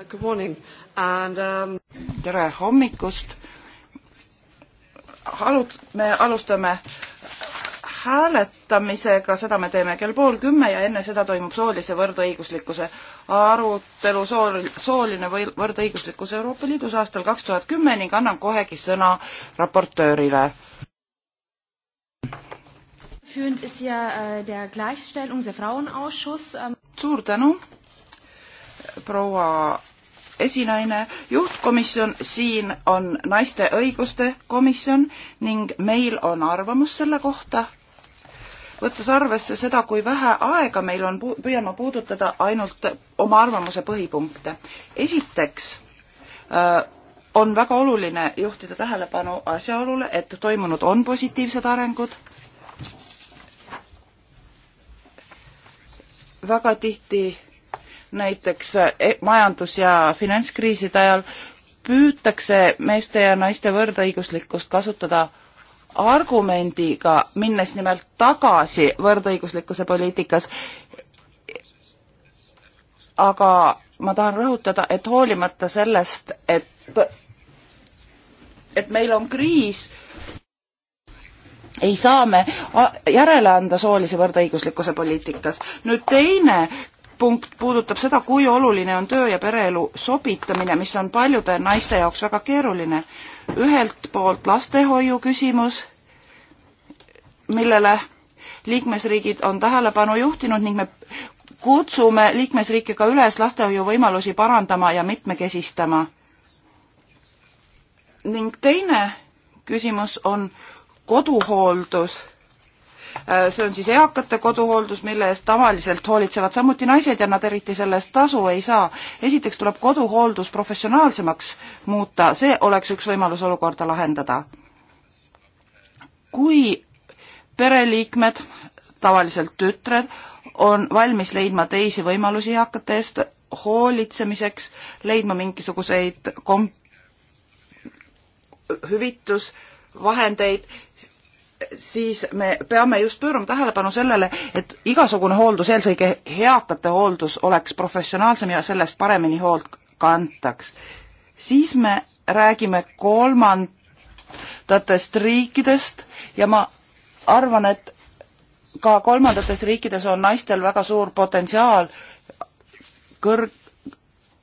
Uh, good morning and um... tere hommikust. Alut-, me alustame hääletamisega, seda me teeme kell pool kümme ja enne seda toimub soolise võrdõiguslikkuse arutelu sool, sooline või võrdõiguslikkus Euroopa Liidus aastal kaks tuhat kümme ning annan kohegi sõna raportöörile. Äh, ähm, suur tänu proua esinaine, juhtkomisjon siin on naiste õiguste komisjon ning meil on arvamus selle kohta. võttes arvesse seda, kui vähe aega meil on, püüan ma puudutada ainult oma arvamuse põhipunkte. esiteks äh, on väga oluline juhtida tähelepanu asjaolule, et toimunud on positiivsed arengud. väga tihti näiteks eh, e-, majandus- ja finantskriiside ajal püütakse meeste ja naiste võrdõiguslikkust kasutada argumendiga, minnes nimelt tagasi võrdõiguslikkuse poliitikas. aga ma tahan rõhutada, et hoolimata sellest, et, et meil on kriis, ei saa me järele anda soolise võrdõiguslikkuse poliitikas. nüüd teine punkt puudutab seda, kui oluline on töö ja pereelu sobitamine, mis on paljude naiste jaoks väga keeruline. ühelt poolt lastehoiu küsimus, millele liikmesriigid on tähelepanu juhtinud ning me kutsume liikmesriike ka üles lastehoiu võimalusi parandama ja mitmekesistama. ning teine küsimus on koduhooldus Äh, see on siis eakate koduhooldus, mille eest tavaliselt hoolitsevad samuti naised ja nad eriti selle eest tasu ei saa. esiteks tuleb koduhooldus professionaalsemaks muuta, see oleks üks võimalus olukorda lahendada. kui pereliikmed, tavaliselt tütred, on valmis leidma teisi võimalusi eakate eest hoolitsemiseks, leidma mingisuguseid kom-, hüvitusvahendeid, siis me peame just pöörama tähelepanu sellele, et igasugune hooldus, eelkõige eakate hooldus, oleks professionaalsem ja sellest paremini hoolt kantaks. siis me räägime kolmandatest riikidest ja ma arvan, et ka kolmandates riikides on naistel väga suur potentsiaal kõrg,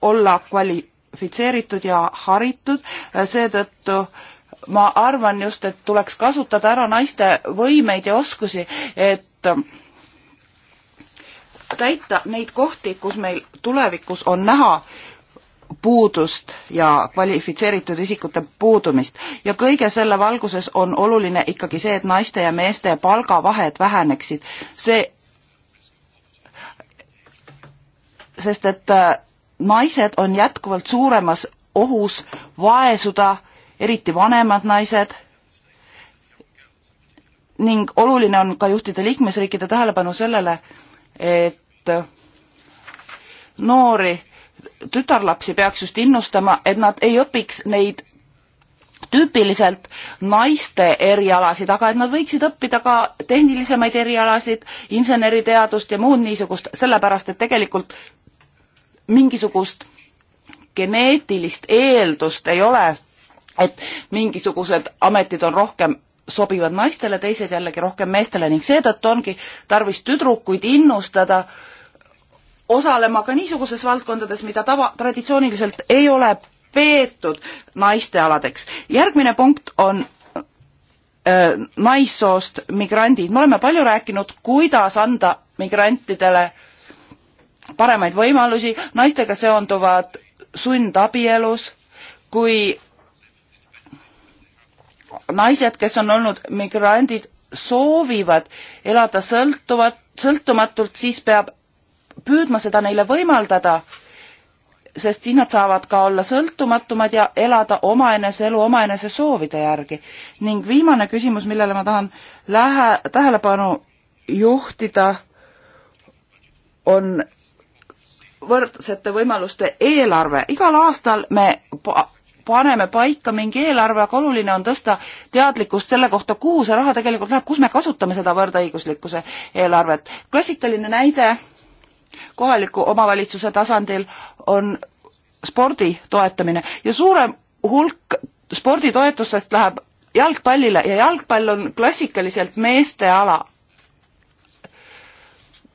olla kvali-, kvalifitseeritud ja haritud, seetõttu ma arvan just, et tuleks kasutada ära naiste võimeid ja oskusi, et täita neid kohti, kus meil tulevikus on näha puudust ja kvalifitseeritud isikute puudumist ja kõige selle valguses on oluline ikkagi see, et naiste ja meeste palgavahed väheneksid. see, sest et äh, naised on jätkuvalt suuremas ohus vaesuda äh, eriti vanemad naised ning oluline on ka juhtida liikmesriikide tähelepanu sellele, et noori tütarlapsi peaks just innustama, et nad ei õpiks neid tüüpiliselt naiste erialasid, aga et nad võiksid õppida ka tehnilisemaid erialasid, inseneriteadust ja muud niisugust, sellepärast et tegelikult mingisugust geneetilist eeldust ei ole et mingisugused ametid on rohkem sobivad naistele, teised jällegi rohkem meestele ning seetõttu ongi tarvis tüdrukuid innustada osalema ka niisuguses valdkondades, mida tava, traditsiooniliselt ei ole peetud naistealadeks. järgmine punkt on äh, naissoost migrandid. me oleme palju rääkinud, kuidas anda migrantidele paremaid võimalusi, naistega seonduvad sundabielus, kui naised, kes on olnud migrandid, soovivad elada sõltuvat, sõltumatult, siis peab püüdma seda neile võimaldada, sest siis nad saavad ka olla sõltumatumad ja elada omaenese elu omaenese soovide järgi. ning viimane küsimus, millele ma tahan lähe, tähelepanu juhtida, on võrdsete võimaluste eelarve. igal aastal me paneme paika mingi eelarve, aga oluline on tõsta teadlikkust selle kohta, kuhu see raha tegelikult läheb, kus me kasutame seda võrdõiguslikkuse eelarvet. klassikaline näide kohaliku omavalitsuse tasandil on spordi toetamine ja suurem hulk sporditoetustest läheb jalgpallile ja jalgpall on klassikaliselt meeste ala.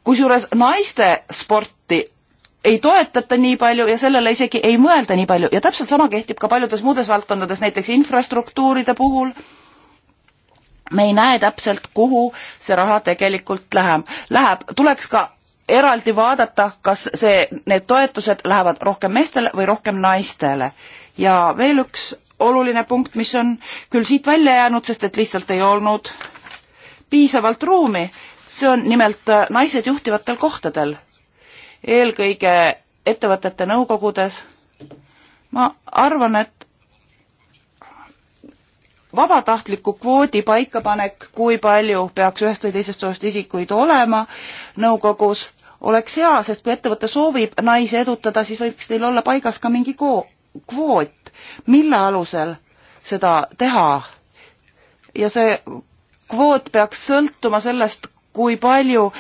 kusjuures naiste sporti ei toetata nii palju ja sellele isegi ei mõelda nii palju ja täpselt sama kehtib ka paljudes muudes valdkondades, näiteks infrastruktuuride puhul. me ei näe täpselt, kuhu see raha tegelikult läheb, läheb, tuleks ka eraldi vaadata, kas see, need toetused lähevad rohkem meestele või rohkem naistele. ja veel üks oluline punkt, mis on küll siit välja jäänud, sest et lihtsalt ei olnud piisavalt ruumi, see on nimelt äh, naised juhtivatel kohtadel eelkõige ettevõtete nõukogudes. ma arvan, et vabatahtliku kvoodi paikapanek, kui palju peaks ühest või teisest soost isikuid olema nõukogus, oleks hea, sest kui ettevõte soovib naisi edutada, siis võiks teil olla paigas ka mingi kvoot, mille alusel seda teha. ja see kvoot peaks sõltuma sellest, kui palju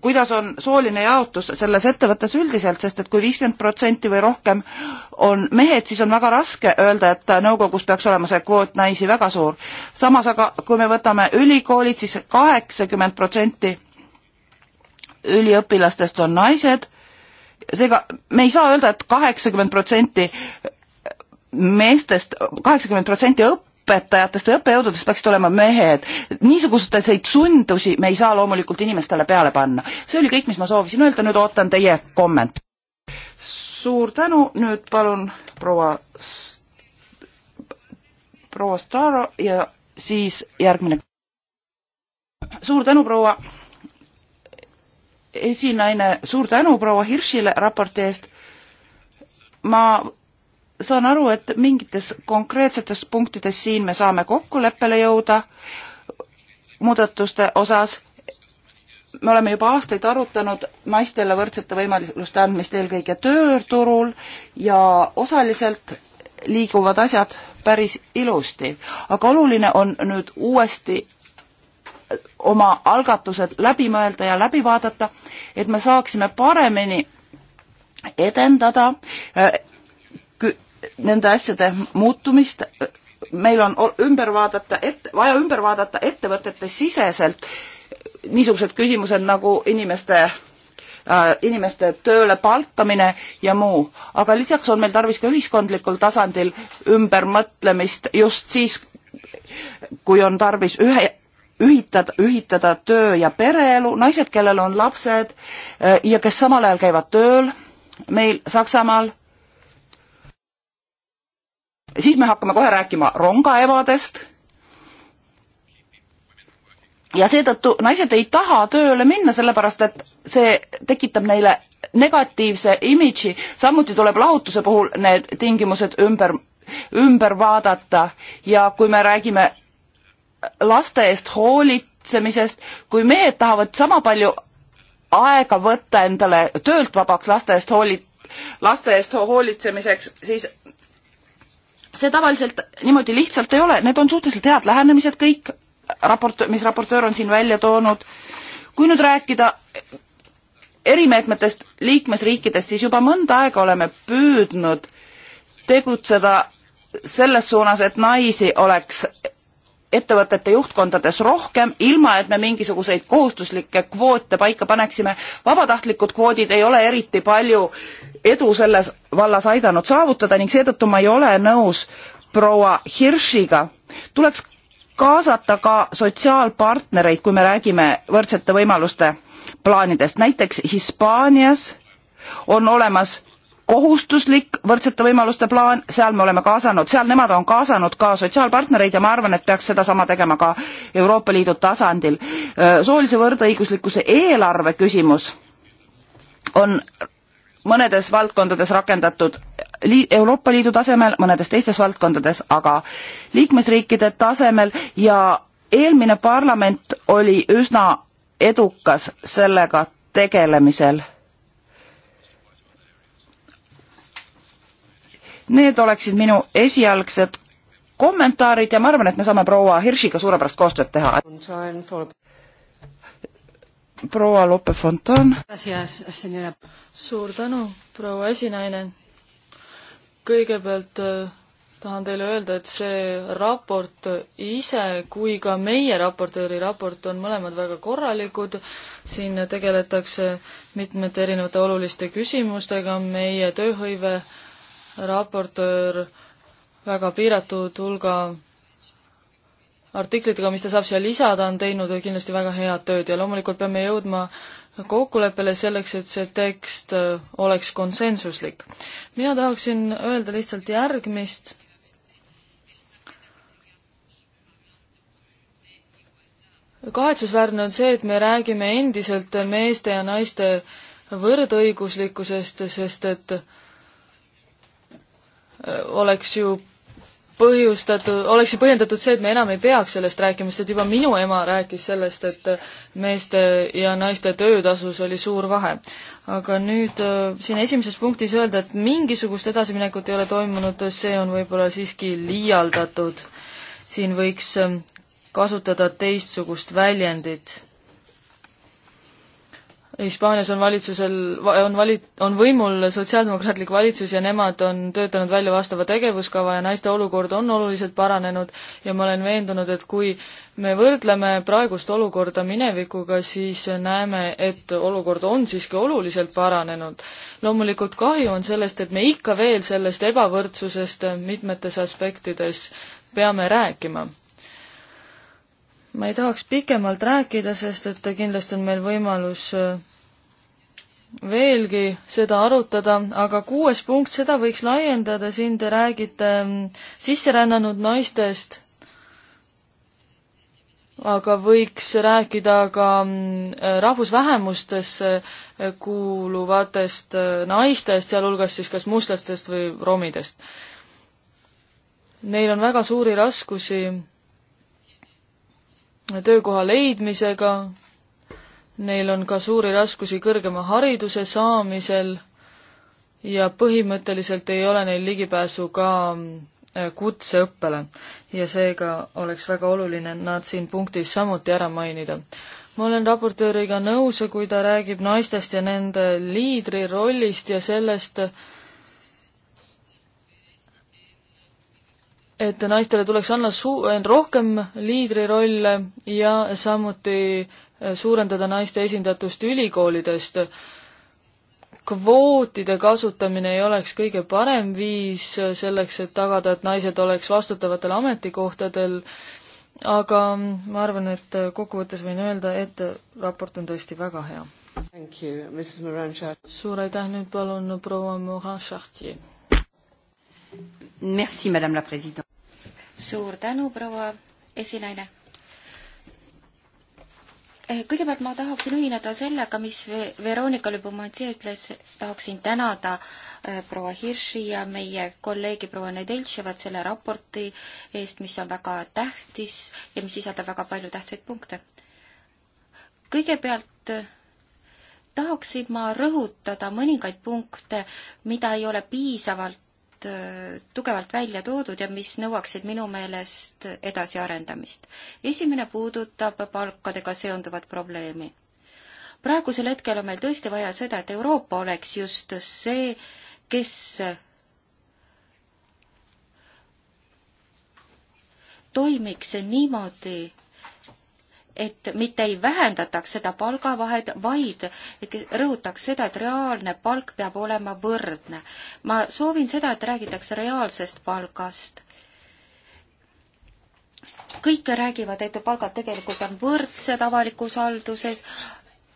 kuidas on sooline jaotus selles ettevõttes üldiselt, sest et kui viiskümmend protsenti või rohkem on mehed, siis on väga raske öelda, et nõukogus peaks olema see kvoot naisi väga suur. samas aga kui me võtame ülikoolid siis, siis kaheksakümmend protsenti üliõpilastest on naised, seega me ei saa öelda et, et kaheksakümmend protsenti meestest, kaheksakümmend protsenti õpp-, õpetajatest või õppejõududest peaksid olema mehed. niisuguseid sundusi me ei saa loomulikult inimestele peale panna. see oli kõik, mis ma soovisin öelda, nüüd ootan teie kommentaare. suur tänu, nüüd palun proua, proua Staro ja siis järgmine. suur tänu, proua esinaine, suur tänu proua Hirschile raporti eest. ma saan aru, et mingites konkreetsetes punktides siin me saame kokkuleppele jõuda muudatuste osas. me oleme juba aastaid arutanud naistele võrdsete võimaluste andmist eelkõige tööturul ja osaliselt liiguvad asjad päris ilusti, aga oluline on nüüd uuesti oma algatused läbi mõelda ja läbi vaadata, et me saaksime paremini edendada nende asjade muutumist, meil on ümber vaadata, et vaja ümber vaadata ettevõtete siseselt niisugused küsimused nagu inimeste äh, inimeste tööle palkamine ja muu, aga lisaks on meil tarvis ka ühiskondlikul tasandil ümbermõtlemist just siis, kui on tarvis ühe, ühitada, ühitada töö ja pereelu, naised, kellel on lapsed äh, ja kes samal ajal käivad tööl, meil Saksamaal siis me hakkame kohe rääkima rongaevadest. ja seetõttu naised ei taha tööle minna, sellepärast et see tekitab neile negatiivse imidži, samuti tuleb lahutuse puhul need tingimused ümber, ümber vaadata ja kui me räägime laste eest hoolitsemisest, kui mehed tahavad sama palju aega võtta endale töölt vabaks laste eest hoolit-, laste eest hoolitsemiseks, siis see tavaliselt niimoodi lihtsalt ei ole, need on suhteliselt head lähenemised kõik, raport, mis raportöör on siin välja toonud. kui nüüd rääkida erimeetmetest liikmesriikides, siis juba mõnda aega oleme püüdnud tegutseda selles suunas, et naisi oleks ettevõtete juhtkondades rohkem, ilma et me mingisuguseid kohustuslikke kvoote paika paneksime. vabatahtlikud kvoodid ei ole eriti palju äh, edu selles vallas aidanud saavutada ning seetõttu ma ei ole nõus proua Hirschiga. tuleks kaasata ka sotsiaalpartnereid, kui me räägime võrdsete võimaluste plaanidest. näiteks Hispaanias on olemas kohustuslik võrdsete võimaluste plaan, seal me oleme kaasanud, seal nemad on kaasanud ka sotsiaalpartnereid ja ma arvan, et peaks sedasama tegema ka Euroopa Liidu tasandil. soolise võrdõiguslikkuse eelarve küsimus on mõnedes valdkondades rakendatud Euroopa Liidu tasemel, mõnedes teistes valdkondades aga liikmesriikide tasemel ja eelmine parlament oli üsna edukas sellega tegelemisel. Need oleksid minu esialgsed kommentaarid ja ma arvan, et me saame proua Hirschiga suurepärast koostööd teha proua Lope Fontan. suur tänu, proua esinaine. kõigepealt äh, tahan teile öelda, et see raport ise kui ka meie raportööri raport on mõlemad väga korralikud. siin tegeletakse mitmete erinevate oluliste küsimustega, meie tööhõive raportöör väga piiratud hulga artiklitega, mis ta saab siia lisada, on teinud kindlasti väga head tööd ja loomulikult peame jõudma kokkuleppele selleks, et see tekst äh, oleks konsensuslik. mina tahaksin öelda lihtsalt järgmist. kahetsusväärne on see, et me räägime endiselt meeste ja naiste võrdõiguslikkusest, sest et äh, oleks ju põhjustatud, oleks ju põhjendatud see, et me enam ei peaks sellest rääkima, sest juba minu ema rääkis sellest, et meeste ja naiste töötasus oli suur vahe. aga nüüd äh, siin esimeses punktis öelda, et mingisugust edasiminekut ei ole toimunud, see on võib-olla siiski liialdatud. siin võiks äh, kasutada teistsugust väljendit Hispaanias on valitsusel, on vali-, on võimul sotsiaaldemokraatlik valitsus ja nemad on töötanud välja vastava tegevuskava ja naiste olukord on oluliselt paranenud ja ma olen veendunud, et kui me võrdleme praegust olukorda minevikuga, siis näeme, et olukord on siiski oluliselt paranenud. loomulikult kahju on sellest, et me ikka veel sellest ebavõrdsusest mitmetes aspektides peame rääkima ma ei tahaks pikemalt rääkida, sest et kindlasti on meil võimalus äh, veelgi seda arutada, aga kuues punkt, seda võiks laiendada, siin te räägite mm, sisserännanud naistest, aga võiks rääkida ka mm, rahvusvähemustesse äh, kuuluvatest äh, naistest, sealhulgas siis kas mustlastest või romidest. Neil on väga suuri raskusi töökoha leidmisega, neil on ka suuri raskusi kõrgema hariduse saamisel ja põhimõtteliselt ei ole neil ligipääsu ka äh, kutseõppele ja seega oleks väga oluline nad siin punktis samuti ära mainida. ma olen raportööriga nõus, kui ta räägib naistest ja nende liidri rollist ja sellest, et naistele tuleks anna suu-, rohkem liidrirolle ja samuti äh, suurendada naiste esindatust ülikoolidest. kvootide kasutamine ei oleks kõige parem viis selleks, et tagada, et naised oleks vastutavatel ametikohtadel, aga ma arvan, et kokkuvõttes võin öelda, et raport on tõesti väga hea. suur aitäh, nüüd palun proua Morin Chartier. Merci, Madame la Présidente suur tänu, proua esinaine. Eh, kõigepealt ma tahaksin ühineda sellega, mis Veronika Lübomansi ütles, tahaksin tänada eh, proua Hirši ja meie kolleegi proua Nedeltševat selle raporti eest, mis on väga tähtis ja mis sisaldab väga palju tähtsaid punkte. kõigepealt eh, tahaksin ma rõhutada mõningaid punkte, mida ei ole piisavalt Äh, tugevalt välja toodud ja mis nõuaksid minu meelest edasiarendamist. esimene puudutab palkadega seonduvat probleemi. praegusel hetkel on meil tõesti vaja seda, et Euroopa oleks just see, kes toimiks niimoodi, et mitte ei vähendataks seda palgavahet, vaid et rõhutaks seda, et reaalne palk peab olema võrdne. ma soovin seda, et räägitakse reaalsest palgast. kõik räägivad, et palgad tegelikult on võrdsed avalikus halduses,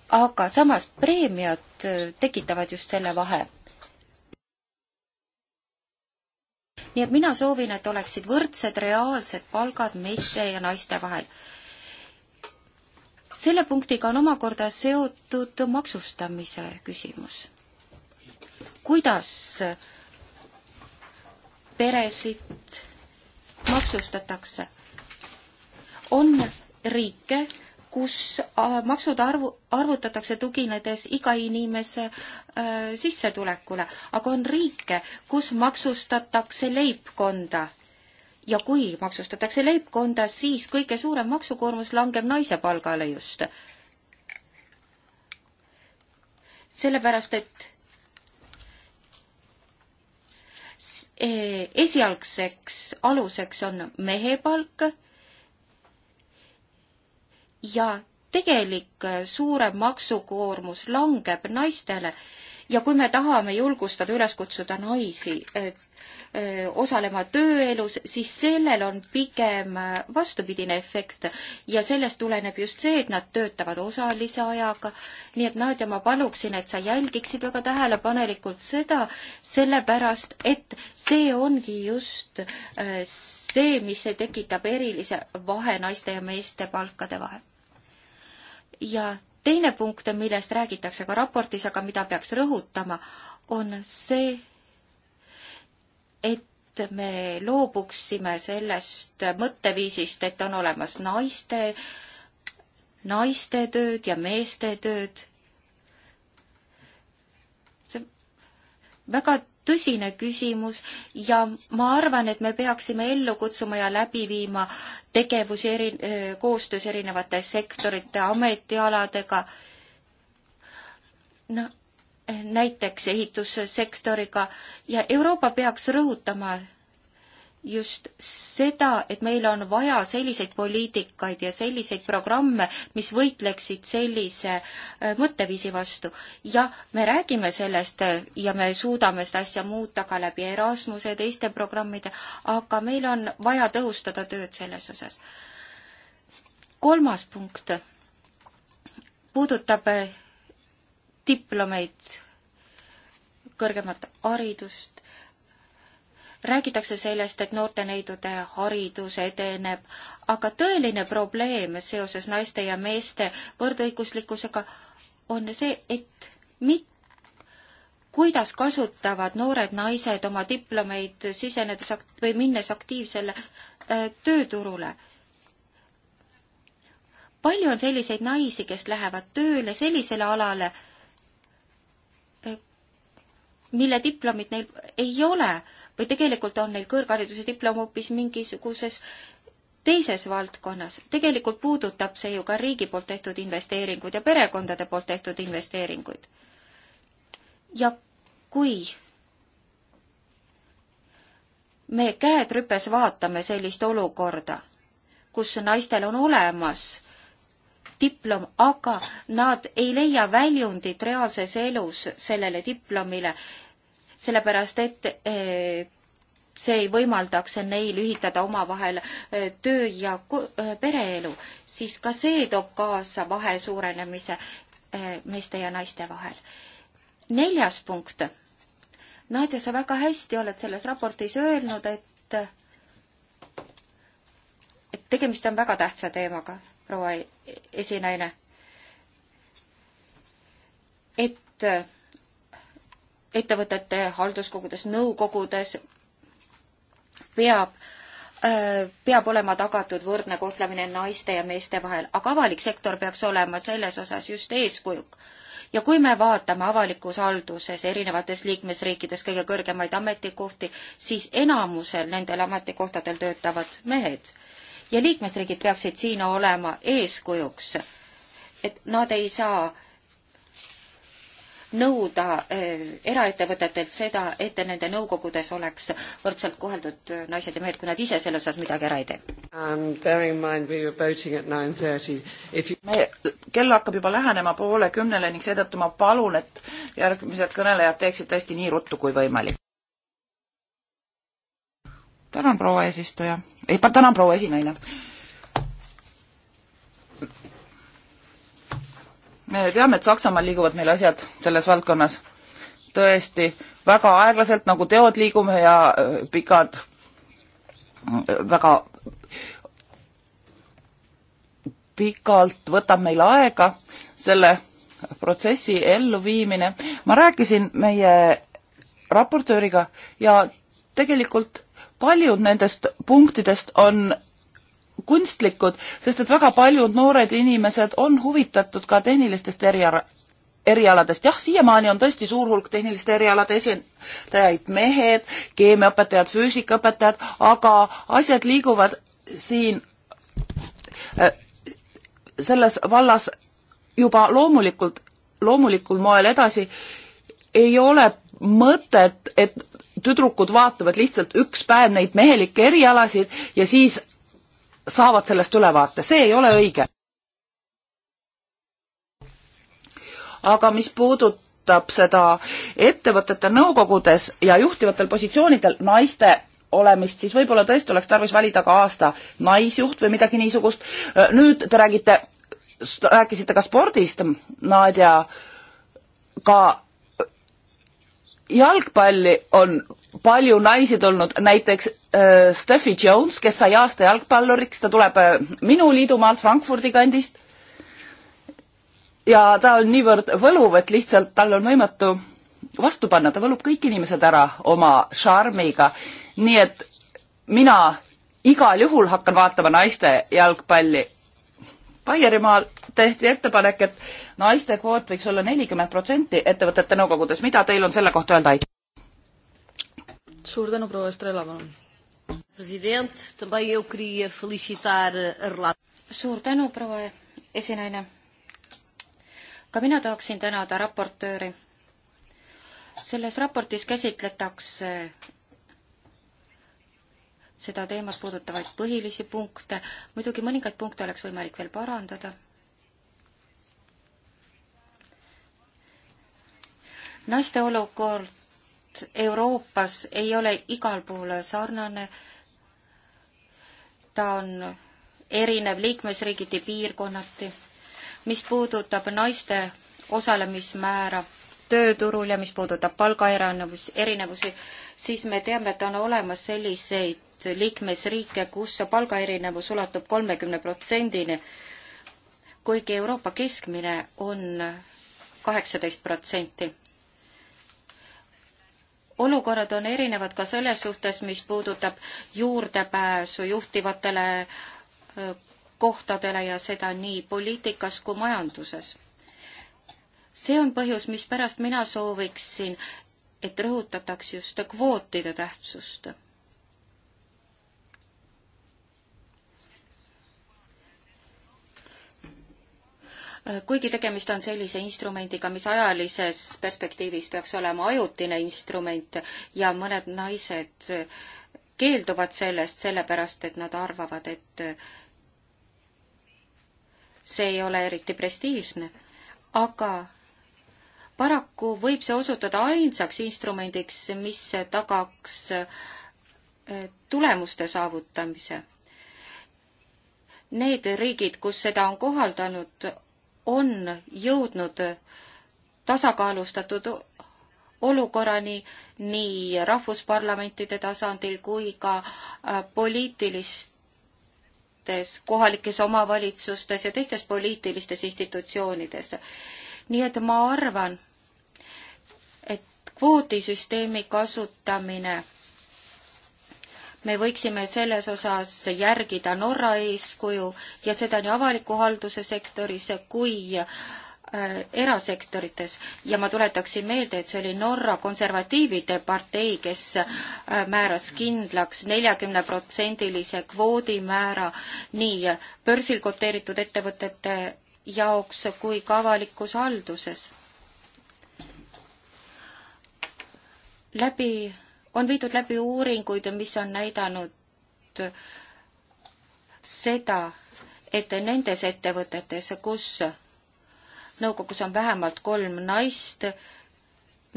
aga samas preemiad tekitavad just selle vahe nii et mina soovin, et oleksid võrdsed reaalsed palgad meeste ja naiste vahel selle punktiga on omakorda seotud maksustamise küsimus. kuidas peresid maksustatakse? on riike, kus äh, maksud arvu, arvutatakse tuginedes iga inimese äh, sissetulekule, aga on riike, kus maksustatakse leibkonda ja kui maksustatakse leibkonda, siis kõige suurem maksukoormus langeb naise palgale just. sellepärast, et e, esialgseks aluseks on mehe palk ja tegelik e, suurem maksukoormus langeb naistele ja kui me tahame julgustada, üles kutsuda naisi osalema tööelus, siis sellel on pigem vastupidine efekt ja sellest tuleneb just see, et nad töötavad osalise ajaga. nii et Nadja, ma paluksin, et sa jälgiksid väga tähelepanelikult seda, sellepärast et see ongi just see, mis tekitab erilise vahe naiste ja meeste palkade vahel. ja teine punkt, millest räägitakse ka raportis, aga mida peaks rõhutama, on see, et me loobuksime sellest mõtteviisist, et on olemas naiste, naiste tööd ja meeste tööd. see väga tõsine küsimus ja ma arvan, et me peaksime ellu kutsuma ja läbi viima tegevusi eri, koostöös erinevate sektorite, ametialadega, no näiteks ehitussektoriga ja Euroopa peaks rõhutama just seda, et meil on vaja selliseid poliitikaid ja selliseid programme, mis võitleksid sellise äh, mõtteviisi vastu. jah, me räägime sellest äh, ja me suudame seda asja muuta ka läbi Erasmuse ja teiste programmide, aga meil on vaja tõhustada tööd selles osas. kolmas punkt puudutab äh, diplomeid, kõrgemat haridust räägitakse sellest, et noorteneidude haridus edeneb, aga tõeline probleem seoses naiste ja meeste võrdõiguslikkusega on see, et mit-, kuidas kasutavad noored naised oma diplomeid sisenedes ak-, või minnes aktiivsele äh, tööturule. palju on selliseid naisi, kes lähevad tööle sellisele alale äh,, mille diplomit neil ei ole äh, või tegelikult on neil kõrghariduse diplom hoopis mingisuguses teises valdkonnas. tegelikult puudutab see ju ka riigi poolt tehtud investeeringuid ja perekondade poolt tehtud investeeringuid. ja kui me käed rüpes vaatame sellist olukorda, kus naistel on olemas diplom, aga nad ei leia väljundit reaalses elus sellele diplomile sellepärast et eh, see ei võimaldaks neil ühitada omavahel eh, töö ja eh, pereelu, siis ka see toob kaasa vahe suurenemise meeste ja naiste vahel. neljas punkt. Nadja, sa väga hästi oled selles raportis öelnud, et et tegemist on väga tähtsa teemaga, proua e-, esinaine. et ettevõtete halduskogudes, nõukogudes peab äh, peab olema tagatud võrdne kohtlemine naiste ja meeste vahel, aga avalik sektor peaks olema selles osas just eeskujuk. ja kui me vaatame avalikus halduses erinevates liikmesriikides kõige kõrgemaid ametikohti, siis enamusel nendel ametikohtadel töötavad mehed. ja liikmesriigid peaksid siin olema eeskujuks, et nad ei saa nõuda eh, eraettevõtetelt seda, et nende nõukogudes oleks võrdselt koheldud eh, naised ja mehed, kui nad ise selle osas midagi ära ei tee. Um, you... me, kell hakkab juba lähenema poole kümnele ning seetõttu ma palun, et järgmised kõnelejad teeksid tõesti nii ruttu kui võimalik. tänan, proua eesistuja. ei, tänan, proua esinaine me teame, et Saksamaal liiguvad meil asjad selles valdkonnas tõesti väga aeglaselt, nagu teod liigume ja äh, pikad, äh, väga pikalt võtab meil aega selle protsessi elluviimine. ma rääkisin meie raportööriga ja tegelikult paljud nendest punktidest on kunstlikud, sest et väga paljud noored inimesed on huvitatud ka tehnilistest eriala, erialadest. jah, siiamaani on tõesti suur hulk tehniliste erialade esindajaid mehed, keemiaõpetajad, füüsikaõpetajad, aga asjad liiguvad siin äh, selles vallas juba loomulikult, loomulikul moel edasi. ei ole mõtet, et tüdrukud vaatavad lihtsalt üks päev neid mehelikke erialasid ja siis saavad sellest ülevaate, see ei ole õige. aga mis puudutab seda ettevõtete nõukogudes ja juhtivatel positsioonidel naiste olemist, siis võib-olla tõesti oleks tarvis valida ka aasta naisjuht või midagi niisugust. nüüd te räägite, rääkisite ka spordist, Nadja, ka jalgpalli on palju naisi tulnud, näiteks äh, Steffi Jones, kes sai aasta jalgpalluriks, ta tuleb äh, minu liidumaalt Frankfurdi kandist. ja ta on niivõrd võluv, et lihtsalt tal on võimatu vastu panna, ta võlub kõik inimesed ära oma šarmiga. nii et mina igal juhul hakkan vaatama naiste jalgpalli. Baierimaal tehti ettepanek, et naiste kvoot võiks olla nelikümmend protsenti ettevõtete nõukogudes, mida teil on selle kohta öelda? suur tänu, proua Estrela, palun. president, também eu queria felicitar a relat-. suur tänu, proua esinaine. ka mina tahaksin tänada raportööri. selles raportis käsitletakse seda teemat puudutavaid põhilisi punkte. muidugi mõningaid punkte oleks võimalik veel parandada. naiste olukord olukord Euroopas ei ole igal pool sarnane, ta on erinev liikmesriigiti piirkonnati. mis puudutab naiste osalemismäära tööturul ja mis puudutab palgaerinevus, erinevusi, siis me teame, et on olemas selliseid liikmesriike, kus palgaerinevus ulatub kolmekümne protsendini, kuigi Euroopa keskmine on kaheksateist protsenti olukorrad on erinevad ka selles suhtes, mis puudutab juurdepääsu juhtivatele kohtadele ja seda nii poliitikas kui majanduses. see on põhjus, mispärast mina sooviksin, et rõhutataks just kvootide tähtsust Äh, kuigi tegemist on sellise instrumendiga, mis ajalises perspektiivis peaks olema ajutine instrument ja mõned naised äh, keelduvad sellest sellepärast, et nad arvavad, et äh, see ei ole eriti prestiižne, aga paraku võib see osutuda ainsaks instrumendiks, mis tagaks tulemuste saavutamise. Need riigid, kus seda on kohaldanud, on jõudnud tasakaalustatud olukorrani nii rahvusparlamentide tasandil kui ka äh, poliitilistes kohalikes omavalitsustes ja teistes poliitilistes institutsioonides. nii et ma arvan, et kvoodisüsteemi kasutamine me võiksime selles osas järgida Norra eeskuju ja seda nii avaliku halduse sektoris kui äh, erasektorites ja ma tuletaksin meelde, et see oli Norra konservatiivide partei, kes äh, määras kindlaks neljakümneprotsendilise kvoodimäära nii börsil koteeritud ettevõtete jaoks kui ka avalikus halduses. läbi on viidud läbi uuringuid, mis on näidanud seda, et nendes ettevõtetes, kus nõukogus on vähemalt kolm naist,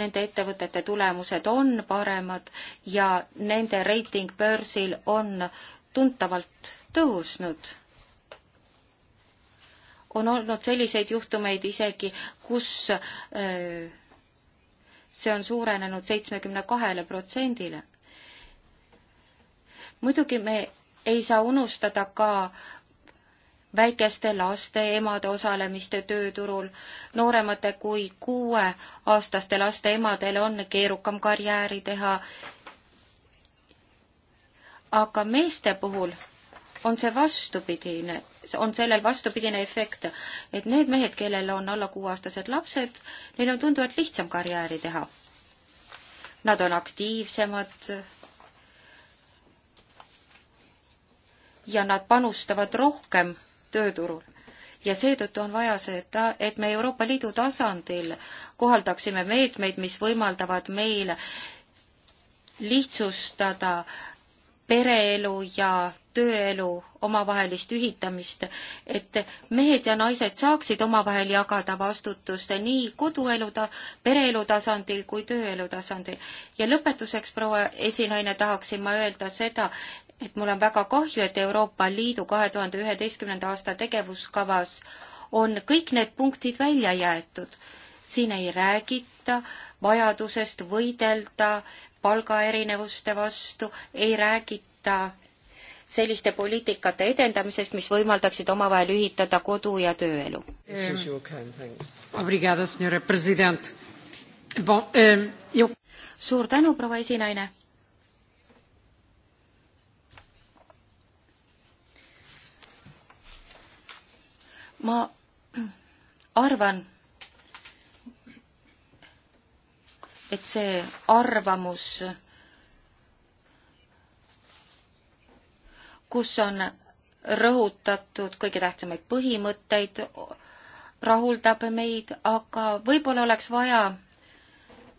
nende ettevõtete tulemused on paremad ja nende reiting börsil on tuntavalt tõusnud. on olnud selliseid juhtumeid isegi, kus öö, äh, see on suurenenud seitsmekümne kahele protsendile. muidugi me ei saa unustada ka väikeste laste emade osalemist tööturul. nooremate kui kuueaastaste laste emadel on keerukam karjääri teha. aga meeste puhul on see vastupidine on sellel vastupidine efekt, et need mehed, kellel on alla kuueaastased lapsed, neil on tunduvalt lihtsam karjääri teha. Nad on aktiivsemad ja nad panustavad rohkem tööturul. ja seetõttu on vaja seda, et me Euroopa Liidu tasandil kohaldaksime meetmeid, mis võimaldavad meil lihtsustada pereelu ja tööelu omavahelist ühitamist, et mehed ja naised saaksid omavahel jagada vastutust nii koduelu ta-, pereelu tasandil kui tööelu tasandil. ja lõpetuseks, proua esinaine, tahaksin ma öelda seda, et mul on väga kahju, et Euroopa Liidu kahe tuhande üheteistkümnenda aasta tegevuskavas on kõik need punktid välja jäetud. siin ei räägita vajadusest võidelda palgaerinevuste vastu, ei räägita selliste poliitikate edendamisest, mis võimaldaksid omavahel ühitada kodu- ja tööelu. Eh, suur tänu, proua esinaine! ma arvan, et see arvamus kus on rõhutatud kõige tähtsamaid põhimõtteid, rahuldab meid, aga võib-olla oleks vaja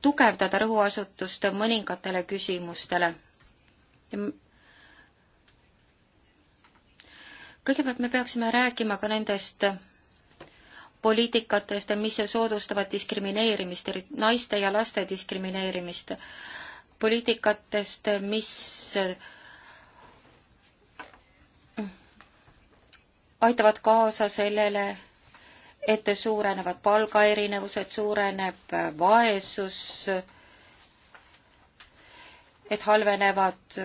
tugevdada rõhuasutust mõningatele küsimustele. kõigepealt me peaksime rääkima ka nendest poliitikatest, mis soodustavad diskrimineerimist, naiste ja laste diskrimineerimist, poliitikatest, mis aitavad kaasa sellele, et suurenevad palgaerinevused, suureneb äh, vaesus, et halvenevad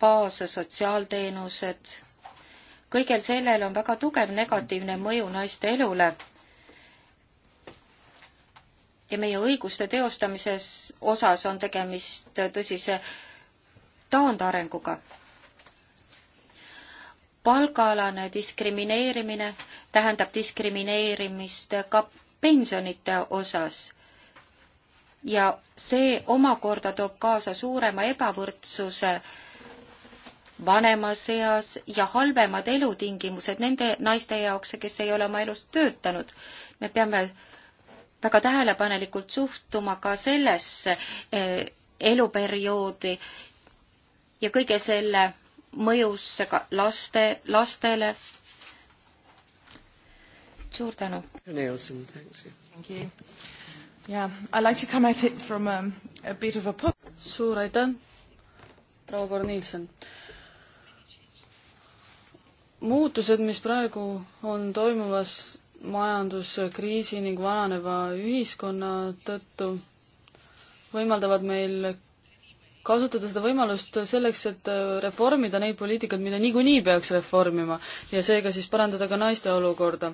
baas- ja sotsiaalteenused. kõigel sellel on väga tugev negatiivne mõju naiste elule. ja meie õiguste teostamises osas on tegemist tõsise taandarenguga palgaalane diskrimineerimine tähendab diskrimineerimist ka pensionite osas. ja see omakorda toob kaasa suurema ebavõrdsuse vanemas eas ja halvemad elutingimused nende naiste jaoks, kes ei ole oma elus töötanud. me peame väga tähelepanelikult suhtuma ka sellesse eh, eluperioodi ja kõige selle mõjusse ka laste, lastele. suur tänu. Yeah, I like to come at it from a, um, a bit of a put. suur aitäh, proua Kornilson. muutused, mis praegu on toimumas majanduskriisi ning vananeva ühiskonna tõttu, võimaldavad meil kasutada seda võimalust selleks, et äh, reformida neid poliitikaid, mida niikuinii peaks reformima ja seega siis parandada ka naiste olukorda.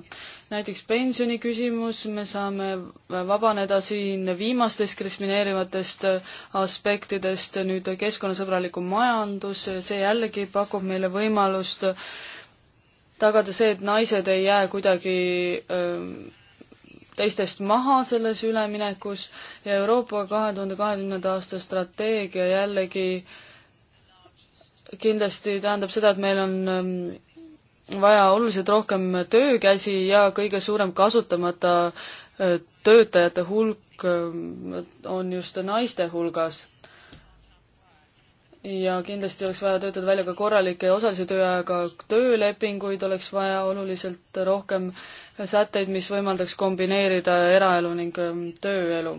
näiteks pensioni küsimus, me saame vabaneda siin viimastest diskrimineerivatest äh, aspektidest, nüüd keskkonnasõbralikum majandus, see jällegi pakub meile võimalust tagada see, et naised ei jää kuidagi öö, ähm, teistest maha selles üleminekus ja Euroopa kahe tuhande kahekümnenda aasta strateegia jällegi kindlasti tähendab seda, et meil on ähm, vaja oluliselt rohkem töökäsi ja kõige suurem kasutamata äh, töötajate hulk ähm, on just naiste hulgas ja kindlasti oleks vaja töötada välja ka korralikke ja osalise tööajaga töölepinguid, oleks vaja oluliselt rohkem sätteid, mis võimaldaks kombineerida eraelu ning ähm, tööelu.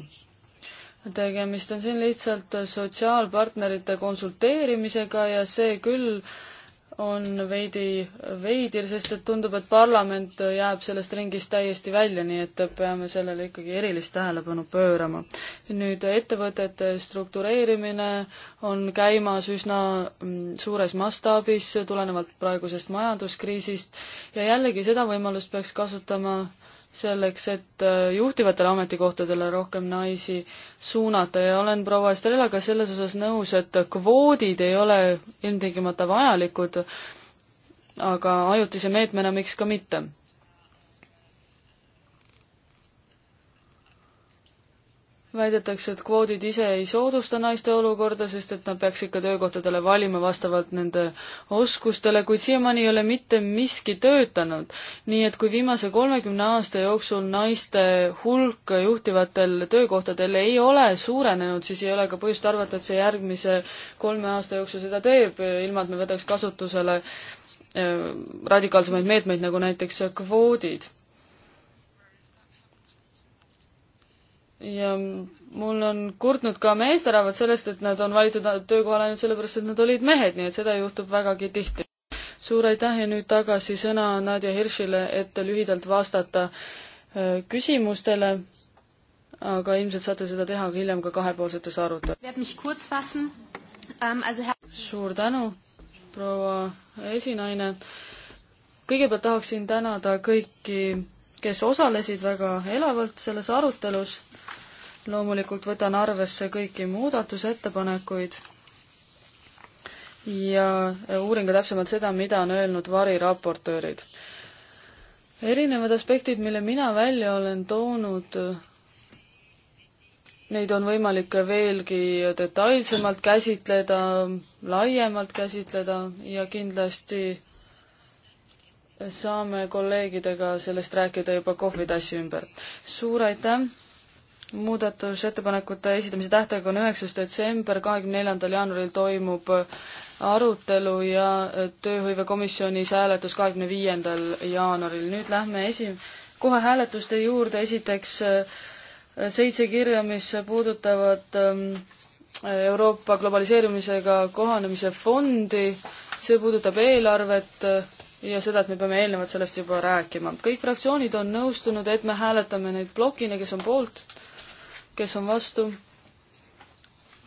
tegemist on siin lihtsalt sotsiaalpartnerite konsulteerimisega ja see küll äh, on veidi veidir, sest et tundub, et parlament jääb sellest ringist täiesti välja, nii et peame sellele ikkagi erilist tähelepanu pöörama. nüüd ettevõtete struktureerimine on käimas üsna mm, suures mastaabis, tulenevalt praegusest majanduskriisist, ja jällegi seda võimalust peaks kasutama selleks, et äh, juhtivatele ametikohtadele rohkem naisi suunata ja olen proua Estrellaga selles osas nõus, et kvoodid ei ole ilmtingimata vajalikud, aga ajutise meetmena miks ka mitte väidetakse, et kvoodid ise ei soodusta naiste olukorda, sest et nad peaks ikka töökohtadele valima vastavalt nende oskustele, kuid siiamaani ei ole mitte miski töötanud. nii et kui viimase kolmekümne aasta jooksul naiste hulk juhtivatel töökohtadel ei ole suurenenud, siis ei ole ka põhjust arvata, et see järgmise kolme aasta jooksul seda teeb, ilma et me võtaks kasutusele eh, radikaalsemaid meetmeid, nagu näiteks kvoodid ja mul on kurtnud ka meesterahvad sellest, et nad on valitud töökohale ainult sellepärast, et nad olid mehed, nii et seda juhtub vägagi tihti. suur aitäh ja nüüd tagasi sõna Nadja Hiršile, et lühidalt vastata äh, küsimustele, aga ilmselt saate seda teha ka hiljem ka kahepoolsetes aruteludes. Ähm, suur tänu, proua esinaine. kõigepealt tahaksin tänada kõiki kes osalesid väga elavalt selles arutelus loomulikult võtan arvesse kõiki muudatusettepanekuid ja uurin ka täpsemalt seda, mida on öelnud variraportöörid. erinevad aspektid, mille mina välja olen toonud, neid on võimalik veelgi detailsemalt käsitleda, laiemalt käsitleda ja kindlasti saame kolleegidega sellest rääkida juba kohvitassi ümber. suur aitäh! muudatusettepanekute esitamise tähtaeg on üheksas detsember, kahekümne neljandal jaanuaril toimub arutelu ja tööhõivekomisjonis hääletus kahekümne viiendal jaanuaril. nüüd lähme esi-, kohe hääletuste juurde, esiteks seitse kirja, mis puudutavad ähm, Euroopa globaliseerimisega kohanemise fondi, see puudutab eelarvet ja seda, et me peame eelnevalt sellest juba rääkima. kõik fraktsioonid on nõustunud, et me hääletame neid plokina, kes on poolt kes on vastu?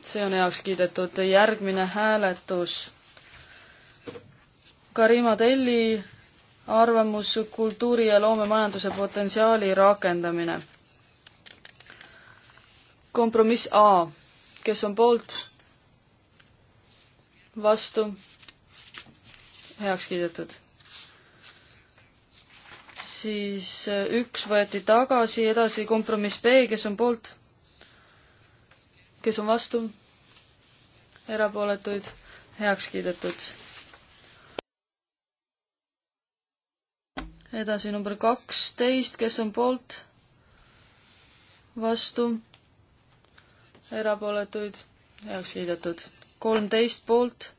see on heaks kiidetud, järgmine hääletus. Karima Telli arvamus kultuuri ja loomemajanduse potentsiaali rakendamine. kompromiss A, kes on poolt? vastu? heaks kiidetud. siis eh, üks võeti tagasi, edasi kompromiss B, kes on poolt? kes on vastu, erapooletuid, heaks kiidetud. edasi number kaksteist, kes on poolt, vastu, erapooletuid, heaks kiidetud. kolmteist poolt,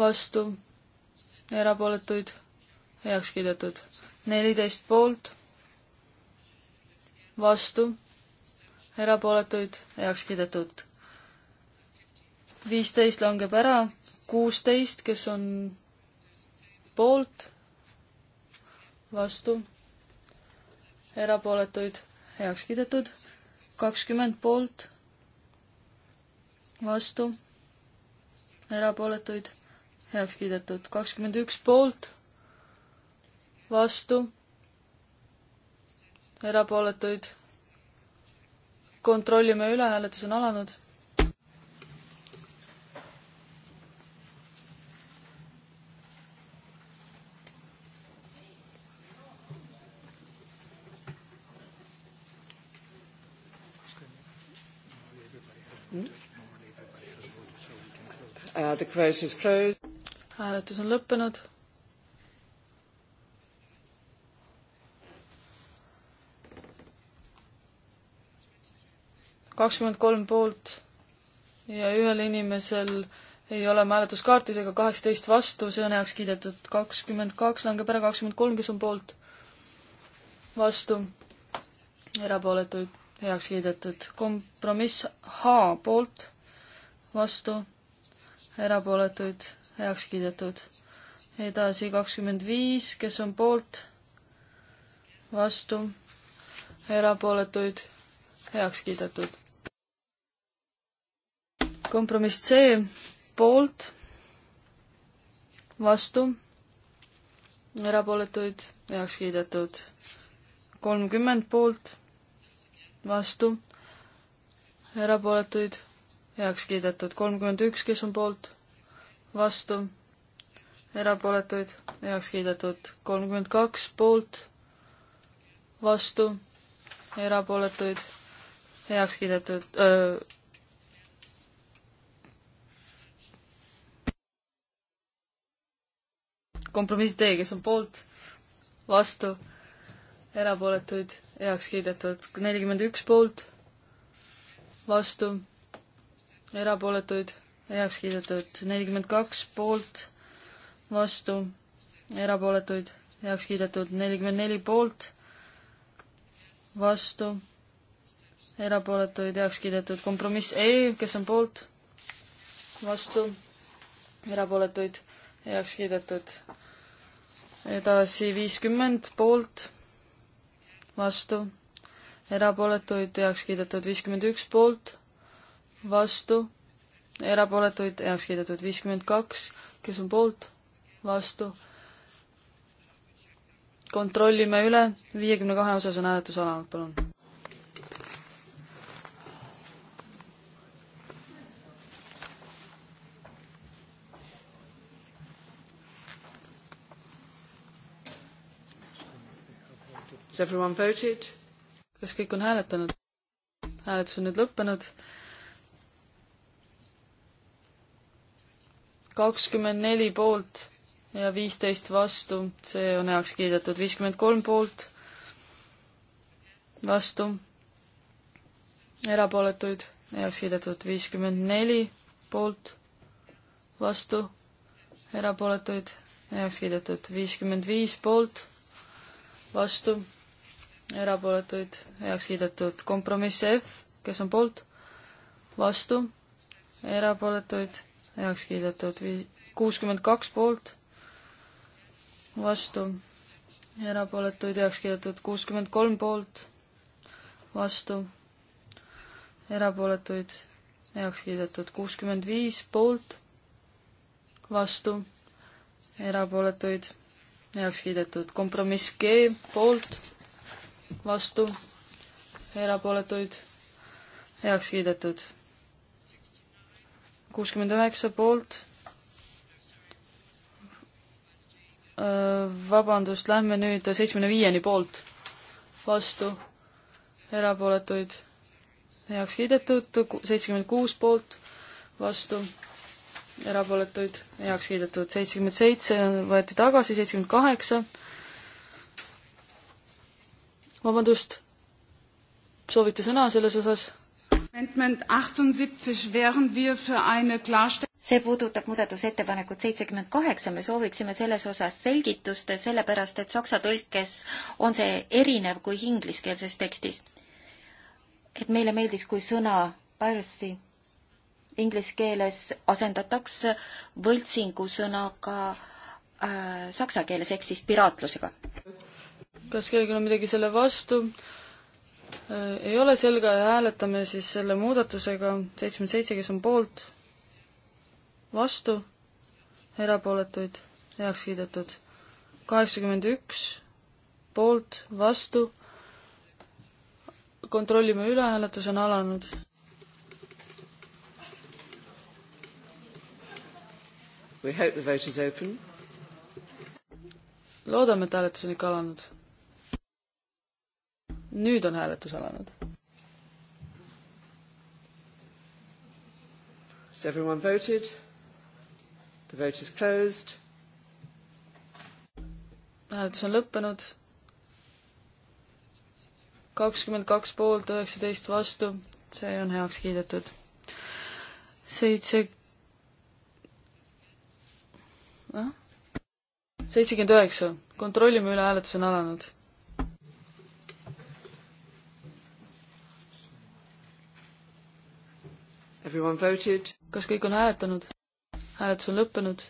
vastu, erapooletuid, heaks kiidetud. neliteist poolt, vastu erapooletuid, heaks kiidetud. viisteist langeb ära, kuusteist, kes on poolt, vastu, erapooletuid, heaks kiidetud, kakskümmend poolt, vastu, erapooletuid, heaks kiidetud, kakskümmend üks poolt, vastu, erapooletuid kontrollime üle, hääletus on alanud. Uh, hääletus on lõppenud kakskümmend kolm poolt ja ühel inimesel ei ole hääletuskaarti, seega kaheksateist vastu, see on heaks kiidetud. kakskümmend kaks langeb ära, kakskümmend kolm, kes on poolt, vastu, erapooletuid heaks kiidetud. kompromiss H poolt, vastu, erapooletuid heaks kiidetud. edasi kakskümmend viis, kes on poolt, vastu, erapooletuid heaks kiidetud kompromiss C poolt, vastu, erapooletuid heaks kiidetud. kolmkümmend poolt, vastu, erapooletuid heaks kiidetud. kolmkümmend üks, kes on poolt, vastu, erapooletuid heaks kiidetud. kolmkümmend kaks poolt, vastu, erapooletuid heaks kiidetud öö, kompromiss D, kes on poolt, vastu, erapooletuid heaks kiidetud, nelikümmend üks poolt, vastu, erapooletuid heaks kiidetud, nelikümmend kaks poolt, vastu, erapooletuid heaks kiidetud, nelikümmend neli poolt, vastu, erapooletuid heaks kiidetud, kompromiss E, kes on poolt, vastu, erapooletuid heaks kiidetud. edasi viiskümmend poolt, vastu, erapooletuid heaks kiidetud viiskümmend üks poolt, vastu, erapooletuid heaks kiidetud viiskümmend kaks, kes on poolt, vastu. kontrollime üle, viiekümne kahe osas on hääletus alanud, palun Has everyone voted? kas kõik on hääletanud? hääletus on nüüd lõppenud. kakskümmend neli poolt ja viisteist vastu, see on heaks kiidetud, viiskümmend kolm poolt, vastu, erapooletuid heaks kiidetud, viiskümmend neli poolt, vastu, erapooletuid heaks kiidetud, viiskümmend viis poolt, vastu erapooletuid heaks kiidetud. kompromiss F, kes on poolt, vastu, erapooletuid heaks kiidetud. kuuskümmend kaks poolt, vastu, erapooletuid heaks kiidetud. kuuskümmend kolm poolt, vastu, erapooletuid heaks kiidetud. kuuskümmend viis poolt, vastu, erapooletuid heaks kiidetud. kompromiss G poolt vastu, erapooletuid, heaks kiidetud. kuuskümmend üheksa poolt. vabandust, lähme nüüd seitsmekümne viieni poolt, vastu, erapooletuid, heaks kiidetud, seitsekümmend kuus poolt, vastu erapooletuid heaks kiidetud seitsekümmend seitse, võeti tagasi seitsekümmend kaheksa vabandust, soovite sõna selles osas? see puudutab muudatusettepanekut seitsekümmend kaheksa, me sooviksime selles osas selgitust, sellepärast et saksa tõlkes on see erinev kui ingliskeelses tekstis. et meile meeldiks, kui sõna piracy inglise keeles asendatakse võltsingu sõnaga äh, saksa keeles ehk siis piraatlusega kas kellelgi on midagi selle vastu? Äh, ei ole selge, hääletame siis selle muudatusega, seitsekümmend seitse, kes on poolt, vastu, erapooletuid, heaks kiidetud. kaheksakümmend üks, poolt, vastu, kontrollime üle, hääletus on alanud. We hope the vote is open. loodame, et hääletus on ikka alanud nüüd on hääletus alanud. Has everyone voted? The vote is closed. hääletus on lõppenud. kakskümmend kaks poolt, üheksateist vastu, see on heaks kiidetud. seitse seitsekümmend üheksa, kontrollime üle, hääletus on alanud kas kõik on hääletanud? hääletus on lõppenud.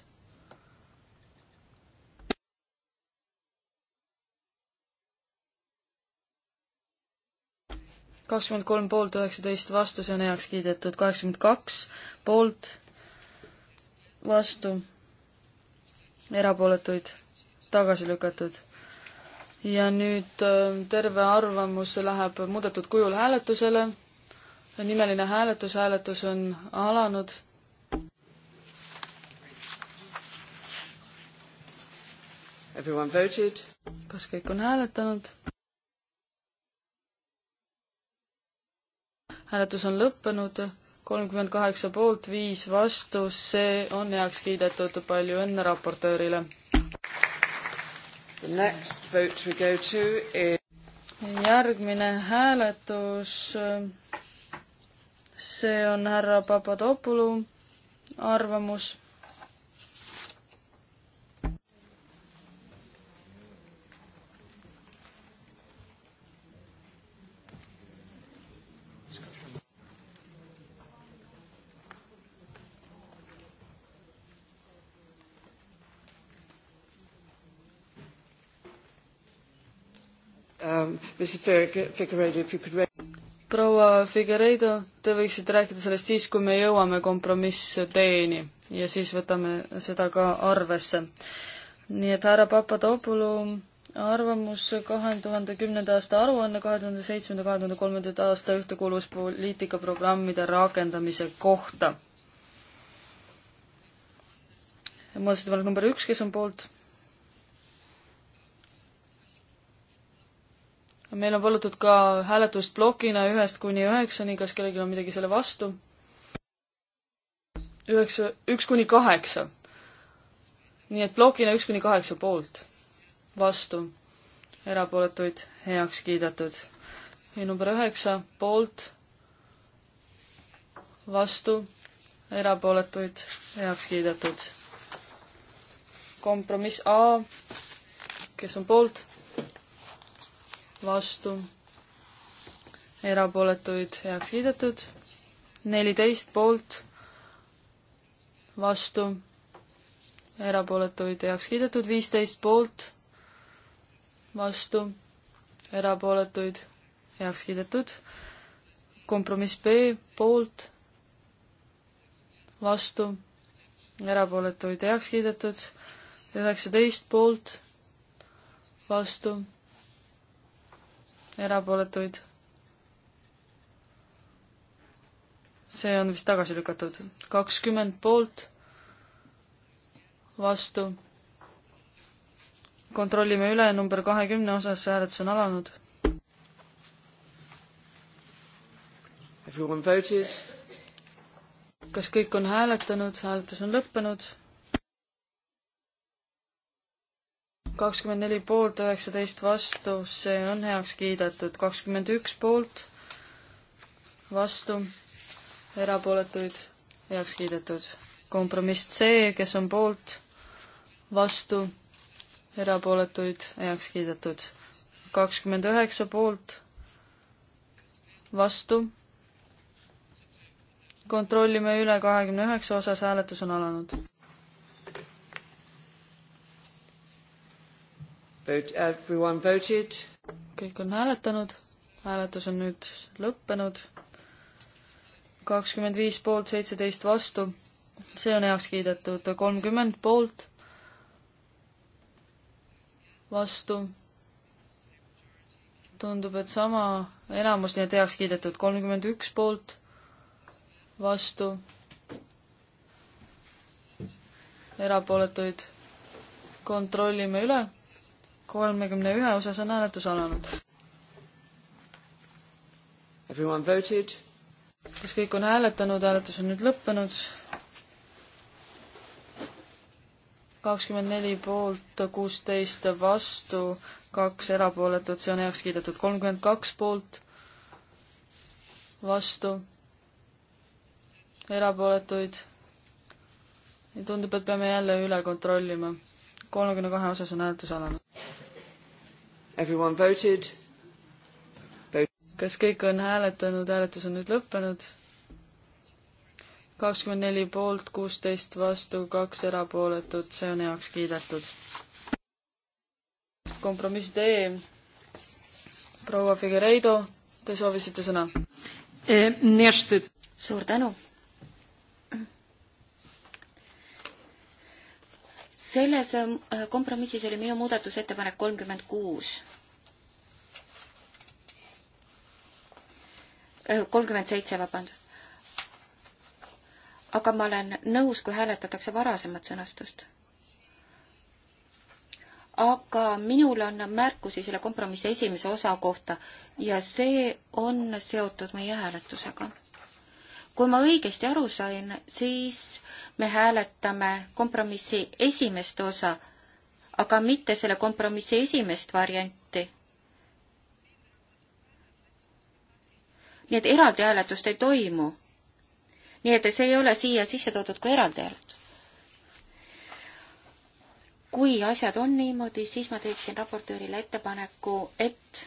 kakskümmend kolm poolt, üheksateist vastu, see on heaks kiidetud, kaheksakümmend kaks poolt, vastu, erapooletuid, tagasi lükatud ja nüüd äh, terve arvamus läheb muudetud kujul hääletusele nimeline hääletus, hääletus on alanud. kas kõik on hääletanud? hääletus on lõppenud, kolmkümmend kaheksa poolt, viis vastu, see on heaks kiidetud, palju õnne raportöörile. järgmine hääletus see on härra Papadopoulou arvamus um, Mrs. Figueiredo, if you could raise proua Figueiredo, te võiksite rääkida sellest siis, kui me jõuame kompromissteeni ja siis võtame seda ka arvesse. nii et härra Papadopoulou arvamus kahe tuhande kümnenda aasta aruanne kahe tuhande seitsmenda, kahe tuhande kolmanda aasta ühtekuuluvuspoliitika programmide rakendamise kohta. muudatusettepanek number üks, kes on poolt? meil on palutud ka hääletust plokina ühest kuni üheksani, kas kellelgi on midagi selle vastu? üheksa, üks kuni kaheksa. nii et plokina üks kuni kaheksa poolt, vastu, erapooletuid heaks kiidetud. ja number üheksa poolt, vastu, erapooletuid heaks kiidetud. kompromiss A, kes on poolt vastu, erapooletuid heaks kiidetud, neliteist poolt, vastu, erapooletuid heaks kiidetud, viisteist poolt, vastu, erapooletuid heaks kiidetud, kompromiss B poolt, vastu, erapooletuid heaks kiidetud, üheksateist poolt, vastu erapooletuid. see on vist tagasi lükatud. kakskümmend poolt, vastu. kontrollime üle, number kahekümne osas hääletus on alanud. kas kõik on hääletanud, hääletus on lõppenud kakskümmend neli poolt, üheksateist vastu, see on heaks kiidetud. kakskümmend üks poolt, vastu, erapooletuid, heaks kiidetud. kompromiss C, kes on poolt, vastu, erapooletuid, heaks kiidetud. kakskümmend üheksa poolt, vastu, kontrollime üle kahekümne üheksa osas, hääletus on alanud kõik on hääletanud, hääletus on nüüd lõppenud. kakskümmend viis poolt, seitseteist vastu, see on heaks kiidetud, kolmkümmend poolt, vastu. tundub, et sama enamus, nii et heaks kiidetud, kolmkümmend üks poolt, vastu erapooletuid kontrollime üle kolmekümne ühe osas on hääletus alanud. Everyone voted. kas kõik on hääletanud, hääletus on nüüd lõppenud. kakskümmend neli poolt, kuusteist vastu, kaks erapooletut, see on heaks kiidetud, kolmkümmend kaks poolt, vastu, erapooletuid. tundub, et peame jälle üle kontrollima. kolmekümne kahe osas on hääletus alanud. Everyone voted. kas kõik on hääletanud, hääletus on nüüd lõppenud? kakskümmend neli poolt, kuusteist vastu, kaks erapooletut, see on heaks kiidetud. kompromiss D. proua Figueiredo, te soovisite sõna? Eh, suur tänu selles äh, kompromissis oli minu muudatusettepanek kolmkümmend kuus. Äh, kolmkümmend seitse, vabandust. aga ma olen nõus, kui hääletatakse varasemat sõnastust. aga minul on märkusi selle kompromissi esimese osa kohta ja see on seotud meie hääletusega kui ma õigesti aru sain, siis me hääletame kompromissi esimest osa, aga mitte selle kompromissi esimest varianti. nii et eraldi hääletust ei toimu. nii et see ei ole siia sisse toodud kui eraldi hääletus. kui asjad on niimoodi, siis ma teeksin raportöörile ettepaneku, et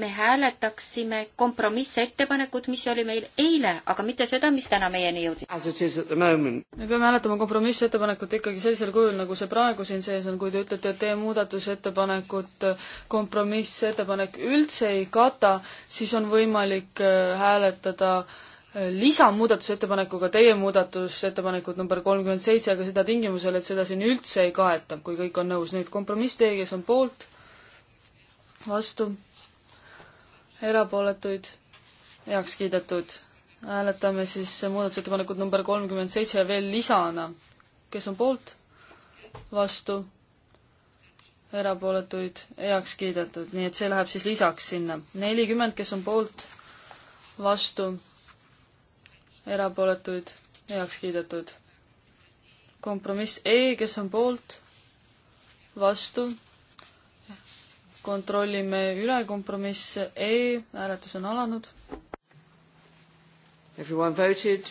me hääletaksime kompromissettepanekut, mis oli meil eile, aga mitte seda, mis täna meieni jõudis. me peame hääletama kompromissettepanekut ikkagi sellisel kujul, nagu see praegu siin sees on, kui te ütlete, et teie muudatusettepanekut äh, kompromissettepanek üldse ei kata, siis on võimalik äh, hääletada äh, lisamuudatusettepanekuga teie muudatusettepanekut number kolmkümmend seitse, aga seda tingimusel, et seda siin üldse ei kaeta, kui kõik on nõus. nüüd kompromiss teie, kes on poolt, vastu erapooletuid, heaks kiidetud. hääletame siis muudatusettepanekut number kolmkümmend seitse veel lisana. kes on poolt? vastu? erapooletuid heaks kiidetud, nii et see läheb siis lisaks sinna. nelikümmend, kes on poolt, vastu, erapooletuid heaks kiidetud. kompromiss E, kes on poolt, vastu kontrollime üle, kompromiss E, hääletus on alanud. Everyone voted.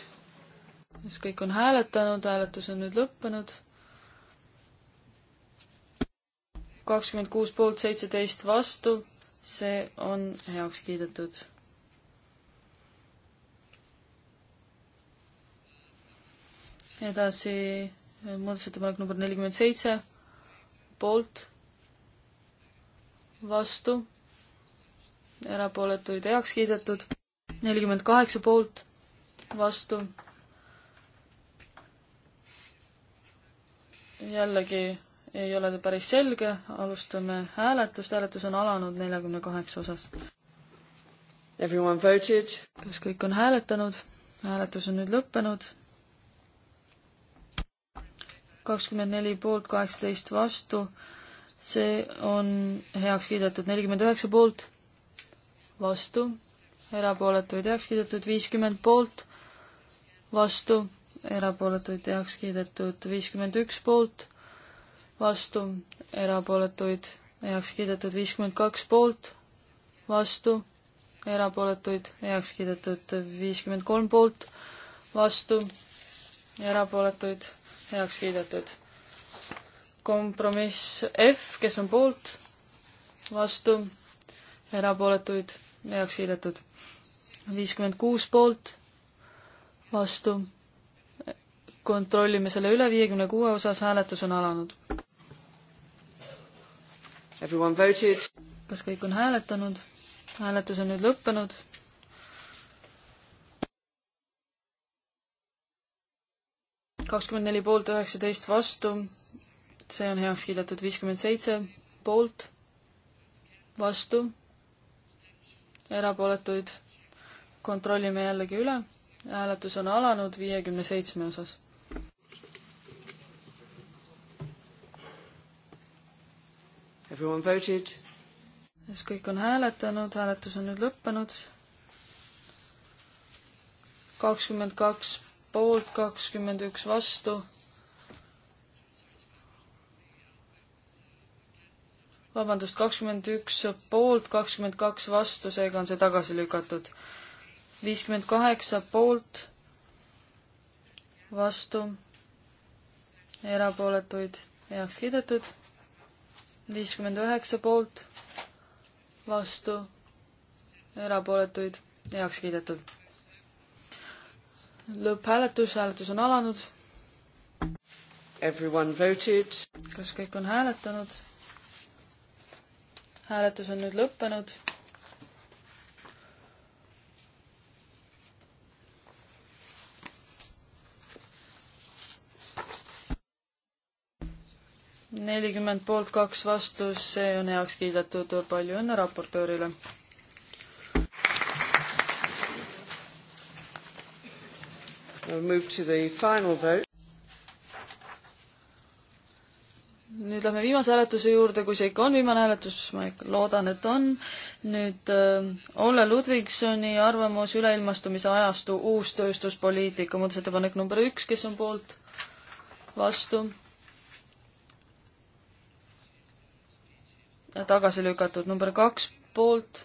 kas kõik on hääletanud, hääletus on nüüd lõppenud. kakskümmend kuus poolt, seitseteist vastu, see on heaks kiidetud. edasi muudatusettepanek number nelikümmend seitse, poolt vastu, erapooletuid heaks kiidetud, nelikümmend kaheksa poolt, vastu. jällegi ei ole ta päris selge, alustame hääletust, hääletus on alanud neljakümne kaheksa osas. kas kõik on hääletanud? hääletus on nüüd lõppenud. kakskümmend neli poolt, kaheksateist vastu see on heaks kiidetud nelikümmend üheksa poolt, vastu, erapooletuid heaks kiidetud viiskümmend poolt, vastu, erapooletuid heaks kiidetud viiskümmend üks poolt, vastu, erapooletuid heaks kiidetud viiskümmend kaks poolt, vastu, erapooletuid heaks kiidetud viiskümmend kolm poolt, vastu, erapooletuid heaks kiidetud kompromiss F, kes on poolt, vastu, erapooletuid, heaks kiidetud. viiskümmend kuus poolt, vastu, kontrollime selle üle, viiekümne kuue osas hääletus on alanud. kas kõik on hääletanud? hääletus on nüüd lõppenud kakskümmend neli poolt, üheksateist vastu, see on heaks kiidetud viiskümmend seitse poolt, vastu, erapooletuid kontrollime jällegi üle. hääletus on alanud viiekümne seitsme osas. Everyone voted. kas kõik on hääletanud, hääletus on nüüd lõppenud. kakskümmend kaks poolt, kakskümmend üks vastu vabandust, kakskümmend üks poolt, kakskümmend kaks vastu, seega on see tagasi lükatud. viiskümmend kaheksa poolt, vastu, erapooletuid heaks kiidetud. viiskümmend üheksa poolt, vastu, erapooletuid heaks kiidetud. lõpphääletus, hääletus on alanud. kas kõik on hääletanud? hääletus on nüüd lõppenud. nelikümmend poolt, kaks vastu, see on heaks kiidetud, palju õnne raportöörile. Move to the final vote. nüüd lähme viimase hääletuse juurde, kui see ikka on viimane hääletus, ma ikka loodan, et on. nüüd äh, Olle Ludvigsoni arvamus üleilmastumise ajastu uus tööstuspoliitika, muudatusettepanek number üks, kes on poolt, vastu? tagasi lükatud, number kaks poolt,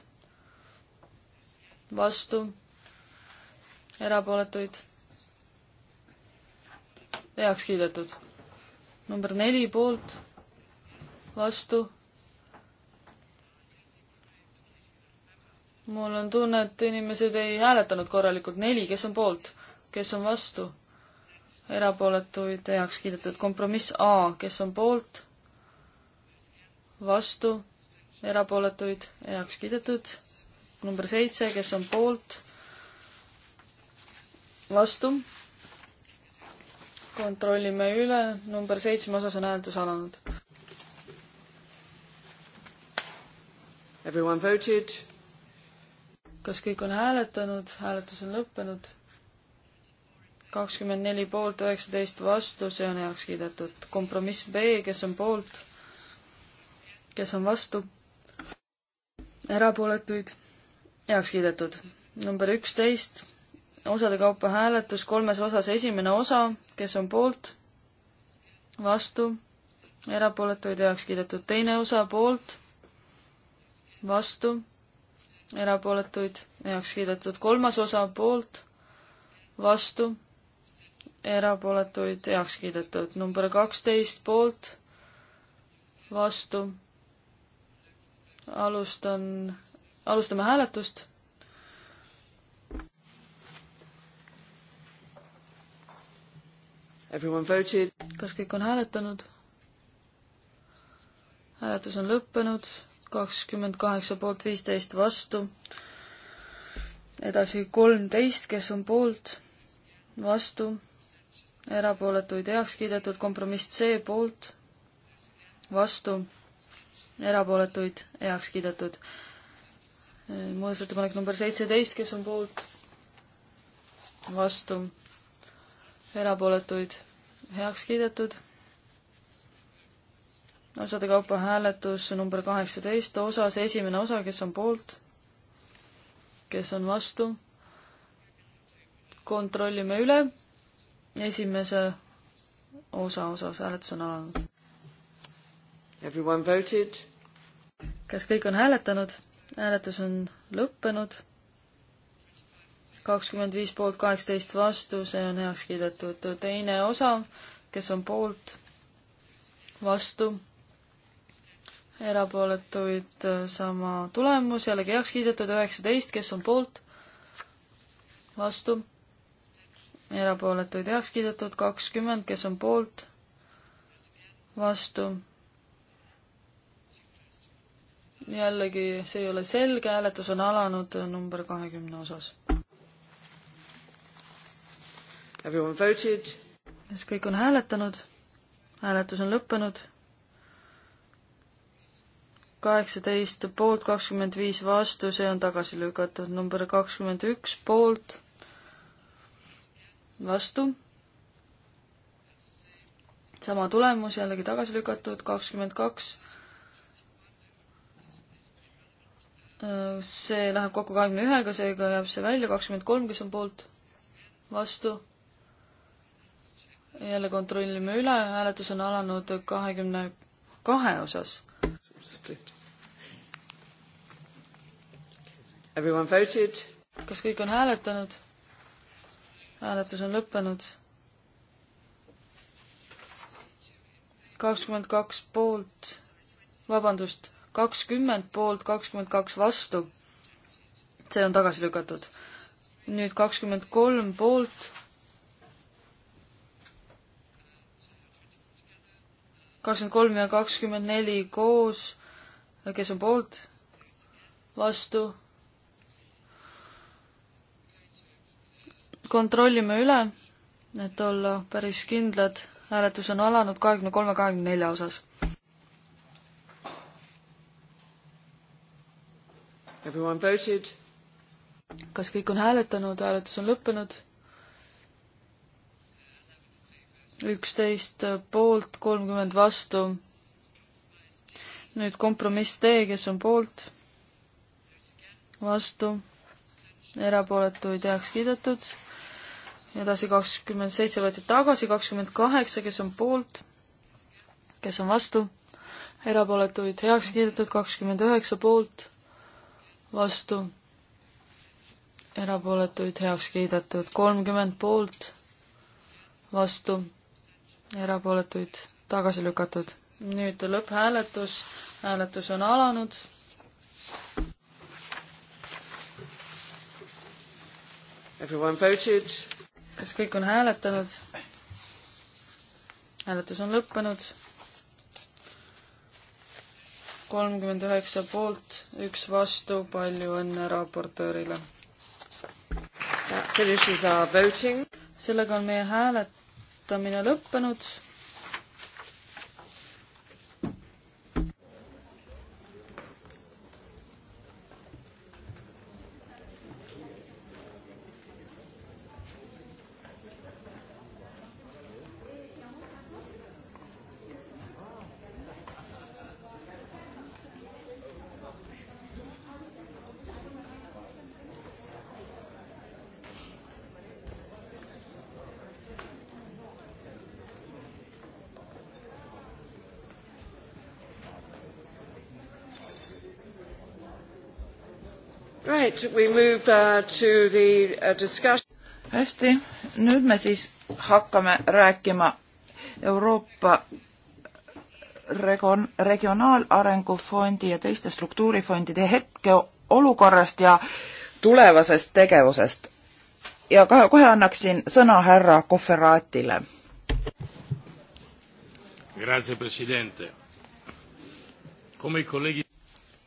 vastu, erapooletuid, heaks kiidetud number neli poolt, vastu. mul on tunne, et inimesed ei hääletanud korralikult, neli, kes on poolt, kes on vastu? erapooletuid heaks kiidetud, kompromiss A, kes on poolt, vastu, erapooletuid heaks kiidetud, number seitse, kes on poolt, vastu kontrollime üle, number seitsme osas on hääletus alanud. Everyone voted. kas kõik on hääletanud, hääletus on lõppenud? kakskümmend neli poolt, üheksateist vastu, see on heaks kiidetud. kompromiss B, kes on poolt, kes on vastu, erapooletuid, heaks kiidetud. number üksteist, osade kaupa hääletus, kolmes osas esimene osa kes on poolt, vastu, erapooletuid heaks kiidetud, teine osa poolt, vastu, erapooletuid heaks kiidetud, kolmas osa poolt, vastu, erapooletuid heaks kiidetud, number kaksteist poolt, vastu, alustan, alustame hääletust kas kõik on hääletanud? hääletus on lõppenud, kakskümmend kaheksa poolt, viisteist vastu. edasi kolmteist, kes on poolt, vastu, erapooletuid heaks kiidetud, kompromiss C poolt, vastu, erapooletuid heaks kiidetud. muudatusettepanek number seitseteist, kes on poolt, vastu erapooletuid heaks kiidetud. osade kaupa hääletus number kaheksateist osas, esimene osa, kes on poolt, kes on vastu. kontrollime üle. esimese osa osas hääletus on alanud. Everyone voted. kas kõik on hääletanud? hääletus on lõppenud kakskümmend viis poolt, kaheksateist vastu, see on heaks kiidetud. teine osa, kes on poolt, vastu, erapooletuid sama tulemus, jällegi heaks kiidetud, üheksateist, kes on poolt, vastu, erapooletuid heaks kiidetud, kakskümmend, kes on poolt, vastu, jällegi, see ei ole selge, hääletus on alanud number kahekümne osas Everyone voted. kas kõik on hääletanud? hääletus on lõppenud. kaheksateist poolt, kakskümmend viis vastu, see on tagasi lükatud. number kakskümmend üks poolt, vastu. sama tulemus jällegi tagasi lükatud, kakskümmend kaks äh, see läheb kokku kahekümne ühega, seega jääb see välja, kakskümmend kolm, kes on poolt, vastu, jälle kontrollime üle, hääletus on alanud kahekümne kahe osas. kas kõik on hääletanud? hääletus on lõppenud. kakskümmend kaks poolt, vabandust, kakskümmend poolt, kakskümmend kaks vastu. see on tagasi lükatud. nüüd kakskümmend kolm poolt kakskümmend kolm ja kakskümmend neli koos, kes on poolt, vastu. kontrollime üle, et olla päris kindlad, hääletus on alanud kahekümne kolme, kahekümne nelja osas. kas kõik on hääletanud, hääletus on lõppenud? üksteist poolt, kolmkümmend vastu. nüüd kompromiss D, kes on poolt, vastu, erapooletuid heaks kiidetud. edasi kakskümmend seitse võeti tagasi, kakskümmend kaheksa, kes on poolt, kes on vastu, erapooletuid heaks kiidetud, kakskümmend üheksa poolt, vastu, erapooletuid heaks kiidetud, kolmkümmend poolt, vastu erapooletuid tagasi lükatud. nüüd lõpphääletus, hääletus on alanud. kas kõik on hääletanud? hääletus on lõppenud. kolmkümmend üheksa poolt, üks vastu, palju õnne raportöörile. sellega on meie hääletus hääletamine lõppenud right, we move uh, to the uh, discussion. hästi, nüüd me siis hakkame rääkima Euroopa regon-, regionaalarengu fondi ja teiste struktuurifondide hetkeolukorrast ja tulevasest tegevusest. ja ka kohe annaksin sõna härra Kohveraatile.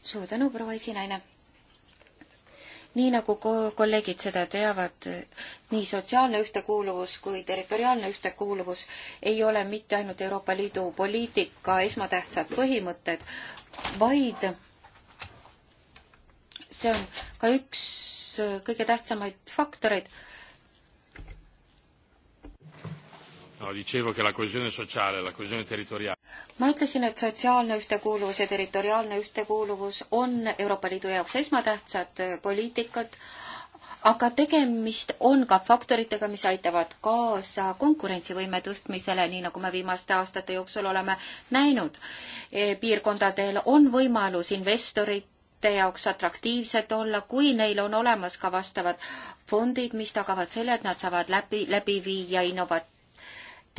suur tänu, proua esinaine nii nagu kolleegid seda teavad, nii sotsiaalne ühtekuuluvus kui territoriaalne ühtekuuluvus ei ole mitte ainult Euroopa Liidu poliitika esmatähtsad põhimõtted, vaid see on ka üks kõige tähtsamaid faktoreid no dicevo che la coesione sociale, la coesione territoriale. ma ütlesin, et sotsiaalne ühtekuuluvus ja territoriaalne ühtekuuluvus on Euroopa Liidu jaoks esmatähtsad äh, poliitikad, aga tegemist on ka faktoritega, mis aitavad kaasa konkurentsivõime tõstmisele, nii nagu me viimaste aastate jooksul oleme näinud. E, piirkondadel on võimalus investorite jaoks atraktiivsed olla, kui neil on olemas ka vastavad fondid, mis tagavad selle, et nad saavad läbi, läbi viia innovat-,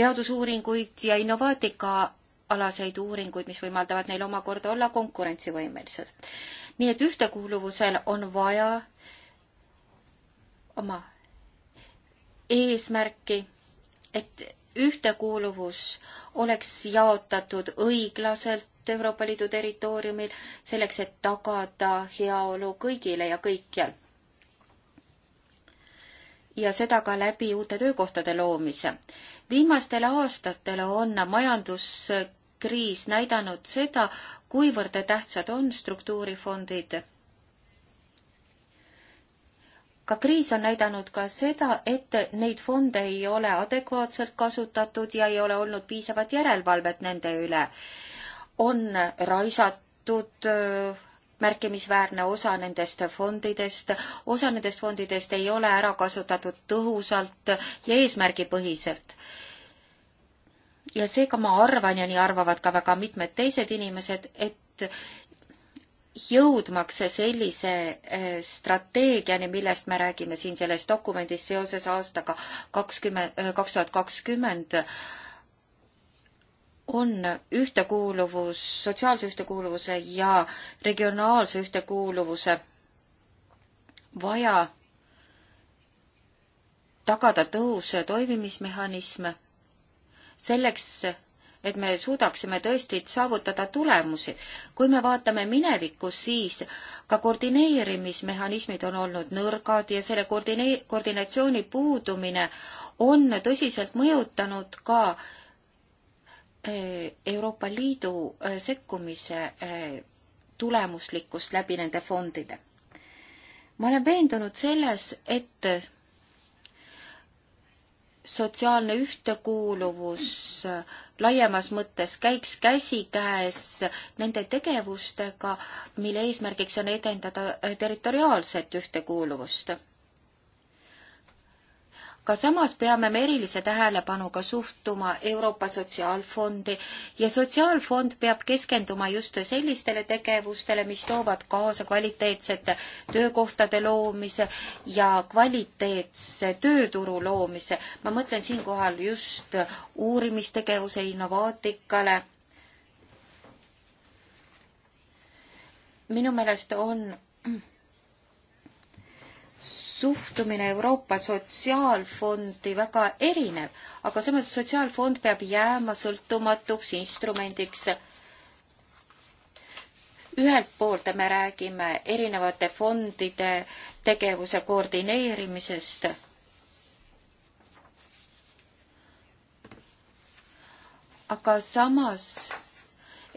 teadusuuringuid ja innovaatika alaseid uuringuid, mis võimaldavad neil omakorda olla konkurentsivõimelised. nii et ühtekuuluvusel on vaja oma eesmärki, et ühtekuuluvus oleks jaotatud õiglaselt Euroopa Liidu territooriumil, selleks et tagada heaolu kõigile ja kõikjal. ja seda ka läbi uute töökohtade loomise viimastel aastatel on majanduskriis näidanud seda, kuivõrd tähtsad on struktuurifondid. ka kriis on näidanud ka seda, et neid fonde ei ole adekvaatselt kasutatud ja ei ole olnud piisavat järelevalvet nende üle. on raisatud märkimisväärne osa nendest fondidest, osa nendest fondidest ei ole ära kasutatud tõhusalt ja eesmärgipõhiselt. ja seega ma arvan ja nii arvavad ka väga mitmed teised inimesed, et jõudmaks sellise eh, strateegiani, millest me räägime siin selles dokumendis seoses aastaga kakskümmend, eh, kaks tuhat kakskümmend, on ühtekuuluvus, sotsiaalse ühtekuuluvuse ja regionaalse ühtekuuluvuse vaja tagada tõhus toimimismehhanism selleks, et me suudaksime tõesti saavutada tulemusi. kui me vaatame minevikku, siis ka koordineerimismehhanismid on olnud nõrgad ja selle koordinee-, koordinatsiooni puudumine on tõsiselt mõjutanud ka äh, Eh, Euroopa Liidu eh, sekkumise eh, tulemuslikkust läbi nende fondide. ma olen veendunud selles, et sotsiaalne ühtekuuluvus laiemas mõttes käiks käsikäes nende tegevustega, mille eesmärgiks on edendada territoriaalset ühtekuuluvust aga samas peame me erilise tähelepanuga suhtuma Euroopa Sotsiaalfondi ja Sotsiaalfond peab keskenduma just sellistele tegevustele, mis toovad kaasa kvaliteetsete töökohtade loomise ja kvaliteetse tööturu loomise. ma mõtlen siinkohal just uurimistegevuse innovaatikale minu meelest on suhtumine Euroopa Sotsiaalfondi väga erinev, aga samas Sotsiaalfond peab jääma sõltumatuks instrumendiks. ühelt poolt me räägime erinevate fondide tegevuse koordineerimisest, aga samas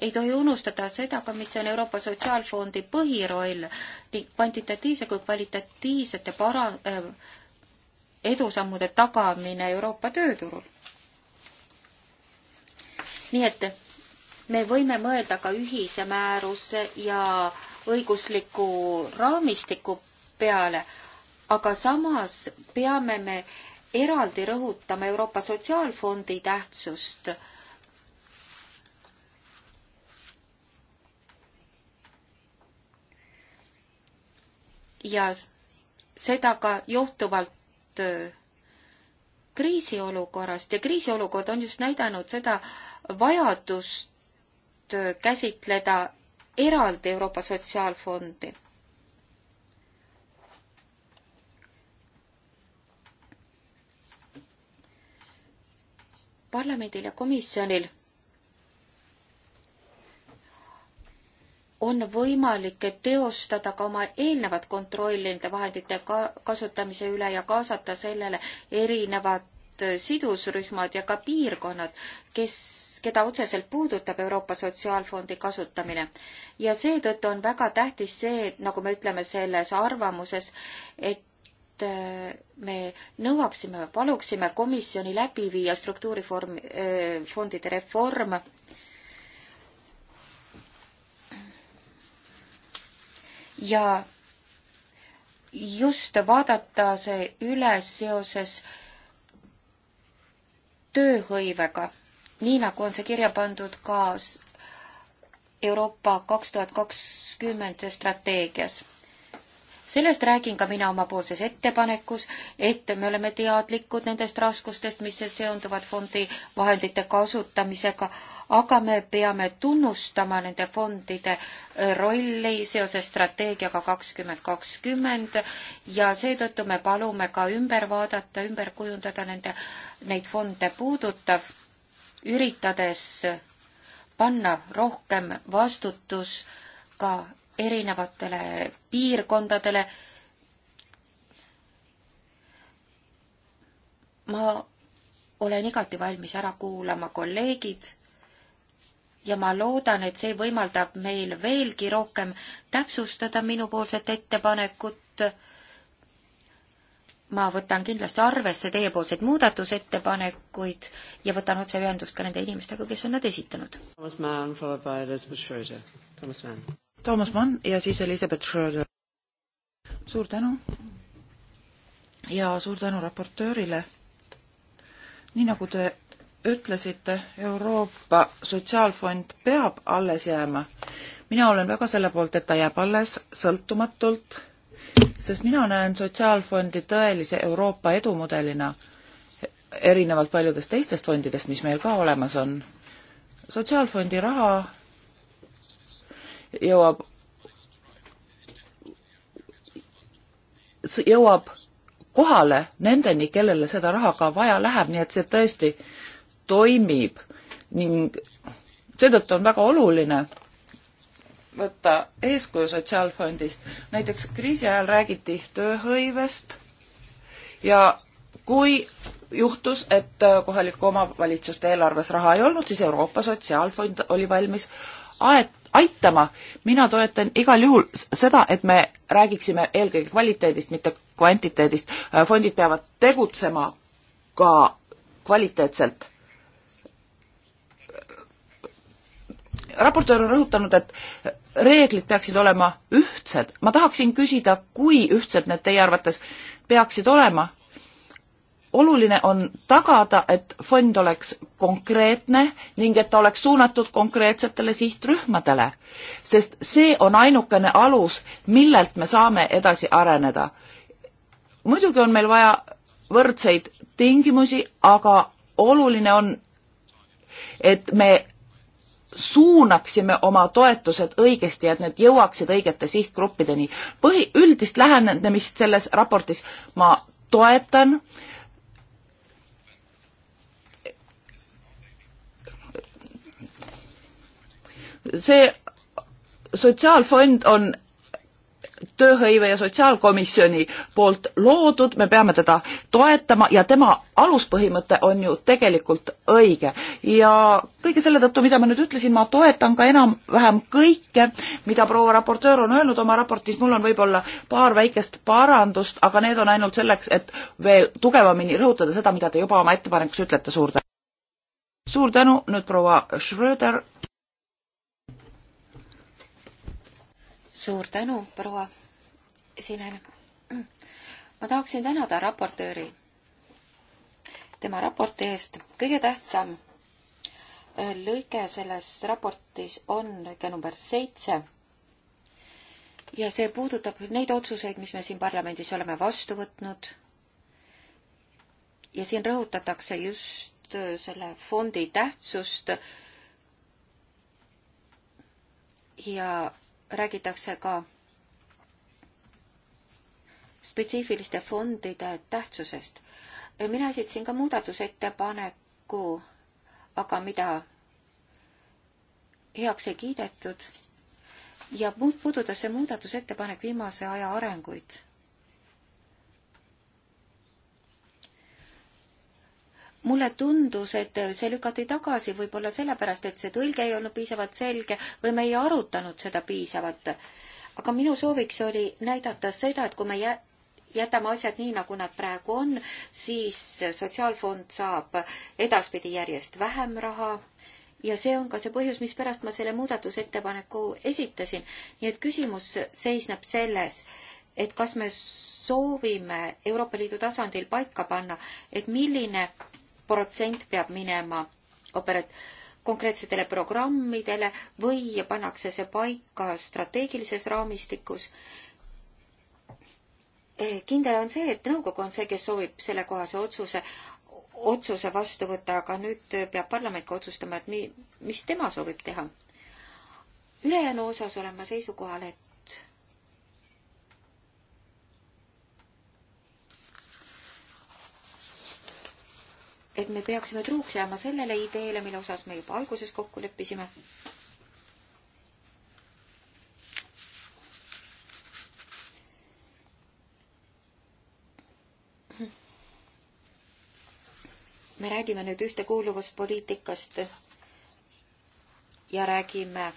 ei tohi unustada seda ka, mis on Euroopa Sotsiaalfondi põhiroll, nii kvantitatiivse kui kvalitatiivsete para-, äh, edusammude tagamine Euroopa tööturul. nii et me võime mõelda ka ühise määruse ja õigusliku raamistiku peale, aga samas peame me eraldi rõhutama Euroopa Sotsiaalfondi tähtsust äh, ja seda ka johtuvalt äh, kriisiolukorrast ja kriisiolukord on just näidanud seda vajadust äh, käsitleda eraldi Euroopa Sotsiaalfondi. parlamendil ja komisjonil on võimalik teostada ka oma eelnevat kontrolli nende vahendite ka kasutamise üle ja kaasata sellele erinevad sidusrühmad ja ka piirkonnad, kes, keda otseselt puudutab Euroopa Sotsiaalfondi kasutamine. ja seetõttu on väga tähtis see, nagu me ütleme selles arvamuses, et äh, me nõuaksime, paluksime komisjoni läbi viia struktuurifondi äh, reform ja just vaadata see üle seoses tööhõivega, nii nagu on see kirja pandud ka Euroopa kaks tuhat kakskümmend strateegias sellest räägin ka mina omapoolses ettepanekus, et me oleme teadlikud nendest raskustest, mis seonduvad fondi vahendite kasutamisega, aga me peame tunnustama nende fondide äh, rolli seoses strateegiaga kakskümmend kakskümmend ja seetõttu me palume ka ümber vaadata, ümber kujundada nende, neid fonde puudutav, üritades panna rohkem vastutus ka erinevatele piirkondadele. ma olen igati valmis ära kuulama kolleegid ja ma loodan, et see võimaldab meil veelgi rohkem täpsustada minupoolset ettepanekut. ma võtan kindlasti arvesse teiepoolseid muudatusettepanekuid ja võtan otseühendust ka nende inimestega, kes on nad esitanud. Thomas Mann, followed by Elizabeth Schröder. Thomas Mann. Toomas Mann ja siis Elizabeth Schröder. suur tänu ja suur tänu raportöörile. nii nagu te ütlesite, Euroopa Sotsiaalfond peab alles jääma. mina olen väga selle poolt, et ta jääb alles sõltumatult, sest mina näen Sotsiaalfondi tõelise Euroopa edumudelina, erinevalt paljudest teistest fondidest, mis meil ka olemas on. sotsiaalfondi raha jõuab, jõuab kohale nendeni, kellele seda raha ka vaja läheb, nii et see tõesti toimib ning seetõttu on väga oluline võtta eeskuju Sotsiaalfondist. näiteks kriisi ajal räägiti tööhõivest ja kui juhtus, et kohaliku omavalitsuste eelarves raha ei olnud, siis Euroopa Sotsiaalfond oli valmis aet-, aitama. mina toetan igal juhul seda, et me räägiksime eelkõige kvaliteedist, mitte kvantiteedist. Äh, fondid peavad tegutsema ka kvaliteetselt. raportöör on rõhutanud, et reeglid peaksid olema ühtsed. ma tahaksin küsida, kui ühtsed need teie arvates peaksid olema oluline on tagada, et fond oleks konkreetne ning et ta oleks suunatud konkreetsetele sihtrühmadele, sest see on ainukene alus, millelt me saame edasi areneda. muidugi on meil vaja võrdseid tingimusi, aga oluline on, et me suunaksime oma toetused õigesti ja et need jõuaksid õigete sihtgruppideni. põhi, üldist lähenemist selles raportis ma toetan äh,, see sotsiaalfond on tööhõive ja sotsiaalkomisjoni poolt loodud, me peame teda toetama ja tema aluspõhimõte on ju tegelikult õige. ja kõige selle tõttu, mida ma nüüd ütlesin, ma toetan ka enam-vähem kõike, mida proua raportöör on öelnud oma raportis, mul on võib-olla paar väikest parandust, aga need on ainult selleks, et veel tugevamini rõhutada seda, mida te juba oma ettepanekus ütlete, suur tänu. suur tänu, nüüd proua Schröder suur tänu, proua Sinene. ma tahaksin tänada raportööri tema raporti eest. kõige tähtsam lõige selles raportis on lõige number seitse. ja see puudutab neid otsuseid, mis me siin parlamendis oleme vastu võtnud. ja siin rõhutatakse just selle fondi tähtsust ja räägitakse ka spetsiifiliste fondide tähtsusest. mina esitasin ka muudatusettepaneku, aga mida heaks ei kiidetud ja puudutas see muudatusettepanek viimase aja arenguid mulle tundus, et see lükati tagasi võib-olla sellepärast, et see tõlge ei olnud piisavalt selge või me ei arutanud seda piisavalt. aga minu sooviks oli näidata seda, et kui me jä-, jätame asjad nii, nagu nad praegu on, siis Sotsiaalfond saab edaspidi järjest vähem raha ja see on ka see põhjus, mispärast ma selle muudatusettepaneku esitasin. nii et küsimus seisneb selles, et kas me soovime Euroopa Liidu tasandil paika panna, et milline protsent peab minema operat-, konkreetsetele programmidele või pannakse see paika strateegilises raamistikus. Eh, kindel on see, et nõukogu on see, kes soovib sellekohase otsuse, otsuse vastu võtta, aga nüüd peab parlament ka otsustama, et mi-, mis tema soovib teha. ülejäänu osas olen ma seisukohal, et et me peaksime truuks jääma sellele ideele, mille osas me juba alguses kokku leppisime. me räägime nüüd ühtekuuluvuspoliitikast ja räägime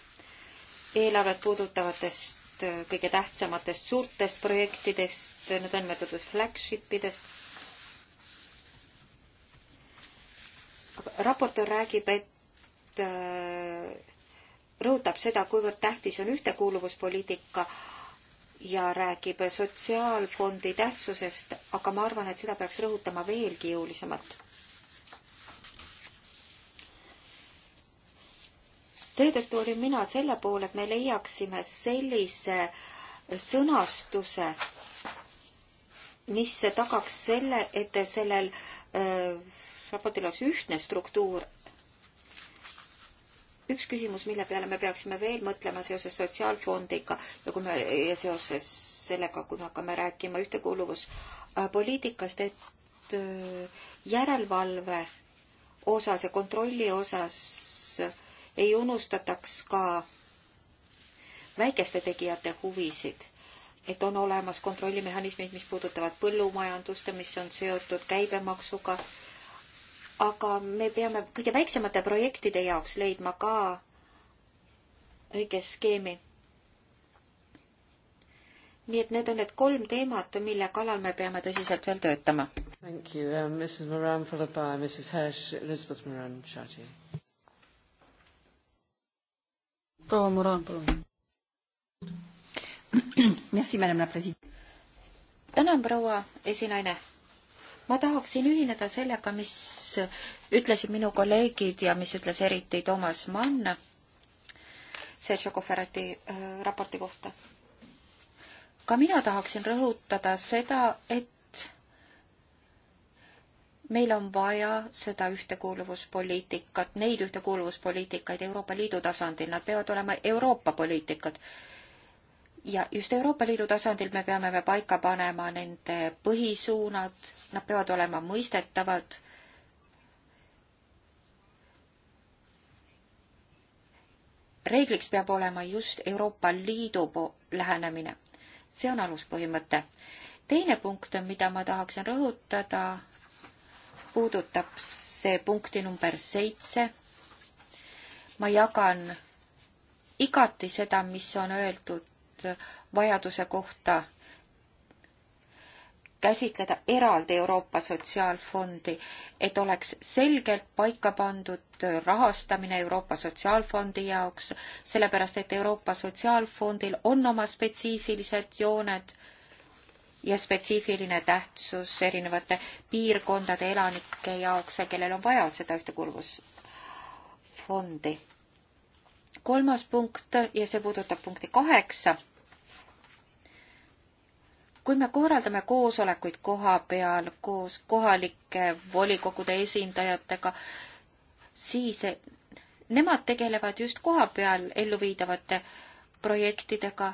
eelarvet puudutavatest kõige tähtsamatest suurtest projektidest, nõndanimetatud flagship idest raportöör räägib, et äh, rõhutab seda, kuivõrd tähtis on ühtekuuluvuspoliitika ja räägib sotsiaalfondi tähtsusest, aga ma arvan, et seda peaks rõhutama veelgi jõulisemalt. seetõttu olin mina selle poole, et me leiaksime sellise sõnastuse, mis tagaks selle, et sellel öö, äh, raportil oleks ühtne struktuur. üks küsimus, mille peale me peaksime veel mõtlema seoses sotsiaalfondiga ja kui me ja seoses sellega, kui me hakkame rääkima ühtekuuluvuspoliitikast, et äh, järelevalve osas ja kontrolli osas ei unustataks ka väikeste tegijate huvisid et on olemas kontrollimehhanismid, mis puudutavad põllumajandust ja mis on seotud käibemaksuga aga me peame kõige väiksemate projektide jaoks leidma ka õige skeemi. nii et need on need kolm teemat, mille kallal me peame tõsiselt veel töötama. Thank you um,, Mrs Moran, followed by Mrs Hirsch, Elizabeth Moran, Shati. proua Moran, palun. Merci, madame la president. tänan, proua esinaine ma tahaksin ühineda sellega, mis ütlesid minu kolleegid ja mis ütles eriti Toomas Mann Sergio Cofferati äh, raporti kohta. ka mina tahaksin rõhutada seda, et meil on vaja seda ühtekuuluvuspoliitikat, neid ühtekuuluvuspoliitikaid Euroopa Liidu tasandil, nad peavad olema Euroopa poliitikad. ja just Euroopa Liidu tasandil me peame me paika panema nende põhisuunad, nad peavad olema mõistetavad reegliks peab olema just Euroopa Liidu lähenemine. see on aluspõhimõte. teine punkt, mida ma tahaksin rõhutada, puudutab see punkti number seitse. ma jagan igati seda, mis on öeldud vajaduse kohta käsitleda eraldi Euroopa Sotsiaalfondi, et oleks selgelt paika pandud rahastamine Euroopa Sotsiaalfondi jaoks, sellepärast et Euroopa Sotsiaalfondil on oma spetsiifilised jooned ja spetsiifiline tähtsus erinevate piirkondade elanike jaoks, kellel on vaja seda ühtekuuluvusfondi. kolmas punkt ja see puudutab punkti kaheksa kui me korraldame koosolekuid koha peal koos kohalike volikogude esindajatega, siis nemad tegelevad just koha peal elluviidavate projektidega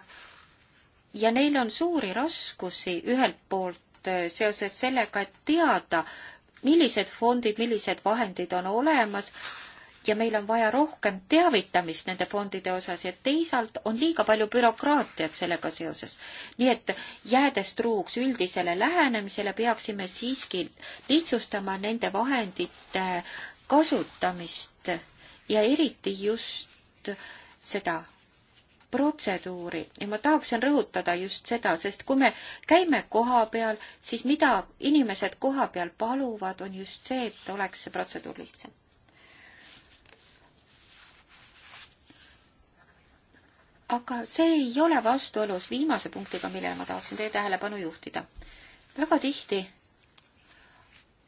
ja neil on suuri raskusi ühelt poolt äh, seoses sellega, et teada, millised fondid, millised vahendid on olemas ja meil on vaja rohkem teavitamist nende fondide osas ja teisalt on liiga palju bürokraatiat sellega seoses. nii et jäädes truuks üldisele lähenemisele, peaksime siiski lihtsustama nende vahendite kasutamist ja eriti just seda protseduuri ja ma tahaksin rõhutada just seda, sest kui me käime koha peal, siis mida inimesed koha peal paluvad, on just see, et oleks see protseduur lihtsam. aga see ei ole vastuolus viimase punktiga, millele ma tahaksin teie tähelepanu juhtida. väga tihti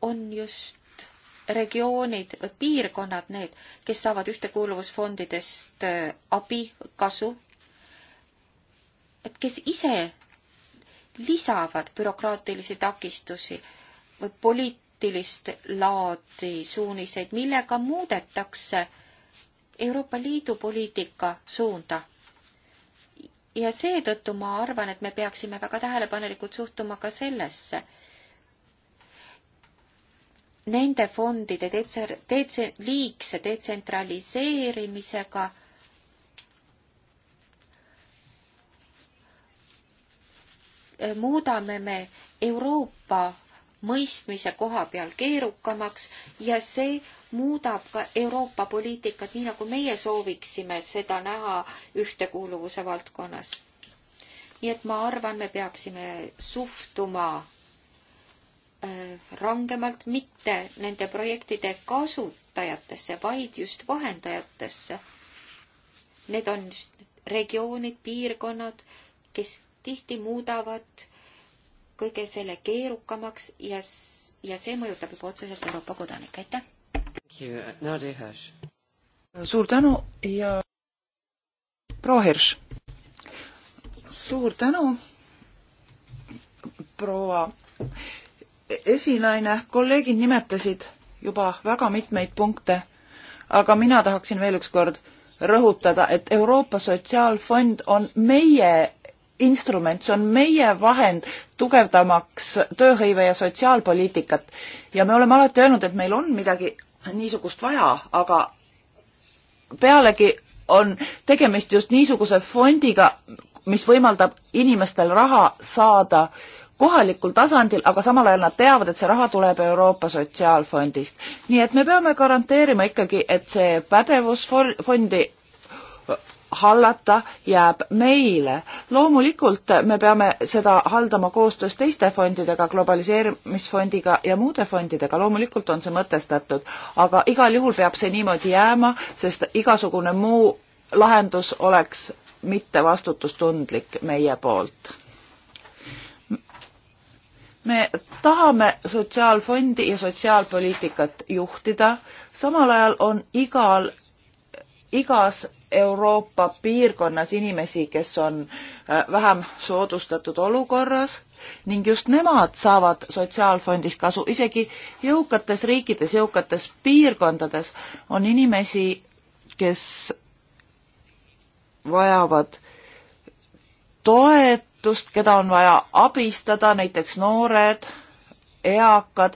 on just regioonid, piirkonnad need, kes saavad ühtekuuluvusfondidest äh, abi, kasu, et kes ise lisavad bürokraatilisi takistusi või poliitilist laadi suuniseid, millega muudetakse Euroopa Liidu poliitika suunda ja seetõttu ma arvan, et me peaksime väga tähelepanelikult suhtuma ka sellesse, nende fondide detser, detser, liigse detsentraliseerimisega muudame me Euroopa mõistmise koha peal keerukamaks ja see muudab ka Euroopa poliitikat, nii nagu meie sooviksime seda näha ühtekuuluvuse valdkonnas. nii et ma arvan, me peaksime suhtuma äh, rangemalt mitte nende projektide kasutajatesse, vaid just vahendajatesse. Need on just regioonid, piirkonnad, kes tihti muudavad kõige selle keerukamaks ja, ja see mõjutab juba otseselt Euroopa kodanikke, aitäh! suur tänu ja proua Hirš! suur tänu, proua esinaine, kolleegid nimetasid juba väga mitmeid punkte, aga mina tahaksin veel ükskord rõhutada, et Euroopa Sotsiaalfond on meie instrument, see on meie vahend tugevdamaks tööhõive ja sotsiaalpoliitikat. ja me oleme alati öelnud, et meil on midagi niisugust vaja, aga pealegi on tegemist just niisuguse fondiga, mis võimaldab inimestel raha saada kohalikul tasandil, aga samal ajal nad teavad, et see raha tuleb Euroopa Sotsiaalfondist. nii et me peame garanteerima ikkagi, et see pädevusfondi hallata jääb meile. loomulikult me peame seda haldama koostöös teiste fondidega, globaliseerimisfondiga ja muude fondidega, loomulikult on see mõtestatud, aga igal juhul peab see niimoodi jääma, sest igasugune muu lahendus oleks mitte vastutustundlik meie poolt me tahame sotsiaalfondi ja sotsiaalpoliitikat juhtida, samal ajal on igal, igas Euroopa piirkonnas inimesi, kes on äh, vähem soodustatud olukorras ning just nemad saavad sotsiaalfondist kasu. isegi jõukates riikides, jõukates piirkondades on inimesi, kes vajavad toetust, keda on vaja abistada, näiteks noored, eakad,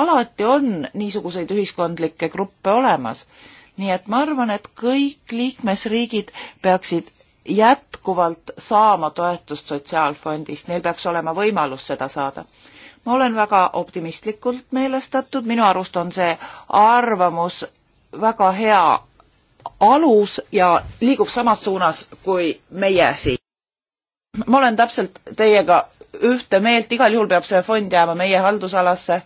alati on niisuguseid ühiskondlikke gruppe olemas nii et ma arvan, et kõik liikmesriigid peaksid jätkuvalt saama toetust Sotsiaalfondist, neil peaks olema võimalus seda saada. ma olen väga optimistlikult meelestatud, minu arust on see arvamus väga hea alus ja liigub samas suunas kui meie siin. ma olen täpselt teiega ühte meelt, igal juhul peab see fond jääma meie haldusalasse.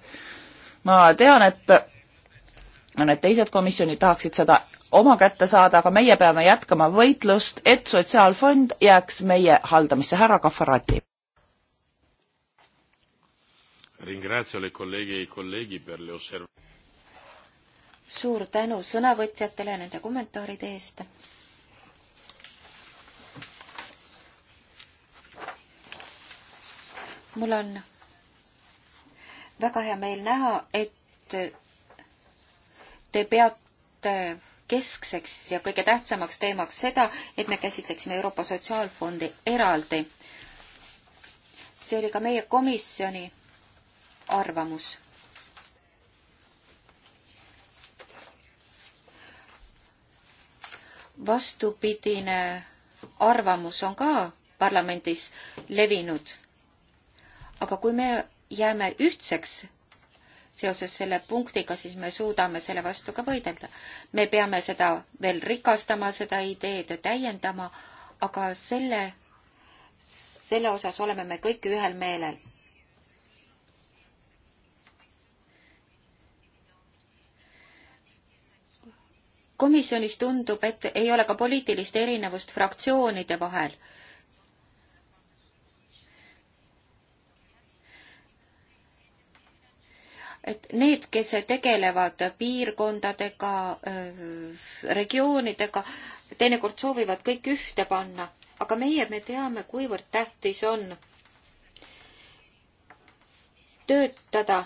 ma tean, et need teised komisjonid tahaksid seda oma kätte saada, aga meie peame jätkama võitlust, et sotsiaalfond jääks meie haldamisse. härra Kafarati. E suur tänu sõnavõtjatele nende kommentaaride eest. mul on väga hea meel näha, et te peate keskseks ja kõige tähtsamaks teemaks seda, et me käsitleksime Euroopa Sotsiaalfondi eraldi. see oli ka meie komisjoni arvamus. vastupidine arvamus on ka parlamendis levinud. aga kui me jääme ühtseks seoses selle punktiga, siis me suudame selle vastu ka võidelda. me peame seda veel rikastama, seda ideed täiendama, aga selle, selle osas oleme me kõik ühel meelel. komisjonis tundub, et ei ole ka poliitilist erinevust fraktsioonide vahel et need, kes tegelevad piirkondadega, regioonidega, teinekord soovivad kõik ühte panna, aga meie, me teame, kuivõrd tähtis on töötada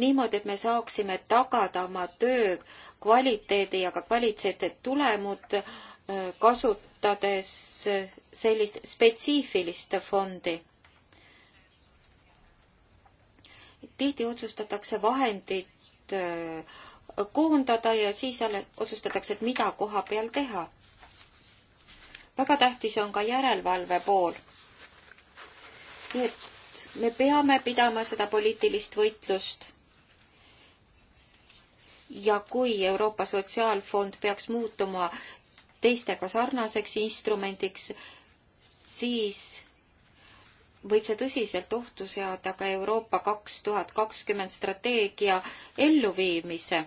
niimoodi, et me saaksime tagada oma töö kvaliteedi ja ka kvaliteetsed tulemud, kasutades sellist spetsiifilist fondi tihti otsustatakse vahendid äh, koondada ja siis alles otsustatakse, et mida koha peal teha. väga tähtis on ka järelevalve pool. nii et me peame pidama seda poliitilist võitlust. ja kui Euroopa Sotsiaalfond peaks muutuma teistega sarnaseks instrumendiks, siis võib see tõsiselt ohtu seada ka Euroopa kaks tuhat kakskümmend strateegia elluviimise.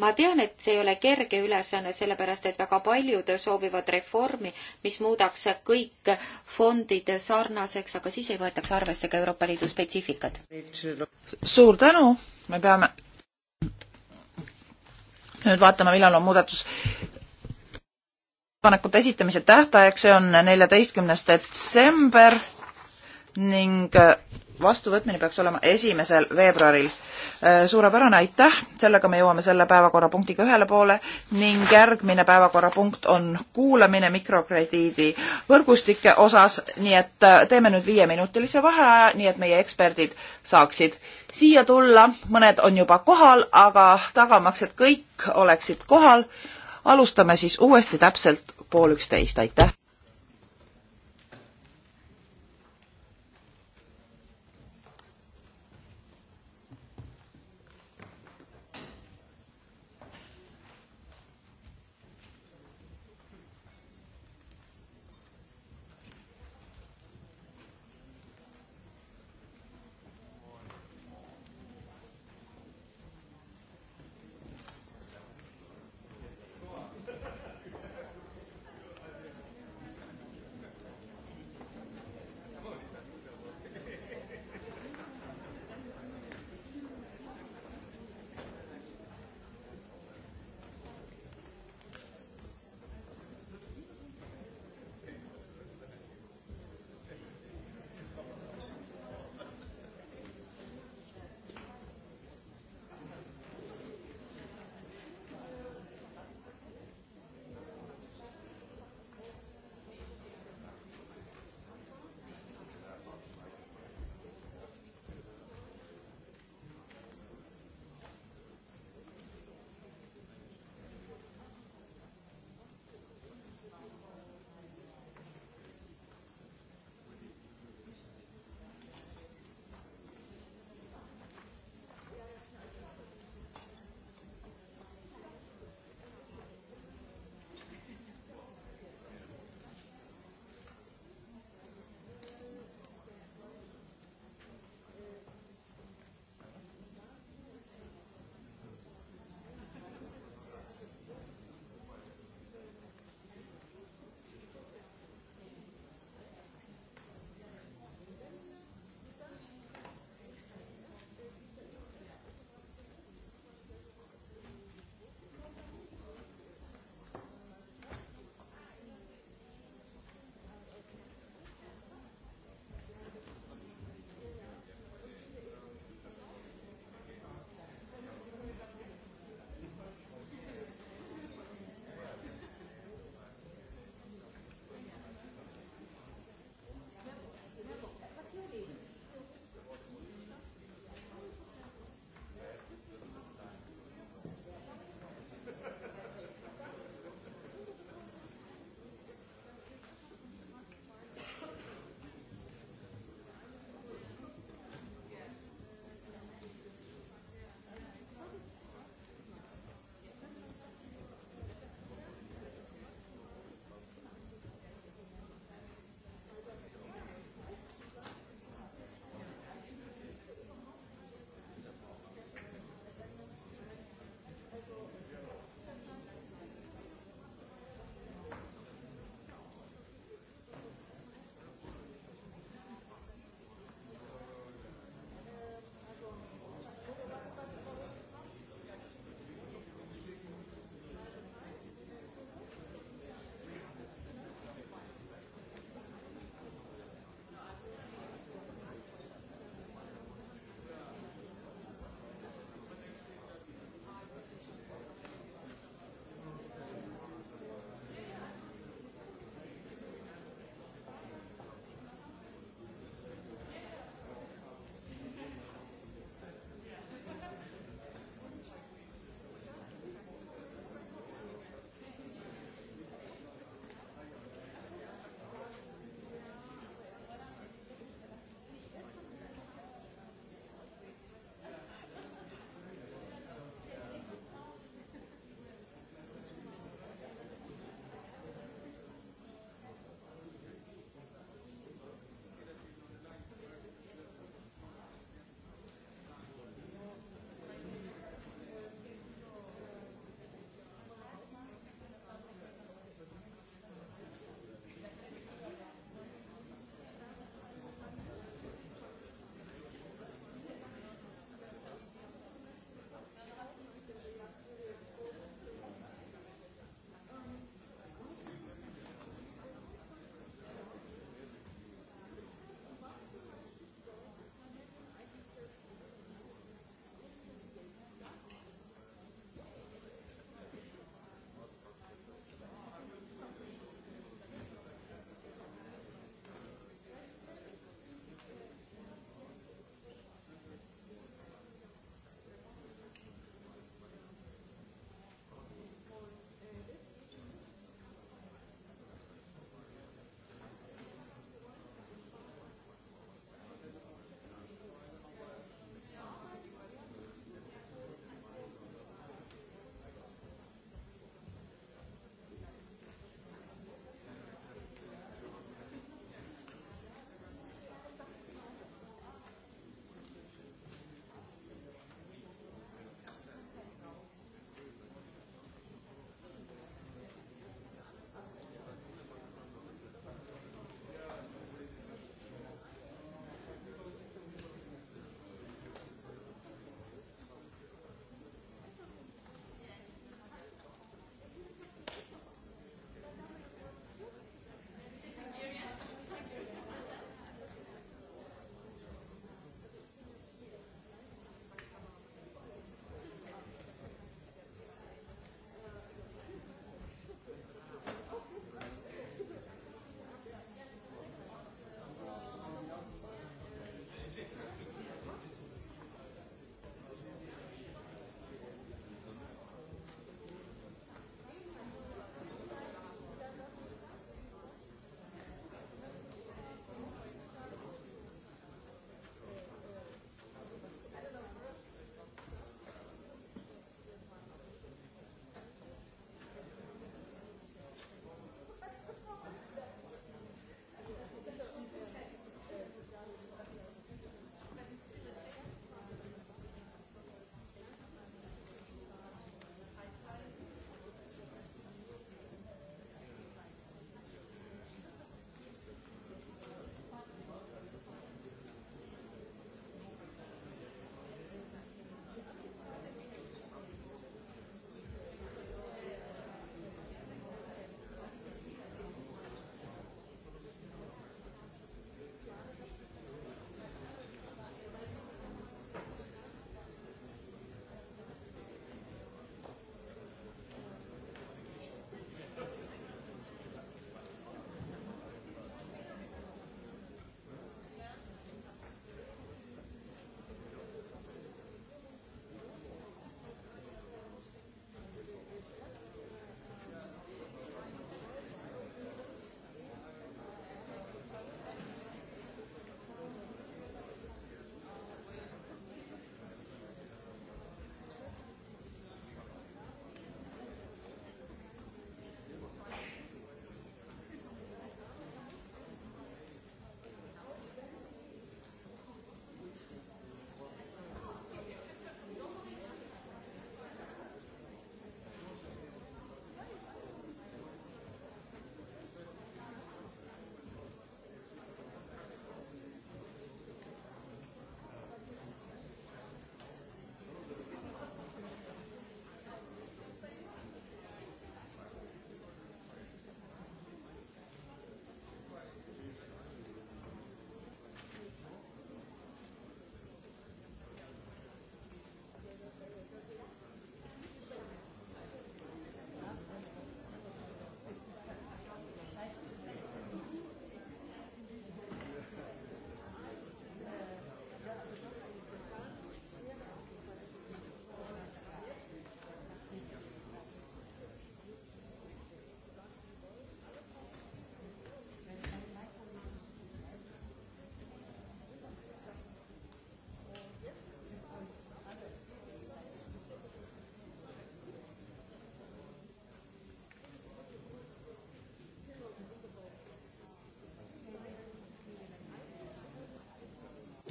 ma tean, et see ei ole kerge ülesanne, sellepärast et väga paljud soovivad reformi, mis muudaks kõik fondid sarnaseks, aga siis ei võetaks arvesse ka Euroopa Liidu spetsiifikat. suur tänu, me peame nüüd vaatama, millal on muudatus ettepanekute esitamise tähtaeg, see on neljateistkümnes detsember ning äh, vastuvõtmine peaks olema esimesel veebruaril. Äh, suurepärane, aitäh, sellega me jõuame selle päevakorrapunktiga ühele poole ning järgmine päevakorrapunkt on kuulamine mikrokrediidi võrgustike osas, nii et äh, teeme nüüd viieminutilise vaheaja, nii et meie eksperdid saaksid siia tulla, mõned on juba kohal, aga tagamaks, et kõik oleksid kohal alustame siis uuesti täpselt pool üksteist, aitäh!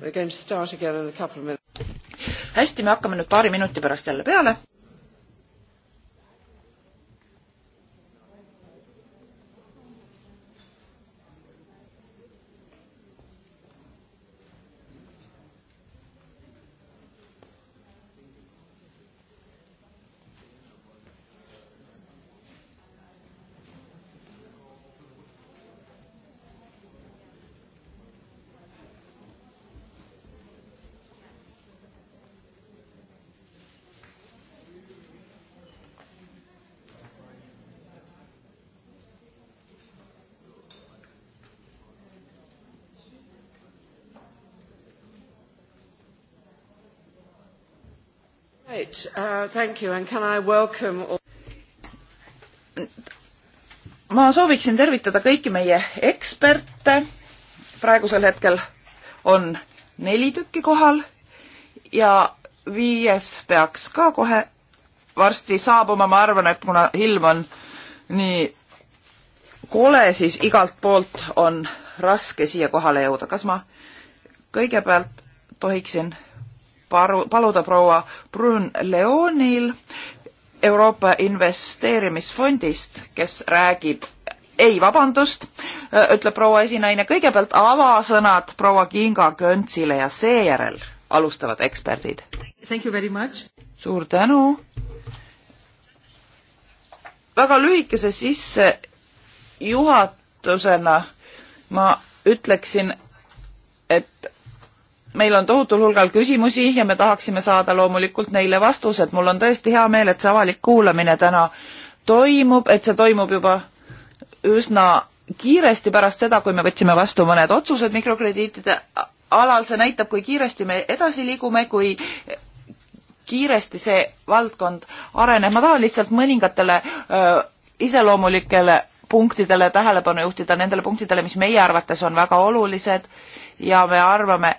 hästi, me hakkame nüüd paari minuti pärast jälle peale. Great. Uh, thank you and can I welcome all... ma sooviksin tervitada kõiki meie eksperte. praegusel hetkel on neli tükki kohal ja viies peaks ka kohe varsti saabuma, ma arvan, et kuna ilm on nii kole, siis igalt poolt on raske siia kohale jõuda. kas ma kõigepealt tohiksin paru, paluda proua Brun Leonil Euroopa Investeerimisfondist, kes räägib ei, vabandust, äh, ütleb proua esinaine, kõigepealt avasõnad proua Kinga Köntsile ja seejärel alustavad eksperdid. suur tänu. väga lühikese sissejuhatusena ma ütleksin, et meil on tohutul hulgal küsimusi ja me tahaksime saada loomulikult neile vastused. mul on tõesti hea meel, et see avalik kuulamine täna toimub, et see toimub juba üsna kiiresti pärast seda, kui me võtsime vastu mõned otsused mikrokrediitide alal, see näitab, kui kiiresti me edasi liigume, kui kiiresti see valdkond areneb. ma tahan lihtsalt mõningatele öö, äh, iseloomulikele punktidele tähelepanu juhtida, nendele punktidele, mis meie arvates on väga olulised ja me arvame,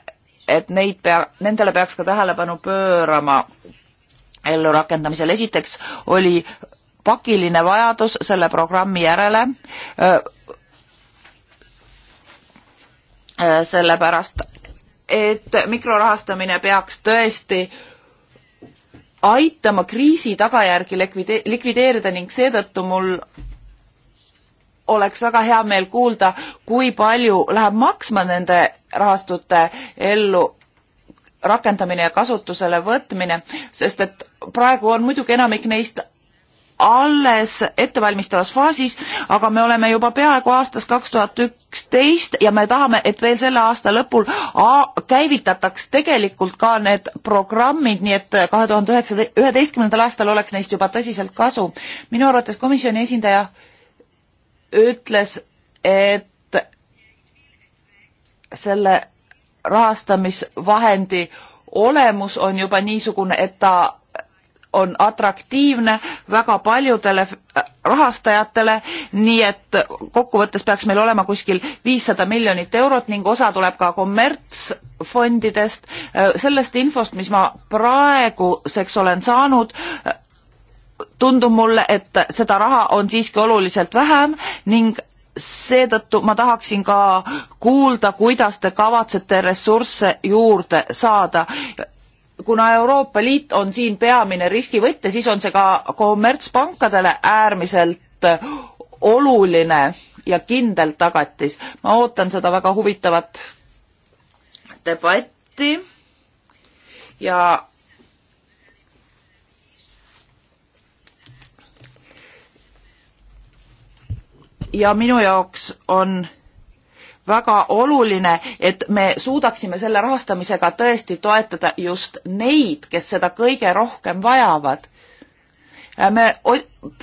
et neid pea, nendele peaks ka tähelepanu pöörama ellurakendamisel. esiteks oli pakiline vajadus selle programmi järele, äh, sellepärast et mikrorahastamine peaks tõesti aitama kriisi tagajärgi likvide-, likvideerida ning seetõttu mul oleks väga hea meel kuulda, kui palju läheb maksma nende rahastute ellu rakendamine ja kasutusele võtmine, sest et praegu on muidugi enamik neist alles ettevalmistavas faasis, aga me oleme juba peaaegu aastas kaks tuhat üksteist ja me tahame, et veel selle aasta lõpul käivitataks tegelikult ka need programmid, nii et kahe tuhande üheksa, üheteistkümnendal aastal oleks neist juba tõsiselt kasu. minu arvates komisjoni esindaja ütles, et selle rahastamisvahendi olemus on juba niisugune, et ta on atraktiivne väga paljudele rahastajatele, nii et kokkuvõttes peaks meil olema kuskil viissada miljonit eurot ning osa tuleb ka kommertsfondidest. sellest infost, mis ma praeguseks olen saanud, tundub mulle, et seda raha on siiski oluliselt vähem ning seetõttu ma tahaksin ka kuulda, kuidas te kavatsete ressursse juurde saada. kuna Euroopa Liit on siin peamine riskivõtja, siis on see ka kommertspankadele äärmiselt oluline ja kindel tagatis. ma ootan seda väga huvitavat debatti ja ja minu jaoks on väga oluline, et me suudaksime selle rahastamisega tõesti toetada just neid, kes seda kõige rohkem vajavad. me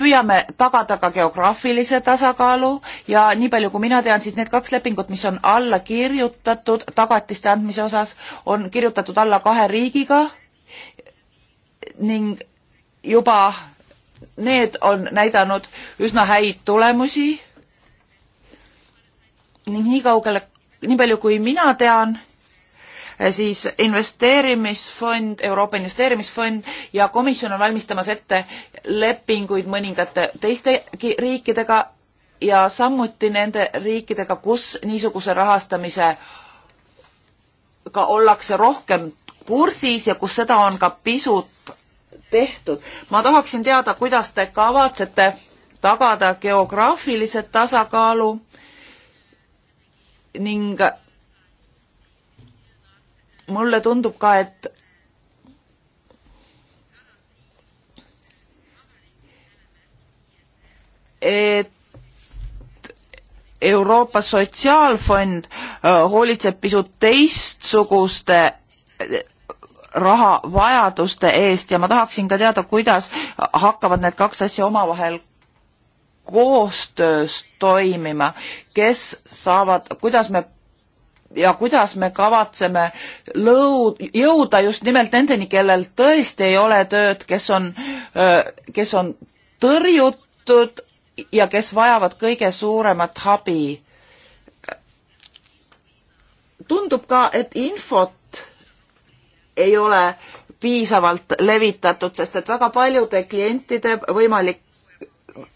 püüame tagada ka geograafilise tasakaalu ja nii palju, kui mina tean, siis need kaks lepingut, mis on alla kirjutatud tagatiste andmise osas, on kirjutatud alla kahe riigiga ning juba need on näidanud üsna häid tulemusi ning nii kaugele, nii palju kui mina tean, eh, siis investeerimisfond, Euroopa Investeerimisfond ja komisjon on valmistamas ette lepinguid mõningate teiste riikidega ja samuti nende riikidega, kus niisuguse rahastamisega ollakse rohkem kursis ja kus seda on ka pisut tehtud. ma tahaksin teada, kuidas te kavatsete tagada geograafilise tasakaalu äh, ning mulle tundub ka, et et Euroopa Sotsiaalfond äh, hoolitseb pisut teistsuguste äh, rahavajaduste eest ja ma tahaksin ka teada, kuidas hakkavad need kaks asja omavahel koostöös toimima, kes saavad, kuidas me ja kuidas me kavatseme lõud, jõuda just nimelt nendeni, kellel tõesti ei ole tööd, kes on, kes on tõrjutud ja kes vajavad kõige suuremat abi. tundub ka, et infot ei ole piisavalt levitatud, sest et väga paljude klientide võimalik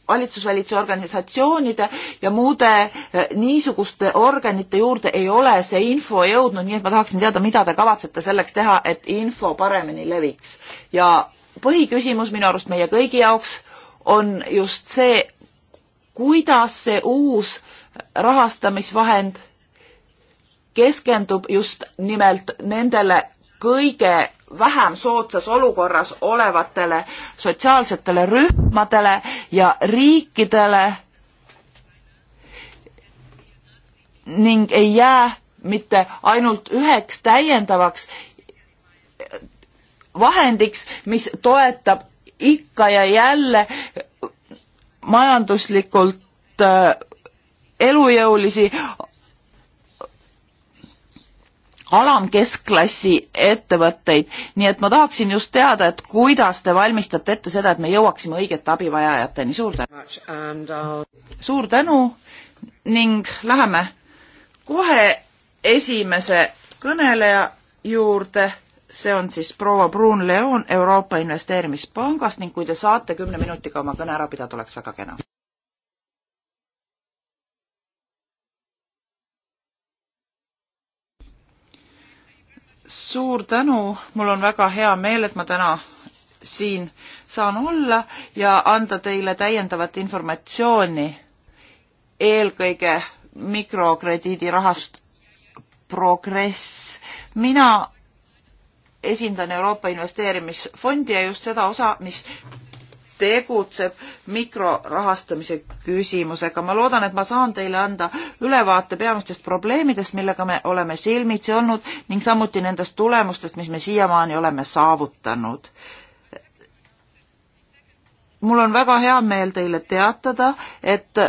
valitsusvälitse organisatsioonide ja muude eh, niisuguste organite juurde ei ole see info jõudnud, nii et ma tahaksin teada, mida te kavatsete selleks teha, et info paremini leviks. ja põhiküsimus minu arust meie kõigi jaoks on just see, kuidas see uus rahastamisvahend keskendub just nimelt nendele kõige vähem soodsas olukorras olevatele sotsiaalsetele rühmadele ja riikidele ning ei jää mitte ainult üheks täiendavaks vahendiks, mis toetab ikka ja jälle majanduslikult äh, elujõulisi alamkeskklassi ettevõtteid, nii et ma tahaksin just teada, et kuidas te valmistate ette seda, et me jõuaksime õigete abivajajateni, suur tänu! suur tänu ning läheme kohe esimese kõneleja juurde, see on siis proua Bruun Leon Euroopa Investeerimispangast ning kui te saate kümne minutiga oma kõne ära pidada, oleks väga kena. suur tänu, mul on väga hea meel, et ma täna siin saan olla ja anda teile täiendavat informatsiooni eelkõige mikrokrediidirahast Progress. mina esindan Euroopa Investeerimisfondi ja just seda osa, mis tegutseb mikrorahastamise küsimusega. ma loodan, et ma saan teile anda ülevaate peamistest probleemidest, millega me oleme silmitsi olnud ning samuti nendest tulemustest, mis me siiamaani oleme saavutanud. mul on väga hea meel teile teatada, et,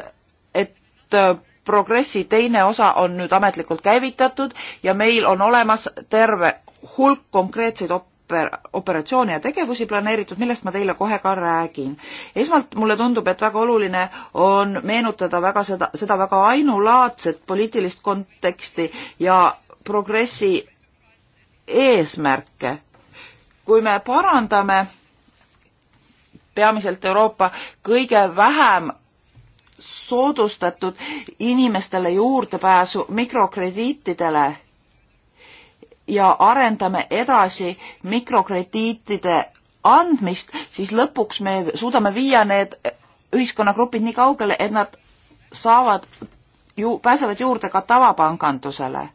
et äh, progressi teine osa on nüüd ametlikult käivitatud ja meil on olemas terve hulk konkreetseid op-, oper-, operatsioone ja tegevusi planeeritud, millest ma teile kohe ka räägin. esmalt mulle tundub, et väga oluline on meenutada väga seda, seda väga ainulaadset poliitilist konteksti ja progressi eesmärke. kui me parandame peamiselt Euroopa kõige vähem soodustatud inimestele juurdepääsu mikrokrediitidele ja arendame edasi mikrokrediitide andmist, siis lõpuks me suudame viia need ühiskonnagrupid nii kaugele, et nad saavad ju, pääsevad juurde ka tavapangandusele.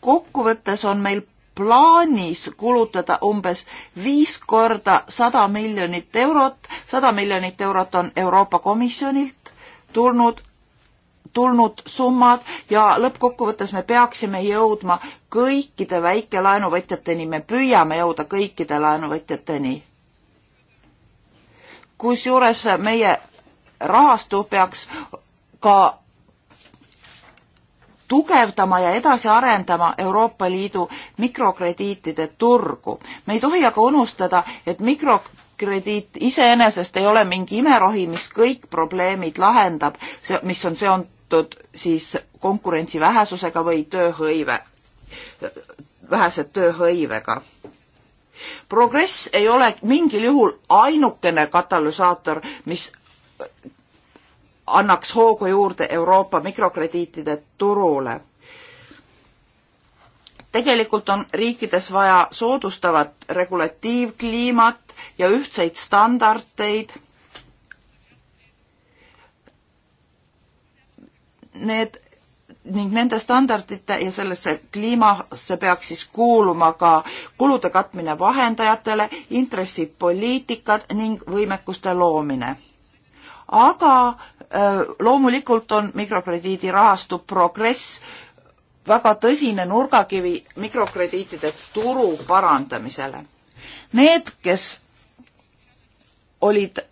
kokkuvõttes on meil plaanis kulutada umbes viis korda sada miljonit eurot, sada miljonit eurot on Euroopa Komisjonilt tulnud tulnud summad ja lõppkokkuvõttes me peaksime jõudma kõikide väikelaenuvõtjateni, me püüame jõuda kõikide laenuvõtjateni. kusjuures meie rahastu peaks ka tugevdama ja edasi arendama Euroopa Liidu mikrokrediitide turgu. me ei tohi aga unustada, et mikro krediit iseenesest ei ole mingi imerohi, mis kõik probleemid lahendab, mis on seond-, seotud siis konkurentsi vähesusega või tööhõive, vähese tööhõivega. progress ei ole mingil juhul ainukene katalüsaator, mis annaks hoogu juurde Euroopa mikrokrediitide turule. tegelikult on riikides vaja soodustavat regulatiivkliimat ja ühtseid standardeid need ning nende standardite ja sellesse kliimasse peaks siis kuuluma ka kulude katmine vahendajatele, intressipoliitikad ning võimekuste loomine. aga loomulikult on mikrokrediidirahastu progress väga tõsine nurgakivi mikrokrediitide turu parandamisele. Need, kes olid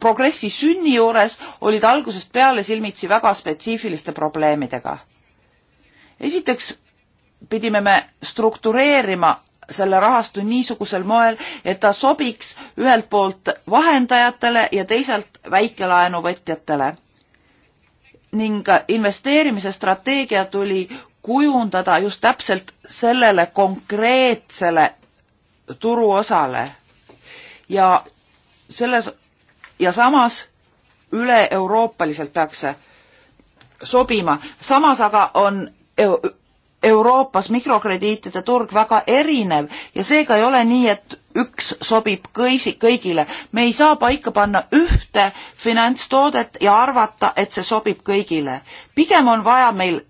progressi sünni juures olid algusest peale silmitsi väga spetsiifiliste probleemidega. esiteks pidime me struktureerima selle rahastu niisugusel moel, et ta sobiks ühelt poolt vahendajatele ja teisalt väikelaenuvõtjatele. ning investeerimise strateegia tuli kujundada just täpselt sellele konkreetsele turuosale ja selles ja samas üle-euroopaliselt peaks see sobima, samas aga on Euroopas mikrokrediitide turg väga erinev ja seega ei ole nii, et üks sobib kõisi, kõigile. me ei saa paika panna ühte finantstoodet ja arvata, et see sobib kõigile. pigem on vaja meil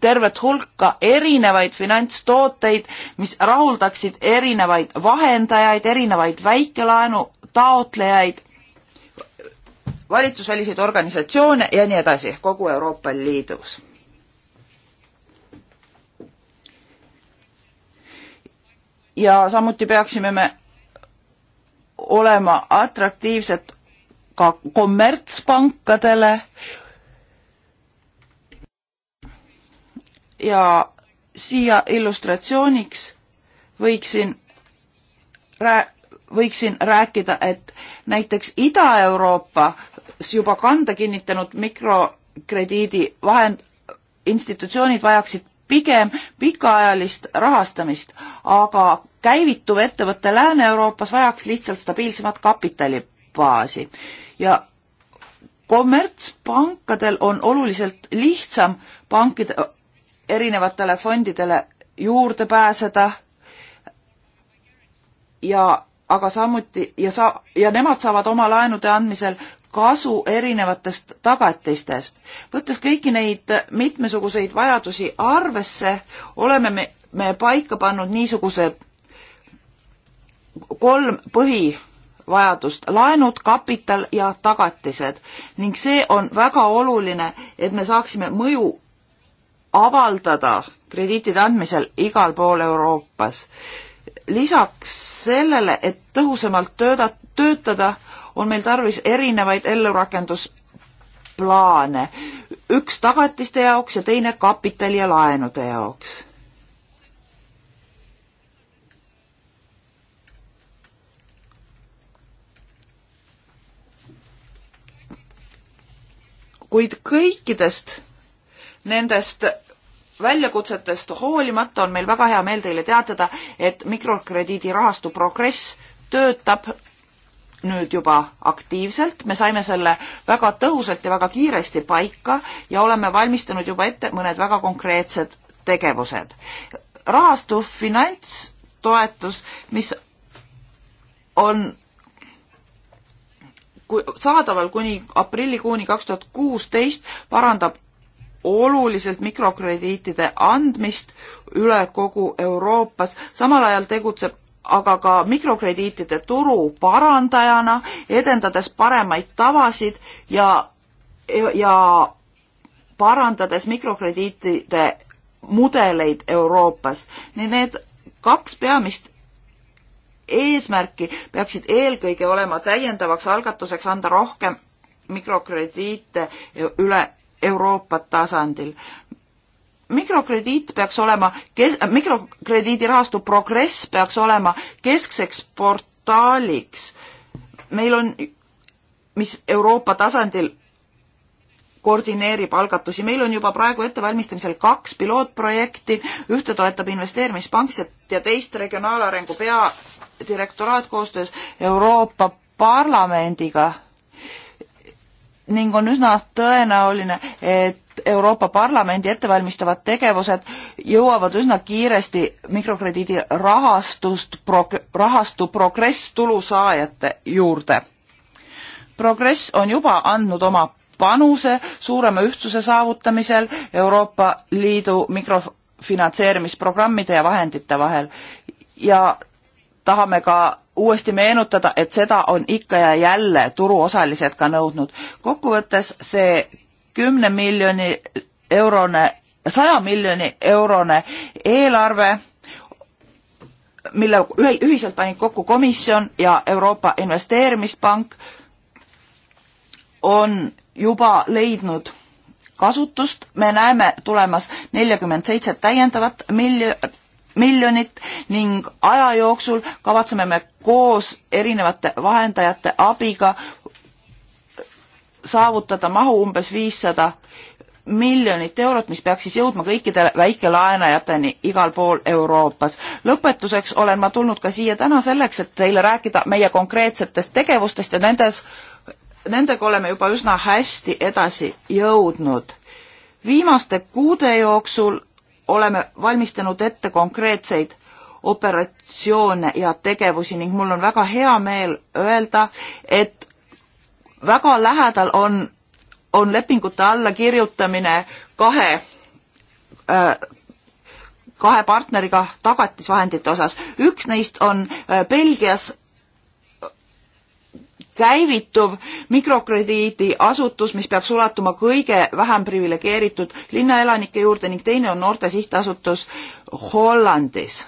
tervet hulka erinevaid finantstooteid, mis rahuldaksid erinevaid vahendajaid, erinevaid väikelaenu taotlejaid, valitsusväliseid organisatsioone ja nii edasi kogu Euroopa Liidus. ja samuti peaksime me olema atraktiivsed ka kommertspankadele ja siia illustratsiooniks võiksin rää-, võiksin rääkida, et näiteks Ida-Euroopas juba kanda kinnitanud mikrokrediidi vahend, institutsioonid vajaksid pigem pikaajalist rahastamist, aga käivituv ettevõte Lääne-Euroopas vajaks lihtsalt stabiilsemat kapitalibaasi ja kommertspankadel on oluliselt lihtsam pankide erinevatele fondidele juurde pääseda ja aga samuti ja sa- ja nemad saavad oma laenude andmisel kasu erinevatest tagatistest. võttes kõiki neid mitmesuguseid vajadusi arvesse, oleme me, me paika pannud niisugused kolm põhivajadust, laenud, kapital ja tagatised ning see on väga oluline, et me saaksime mõju avaldada krediitide andmisel igal pool Euroopas lisaks sellele, et tõhusamalt tööda, töötada, on meil tarvis erinevaid ellurakendusplaane. üks tagatiste jaoks ja teine kapitali ja laenude jaoks. kuid kõikidest nendest väljakutsetest hoolimata on meil väga hea meel teile teatada, et mikrokrediidirahastu Progress töötab nüüd juba aktiivselt, me saime selle väga tõhusalt ja väga kiiresti paika ja oleme valmistanud juba ette mõned väga konkreetsed tegevused. rahastu finantstoetus, mis on saadaval kuni aprillikuuni kaks tuhat kuusteist, parandab oluliselt mikrokrediitide andmist üle kogu Euroopas, samal ajal tegutseb aga ka mikrokrediitide turu parandajana, edendades paremaid tavasid ja, ja parandades mikrokrediitide mudeleid Euroopas. nii need kaks peamist eesmärki peaksid eelkõige olema täiendavaks algatuseks anda rohkem mikrokrediite üle Euroopa tasandil. mikrokrediit peaks olema, mikrokrediidirahastu progress peaks olema keskseks portaaliks. meil on, mis Euroopa tasandil koordineerib algatusi, meil on juba praegu ettevalmistamisel kaks pilootprojekti, ühte toetab investeerimispank ja teist regionaalarengu peadirektoraat koostöös Euroopa Parlamendiga ning on üsna tõenäoline, et Euroopa Parlamendi ettevalmistavad tegevused jõuavad üsna kiiresti mikrokrediidi rahastust, rahastu progress tulusaajate juurde. progress on juba andnud oma panuse suurema ühtsuse saavutamisel Euroopa Liidu mikrofinantseerimisprogrammide ja vahendite vahel ja tahame ka uuesti meenutada, et seda on ikka ja jälle turuosalised ka nõudnud. kokkuvõttes see kümne miljoni eurone, saja miljoni eurone eelarve, mille ühiselt panid kokku komisjon ja Euroopa Investeerimispank, on juba leidnud kasutust, me näeme tulemas neljakümmend seitse täiendavat miljonit, miljonit ning aja jooksul kavatseme me koos erinevate vahendajate abiga saavutada mahu umbes viissada miljonit eurot, mis peaks siis jõudma kõikidele väikelaenajateni igal pool Euroopas. lõpetuseks olen ma tulnud ka siia täna selleks, et teile rääkida meie konkreetsetest tegevustest ja nendes, nendega oleme juba üsna hästi edasi jõudnud. viimaste kuude jooksul oleme valmistanud ette konkreetseid operatsioone ja tegevusi ning mul on väga hea meel öelda, et väga lähedal on, on lepingute allakirjutamine kahe äh, kahe partneriga tagatisvahendite osas. üks neist on äh, Belgias käivituv mikrokrediidiasutus, mis peaks ulatuma kõige vähem priviligeeritud linnaelanike juurde ning teine on noorte sihtasutus Hollandis.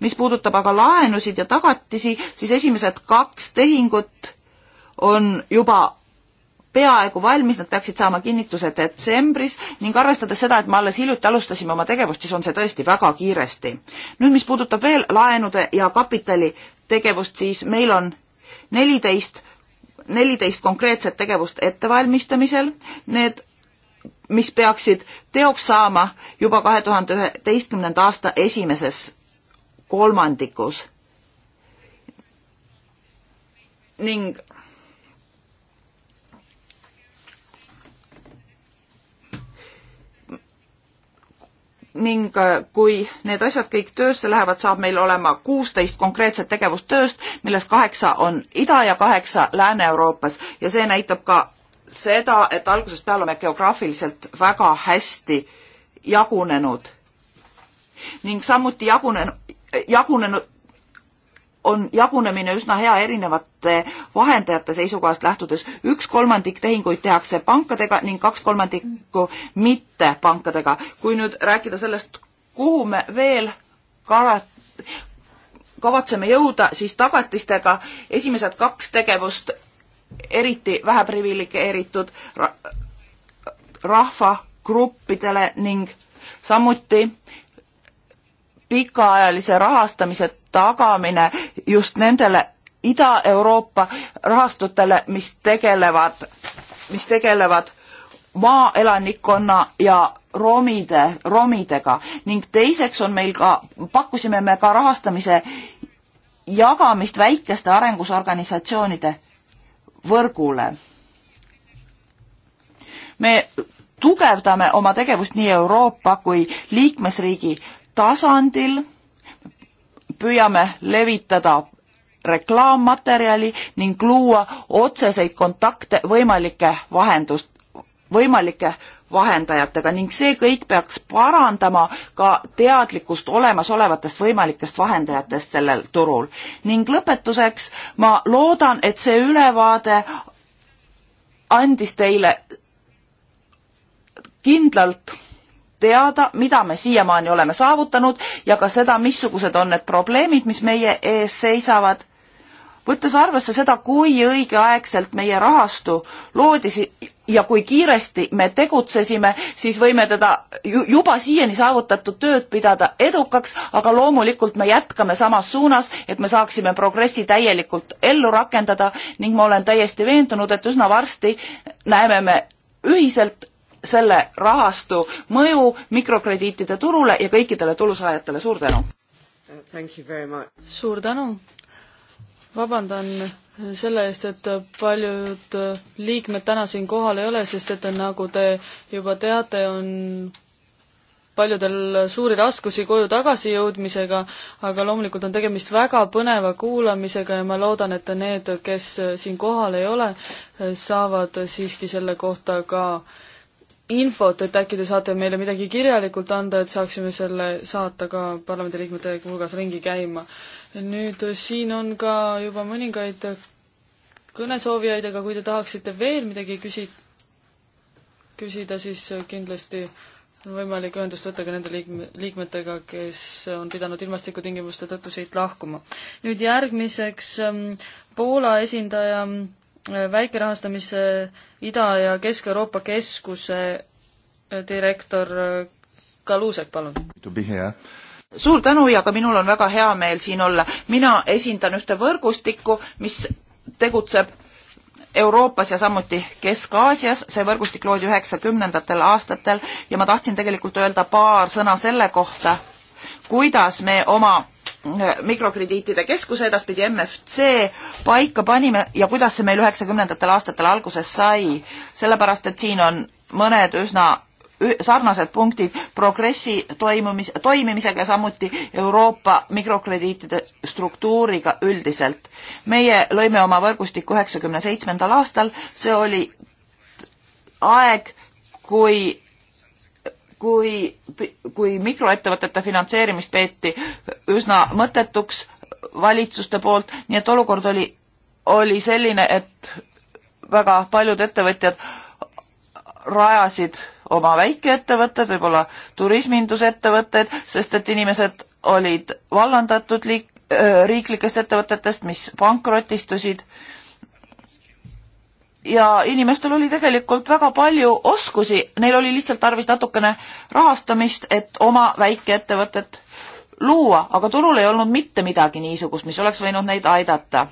mis puudutab aga laenusid ja tagatisi, siis esimesed kaks tehingut on juba peaaegu valmis, nad peaksid saama kinnituse detsembris ning arvestades seda, et me alles hiljuti alustasime oma tegevust, siis on see tõesti väga kiiresti. nüüd, mis puudutab veel laenude ja kapitali tegevust, siis meil on neliteist, neliteist konkreetset tegevust ettevalmistamisel, need mis peaksid teoks saama juba kahe tuhande üheteistkümnenda aasta esimeses kolmandikus. ning ning äh, kui need asjad kõik töösse lähevad, saab meil olema kuusteist konkreetset tegevust tööst, millest kaheksa on Ida- ja kaheksa Lääne-Euroopas ja see näitab ka seda, et algusest peale oleme geograafiliselt väga hästi jagunenud ning samuti jagunenud, jagunenud on jagunemine üsna hea erinevate vahendajate seisukohast lähtudes. üks kolmandik tehinguid tehakse pankadega ning kaks kolmandikku mitte pankadega. kui nüüd rääkida sellest, kuhu me veel kavatseme jõuda, siis tagatistega esimesed kaks tegevust, eriti väheprivilegeeritud rahvagruppidele ning samuti pikaajalise rahastamise tagamine just nendele Ida-Euroopa rahastutele, mis tegelevad, mis tegelevad maaelanikkonna ja romide, romidega ning teiseks on meil ka, pakkusime me ka rahastamise jagamist väikeste arengusorganisatsioonide võrgule. me tugevdame oma tegevust nii Euroopa kui liikmesriigi tasandil püüame levitada reklaammaterjali ning luua otseseid kontakte võimalike vahendust, võimalike vahendajatega ning see kõik peaks parandama ka teadlikkust olemasolevatest võimalikest vahendajatest sellel turul. ning lõpetuseks ma loodan, et see ülevaade andis teile kindlalt teada, mida me siiamaani oleme saavutanud ja ka seda, missugused on need probleemid, mis meie ees seisavad. võttes arvesse seda, kui õigeaegselt meie rahastu loodi ja kui kiiresti me tegutsesime, siis võime teda juba siiani saavutatud tööd pidada edukaks, aga loomulikult me jätkame samas suunas, et me saaksime progressi täielikult ellu rakendada ning ma olen täiesti veendunud, et üsna varsti näeme me ühiselt selle rahastu mõju mikrokrediitide turule ja kõikidele tulusaajatele, suur tänu! suur tänu! vabandan selle eest, et paljud liikmed täna siin kohal ei ole, sest et nagu te juba teate, on paljudel suuri raskusi koju tagasi jõudmisega, aga loomulikult on tegemist väga põneva kuulamisega ja ma loodan, et need, kes siin kohal ei ole, saavad siiski selle kohta ka äh, infot, et äkki te saate meile midagi kirjalikult anda, et saaksime selle saata ka parlamendiliikmete hulgas ringi käima. nüüd siin on ka juba mõningaid kõnesoovijaid, aga kui te tahaksite veel midagi küsi-, küsida, siis kindlasti on võimalik ühendust võtta ka nende liikme, liikmetega, kes on pidanud ilmastikutingimuste tõttu siit lahkuma. nüüd järgmiseks ähm, Poola esindaja väikerahastamise Ida- ja Kesk-Euroopa Keskuse äh, direktor äh, Kaluusek, palun. suur tänu ja ka minul on väga hea meel siin olla. mina esindan ühte võrgustikku, mis tegutseb Euroopas ja samuti Kesk-Aasias, see võrgustik loodi üheksakümnendatel aastatel ja ma tahtsin tegelikult öelda paar sõna selle kohta, kuidas me oma mikrokrediitide keskuse, edaspidi MFC, paika panime ja kuidas see meil üheksakümnendatel aastatel alguses sai, sellepärast et siin on mõned üsna sarnased punktid progressi toimumis, toimimisega, samuti Euroopa mikrokrediitide struktuuriga üldiselt. meie lõime oma võrgustiku üheksakümne seitsmendal aastal, see oli aeg, kui kui, kui mikroettevõtete finantseerimist peeti üsna mõttetuks valitsuste poolt, nii et olukord oli, oli selline, et väga paljud ettevõtjad rajasid oma väikeettevõtted, võib-olla turismindusettevõtted, sest et inimesed olid vallandatud liik-, riiklikest ettevõtetest, mis pankrotistusid äh, ja inimestel oli tegelikult väga palju oskusi, neil oli lihtsalt tarvis natukene rahastamist, et oma väikeettevõtet luua, aga turul ei olnud mitte midagi niisugust, mis oleks võinud neid aidata.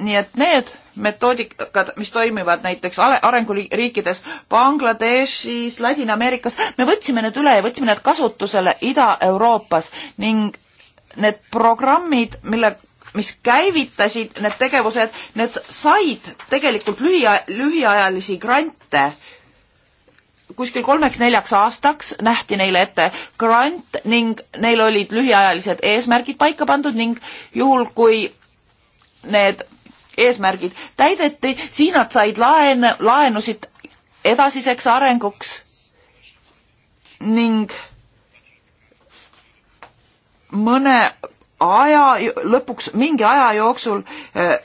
nii et need metoodikad, mis toimivad näiteks arenguriikides, Bangladeshis, Ladina-Ameerikas, me võtsime need üle ja võtsime need kasutusele Ida-Euroopas ning need programmid, mille mis käivitasid need tegevused, need said tegelikult lühia-, lühiajalisi grante. kuskil kolmeks-neljaks aastaks nähti neile ette grant ning neil olid lühiajalised eesmärgid paika pandud ning juhul, kui need eesmärgid täideti, siis nad said laene, laenusid edasiseks arenguks ning mõne aja lõpuks, mingi aja jooksul eh,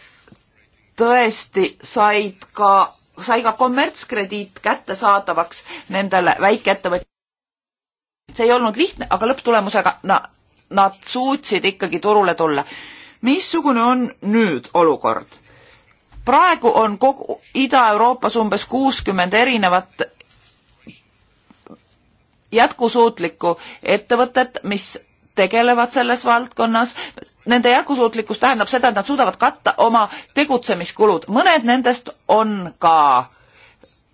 tõesti said ka, sai ka kommertskrediit kättesaadavaks nendele väikeettevõtjatele. see ei olnud lihtne, aga lõpptulemusega na, nad suutsid ikkagi turule tulla. missugune on nüüd olukord? praegu on kogu Ida-Euroopas umbes kuuskümmend erinevat jätkusuutlikku ettevõtet, mis tegelevad selles valdkonnas. Nende jätkusuutlikkus tähendab seda, et nad suudavad katta oma tegutsemiskulud. mõned nendest on ka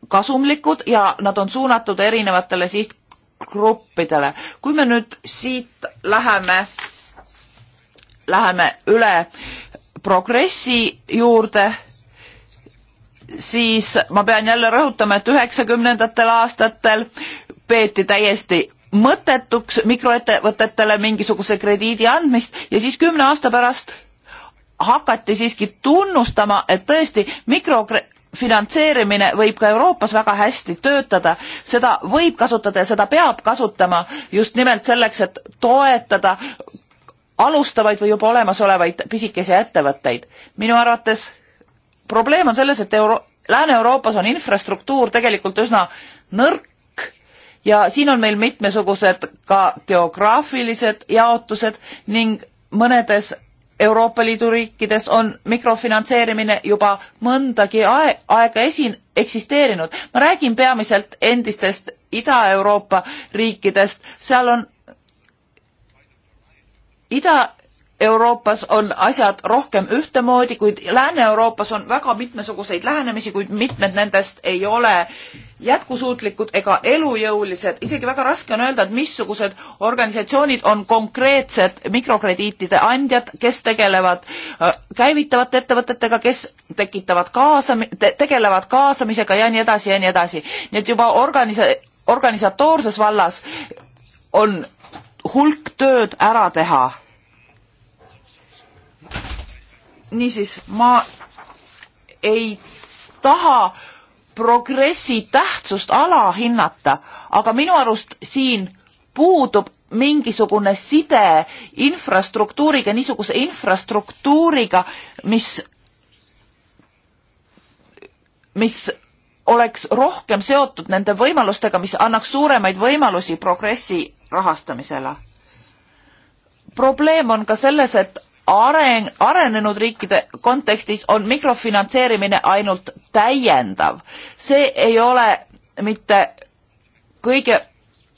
kasumlikud ja nad on suunatud erinevatele sihtgruppidele. kui me nüüd siit läheme, läheme üle progressi juurde, siis ma pean jälle rõhutama, et üheksakümnendatel aastatel peeti täiesti mõttetuks mikroettevõtetele mingisuguse krediidi andmist ja siis kümne aasta pärast hakati siiski tunnustama, et tõesti mikrofinantseerimine võib ka Euroopas väga hästi töötada, seda võib kasutada ja seda peab kasutama just nimelt selleks, et toetada alustavaid või juba olemasolevaid pisikesi ettevõtteid. minu arvates probleem on selles, et Euro-, Lääne-Euroopas on infrastruktuur tegelikult üsna nõrk ja siin on meil mitmesugused ka geograafilised jaotused ning mõnedes Euroopa Liidu riikides on mikrofinantseerimine juba mõndagi aega esin eksisteerinud. ma räägin peamiselt endistest Ida-Euroopa riikidest, seal on Ida-Euroopas on asjad rohkem ühtemoodi, kuid Lääne-Euroopas on väga mitmesuguseid lähenemisi, kuid mitmed nendest ei ole jätkusuutlikud ega elujõulised, isegi väga raske on öelda, et missugused organisatsioonid on konkreetsed mikrokrediitide andjad, kes tegelevad äh, käivitavate ettevõtetega, kes tekitavad kaasa te,, tegelevad kaasamisega ja nii edasi ja nii edasi. nii et juba organisa-, organisatoorses vallas on hulk tööd ära teha. niisiis, ma ei taha progressi tähtsust alahinnata, aga minu arust siin puudub mingisugune side infrastruktuuriga, niisuguse infrastruktuuriga, mis, mis oleks rohkem seotud nende võimalustega, mis annaks suuremaid võimalusi progressi rahastamisele. probleem on ka selles, et areng, arenenud riikide kontekstis on mikrofinantseerimine ainult täiendav. see ei ole mitte kõige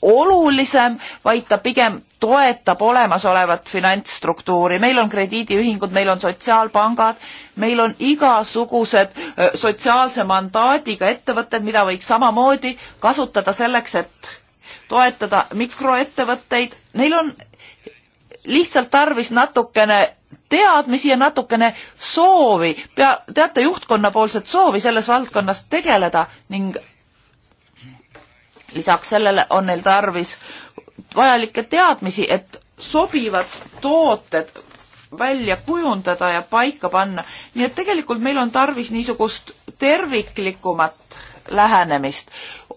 olulisem, vaid ta pigem toetab olemasolevat finantsstruktuuri, meil on krediidiühingud, meil on sotsiaalpangad, meil on igasugused sotsiaalse mandaadiga ettevõtted, mida võiks samamoodi kasutada selleks, et toetada mikroettevõtteid, neil on lihtsalt tarvis natukene teadmisi ja natukene soovi, pea, teate juhtkonna poolset soovi selles valdkonnas tegeleda ning lisaks sellele on neil tarvis vajalikke teadmisi, et sobivad tooted välja kujundada ja paika panna. nii et tegelikult meil on tarvis niisugust terviklikumat lähenemist,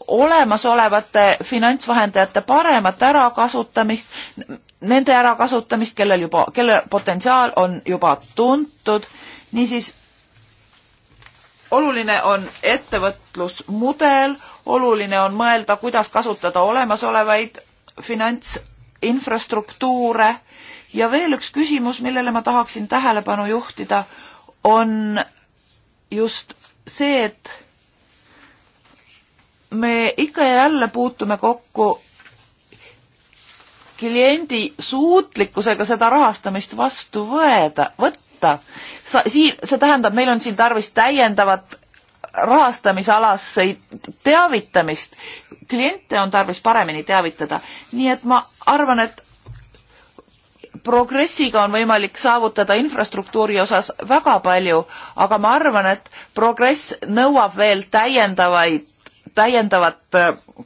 olemasolevate finantsvahendajate paremat ärakasutamist, nende ärakasutamist, kellel juba, kelle potentsiaal on juba tuntud, niisiis oluline on ettevõtlusmudel, oluline on mõelda, kuidas kasutada olemasolevaid finantsinfrastruktuure ja veel üks küsimus, millele ma tahaksin tähelepanu juhtida, on just see, et me ikka ja jälle puutume kokku kliendi suutlikkusega seda rahastamist vastu võeda, võtta. Sa, siin, see tähendab, meil on siin tarvis täiendavat rahastamisalaseid teavitamist. kliente on tarvis paremini teavitada. nii et ma arvan, et progressiga on võimalik saavutada infrastruktuuri osas väga palju, aga ma arvan, et progress nõuab veel täiendavaid, täiendavat,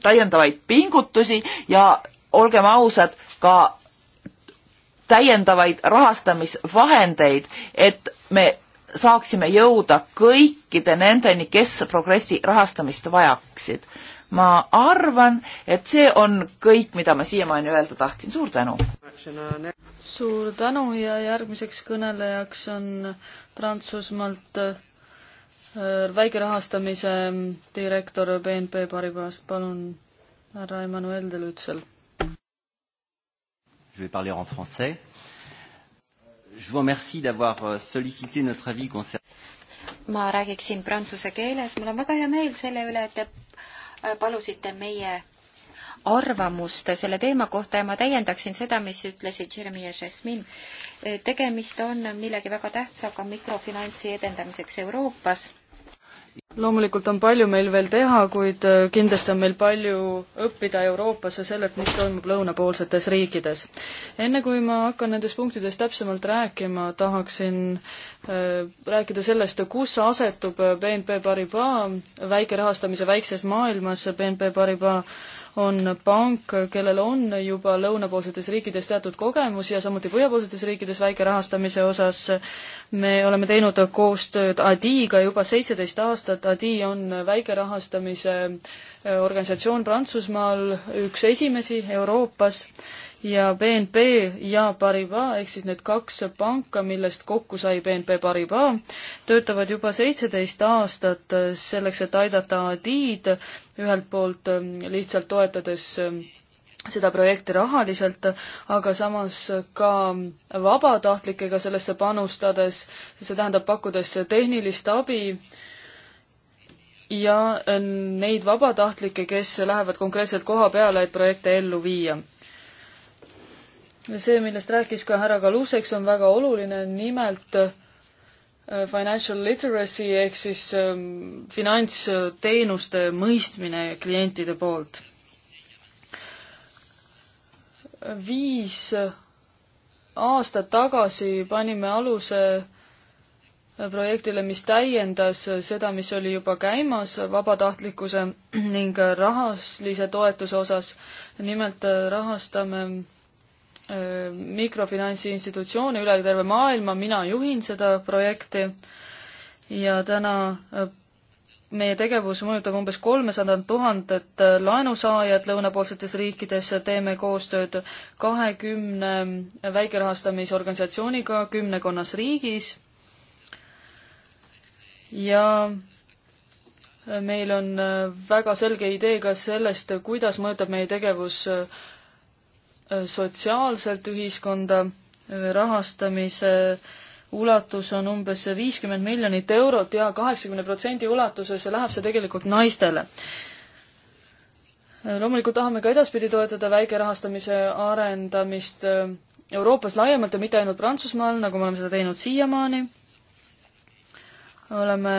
täiendavaid pingutusi ja olgem ausad, ka täiendavaid rahastamisvahendeid, et me saaksime jõuda kõikide nendeni, kes progressi rahastamist vajaksid. ma arvan, et see on kõik, mida ma siiamaani öelda tahtsin, suur tänu! suur tänu ja järgmiseks kõnelejaks on Prantsusmaalt äh, väikerahastamise direktor BNP Paribast, palun härra Emmanuel Delütsel je vais parler en français. Je vous remercie d'avoir euh, sollicité notre avis concernant ma räägiksin prantsuse keeles, mul on väga hea meel selle üle, et te äh, palusite meie arvamust selle teema kohta ja ma täiendaksin seda, mis ütlesid Jeremy ja Jasmine. Äh, tegemist on millegi väga tähtsaga mikrofinantsi edendamiseks Euroopas loomulikult on palju meil veel teha, kuid äh, kindlasti on meil palju õppida Euroopas ja sellelt, mis toimub lõunapoolsetes riikides. enne kui ma hakkan nendest punktidest täpsemalt rääkima, tahaksin äh, rääkida sellest, kus asetub BNP Paribas väikerahastamise väikses maailmas, BNP Paribas on pank, kellel on juba lõunapoolsetes riikides teatud kogemus ja samuti põhjapoolsetes riikides väikerahastamise osas. me oleme teinud koostööd Adiga juba seitseteist aastat, Adi on väikerahastamise eh, organisatsioon Prantsusmaal, üks esimesi Euroopas ja BNP ja Paribas ehk siis need kaks panka, millest kokku sai BNP Paribas, töötavad juba seitseteist aastat äh, selleks, et aidata AD-d ühelt poolt ähm, lihtsalt toetades ähm, seda projekti rahaliselt, aga samas ka vabatahtlikega sellesse panustades, see tähendab pakkudes tehnilist abi ja äh, neid vabatahtlikke, kes lähevad konkreetselt koha peale, et projekte ellu viia see, millest rääkis ka härra Kaluseks, on väga oluline, nimelt äh, financial literacy ehk siis ähm, finantsteenuste mõistmine klientide poolt. viis äh, aastat tagasi panime aluse äh, projektile, mis täiendas seda, mis oli juba käimas vabatahtlikkuse ning rahalise toetuse osas. nimelt rahastame Äh, mikrofinantsi institutsioone üle terve maailma, mina juhin seda projekti ja täna äh, meie tegevus mõjutab umbes kolmesadat tuhandet äh, laenusaajat lõunapoolsetes riikides, teeme koostööd kahekümne väikerahastamisorganisatsiooniga kümnekonnas riigis ja meil on väga selge idee ka sellest, kuidas mõjutab meie tegevus äh, sotsiaalselt ühiskonda rahastamise ulatus on umbes viiskümmend miljonit eurot ja kaheksakümne protsendi ulatuses läheb see tegelikult naistele. loomulikult tahame ka edaspidi toetada väikerahastamise arendamist Euroopas laiemalt ja mitte ainult Prantsusmaal, nagu me oleme seda teinud siiamaani. oleme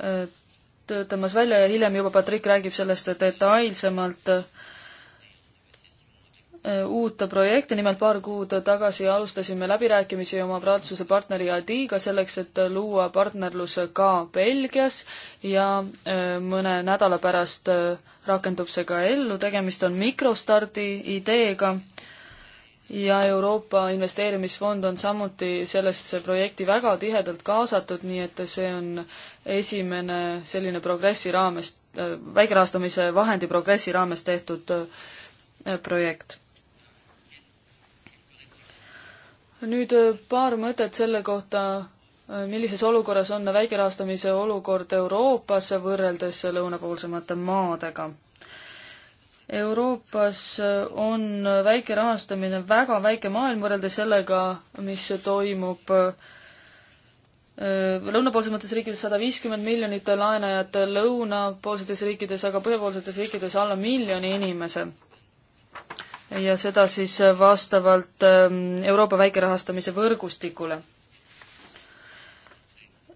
äh, töötamas välja ja hiljem juba Patrick räägib sellest detailsemalt Äh, uut projekti, nimelt paar kuud tagasi alustasime läbirääkimisi oma Prantsuse partneri Adiga selleks, et luua partnerlus ka Belgias ja äh, mõne nädala pärast äh, rakendub see ka ellu, tegemist on mikrostardi ideega ja Euroopa Investeerimisfond on samuti sellesse projekti väga tihedalt kaasatud, nii et see on esimene selline progressi raames, väikerahastamise vahendi progressi raames tehtud projekt nüüd äh, paar mõtet selle kohta, äh, millises olukorras on väikerahastamise olukord Euroopas võrreldes lõunapoolsemate maadega? Euroopas äh, on väike rahastamine väga väike maailm võrreldes sellega, mis toimub lõunapoolsemates riikides sada viiskümmend miljonit laenajat, lõunapoolsetes riikides, aga põhjapoolsetes riikides alla miljoni inimese ja seda siis vastavalt ähm, Euroopa väikerahastamise võrgustikule.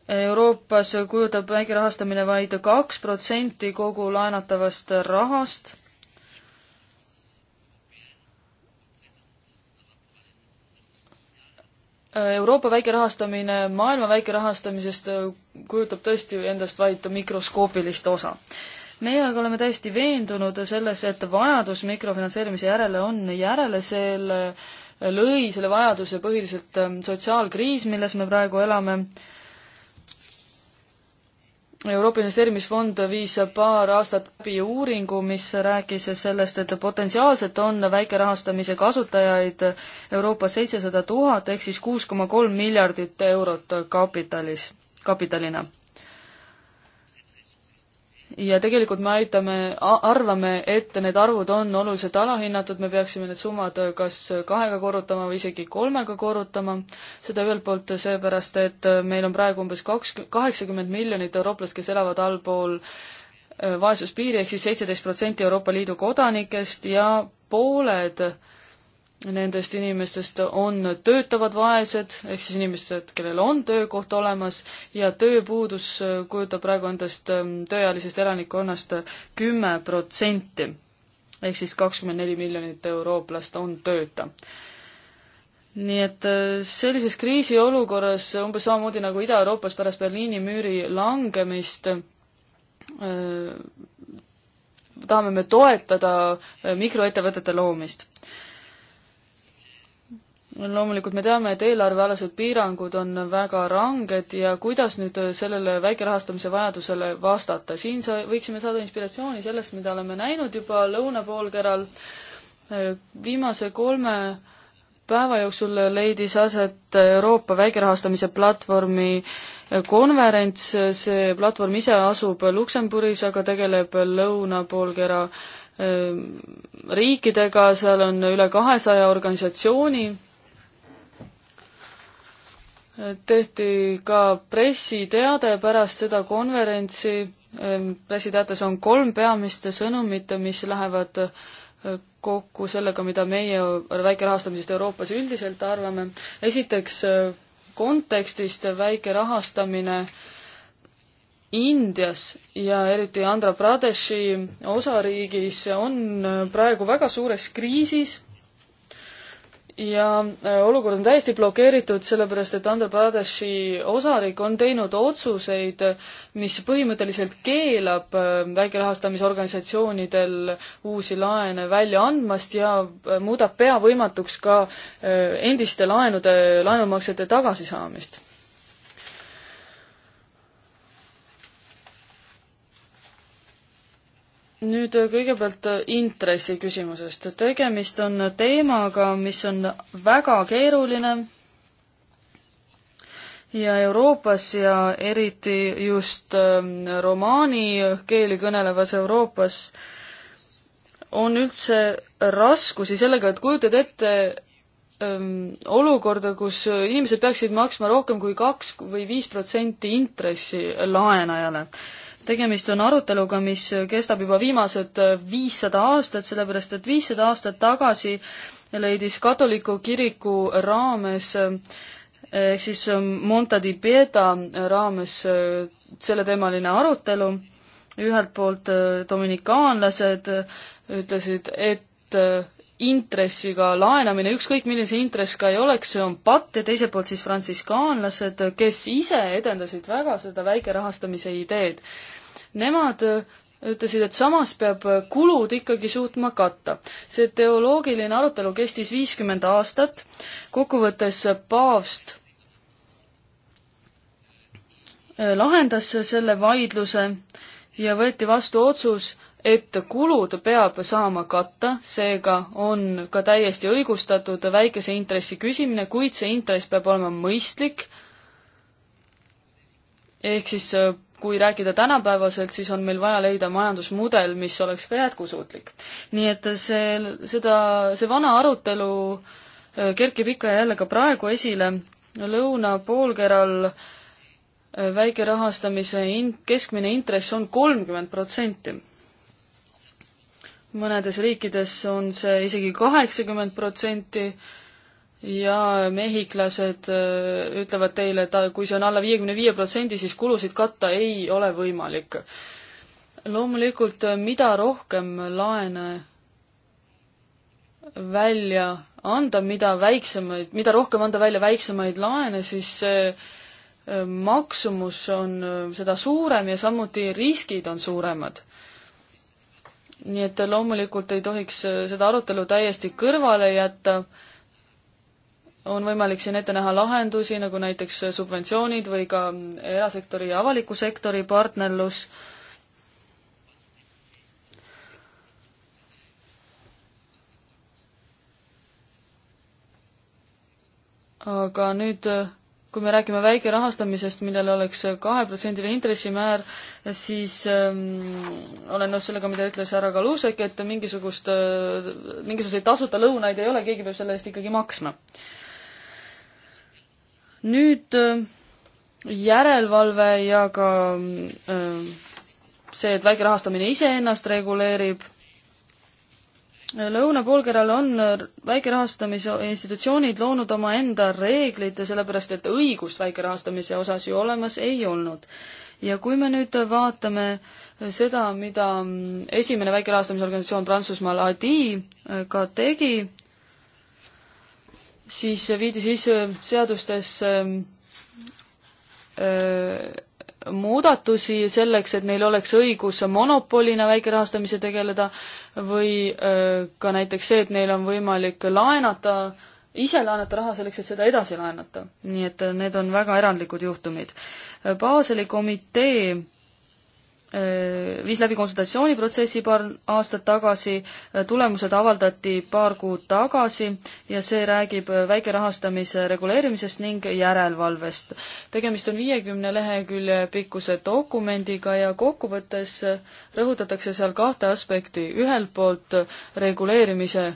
Euroopas kujutab väikerahastamine vaid kaks protsenti kogu laenatavast rahast Euroopa väikerahastamine maailma väikerahastamisest kujutab tõesti endast vaid mikroskoopilist osa meie aga oleme täiesti veendunud selles, et vajadus mikrofinantseerimise järele on järele, selle lõi selle vajaduse põhiliselt ähm, sotsiaalkriis, milles me praegu elame. Euroopa Investeerimisfond viis paar aastat läbi uuringu, mis rääkis sellest, et potentsiaalselt on väikerahastamise kasutajaid Euroopas seitsesada tuhat ehk siis kuus koma kolm miljardit eurot kapitalis, kapitalina ja tegelikult me aitame, arvame, et need arvud on oluliselt alahinnatud, me peaksime need summad äh, kas kahega korrutama või isegi kolmega korrutama. seda ühelt poolt seepärast, et äh, meil on praegu umbes kaks, kaheksakümmend miljonit eurooplast, kes elavad allpool äh, vaesuspiiri ehk siis seitseteist protsenti Euroopa Liidu kodanikest ja pooled äh, nendest inimestest on töötavad vaesed, ehk siis inimesed, kellel on töökoht olemas ja tööpuudus kujutab praegu endast ähm, tööealisest elanikkonnast kümme protsenti. ehk siis kakskümmend neli miljonit eurooplast on tööta. nii et äh, sellises kriisiolukorras umbes samamoodi nagu Ida-Euroopas pärast Berliini müüri langemist äh, tahame me toetada äh, mikroettevõtete loomist loomulikult me teame, et eelarvealased piirangud on väga ranged ja kuidas nüüd sellele väikerahastamise vajadusele vastata, siin sa, võiksime saada inspiratsiooni sellest, mida oleme näinud juba lõunapoolkeral. viimase kolme päeva jooksul leidis aset Euroopa väikerahastamise platvormi konverents, see platvorm ise asub Luksemburis, aga tegeleb lõunapoolkera eh, riikidega, seal on üle kahesaja organisatsiooni tehti ka pressiteade pärast seda konverentsi, ähm, pressiteates on kolm peamist sõnumit, mis lähevad äh, kokku sellega, mida meie väikerahastamisest Euroopas üldiselt arvame. esiteks äh, kontekstist väikerahastamine Indias ja eriti Andhra Pradeshi osariigis on äh, praegu väga suures kriisis ja äh, olukord on täiesti blokeeritud, sellepärast et Andhra Pradeshi osariik on teinud otsuseid, mis põhimõtteliselt keelab äh, väikerahastamisorganisatsioonidel uusi laene välja andmast ja äh, muudab pea võimatuks ka endiste laenude, laenumaksete tagasisaamist nüüd äh, kõigepealt äh, intressi küsimusest. tegemist on äh, teemaga, mis on väga keeruline ja Euroopas ja eriti just ähm, romaani keeli kõnelevas Euroopas on üldse raskusi sellega, et kujutad ette öm, ähm, olukorda, kus inimesed peaksid maksma rohkem kui kaks või viis protsenti intressi laenajale tegemist on aruteluga, mis kestab juba viimased äh, viissada aastat, sellepärast et viissada aastat tagasi leidis katoliku kiriku raames äh, ehk siis äh, Monta di Pieta raames selleteemaline arutelu. ühelt poolt dominikaanlased ütlesid, et intressiga laenamine, ükskõik millise intress ka ei oleks, see on patt ja teiselt poolt siis frantsiskaanlased, kes ise edendasid väga seda väikerahastamise ideed nemad äh, ütlesid, et samas peab äh, kulud ikkagi suutma katta. see teoloogiline arutelu kestis viiskümmend aastat, kokkuvõttes äh, paavst lahendas selle vaidluse ja võeti vastu otsus, et kulud peab saama katta, seega on ka täiesti õigustatud väikese intressi küsimine, kuid see intress peab olema mõistlik, ehk siis kui rääkida tänapäevaselt, siis on meil vaja leida majandusmudel, mis oleks ka jätkusuutlik. nii et see, seda, see vana arutelu äh, kerkib ikka ja jälle ka praegu esile, lõunapoolkeral äh, väikerahastamise in-, keskmine intress on kolmkümmend protsenti. mõnedes riikides on see isegi kaheksakümmend protsenti ja mehhiklased äh, ütlevad teile, et kui see on alla viiekümne viie protsendi, siis kulusid katta ei ole võimalik. loomulikult, äh, mida rohkem laene välja anda, mida väiksemaid, mida rohkem anda välja väiksemaid laene, siis see äh, maksumus on seda suurem ja samuti riskid on suuremad nii et loomulikult ei tohiks seda arutelu täiesti kõrvale jätta on võimalik siin ette näha lahendusi, nagu näiteks subventsioonid või ka erasektori ja avaliku sektori partnerlus. aga nüüd, kui me räägime väikerahastamisest, millel oleks kaheprotsendiline intressimäär, siis ähm, olen nõus sellega, mida ütles härra Kalusek, et mingisugust äh,, mingisuguseid tasuta lõunaid ei ole, keegi peab selle eest ikkagi maksma äh, nüüd äh, järelevalve ja ka äh, see, et väikerahastamine iseennast reguleerib. Äh, lõunapoolkeral on väikerahastamise institutsioonid loonud omaenda reeglid, sellepärast et õigust väikerahastamise osas ju olemas ei olnud. ja kui me nüüd vaatame seda, mida mm, esimene väikerahastamisorganisatsioon Prantsusmaal, ADI, ka tegi, siis viidi sisse seadustesse ähm, äh, muudatusi selleks, et neil oleks õigus monopolina väikerahastamise tegeleda või äh, ka näiteks see, et neil on võimalik laenata, ise laenata raha selleks, et seda edasi laenata. nii et äh, need on väga erandlikud juhtumid. Baseli komitee Äh, viis läbi konsultatsiooniprotsessi paar aastat tagasi, äh, tulemused avaldati paar kuud tagasi ja see räägib äh, väikerahastamise reguleerimisest ning järelevalvest. tegemist on viiekümne lehekülje pikkuse dokumendiga ja kokkuvõttes rõhutatakse seal kahte aspekti, ühelt poolt reguleerimise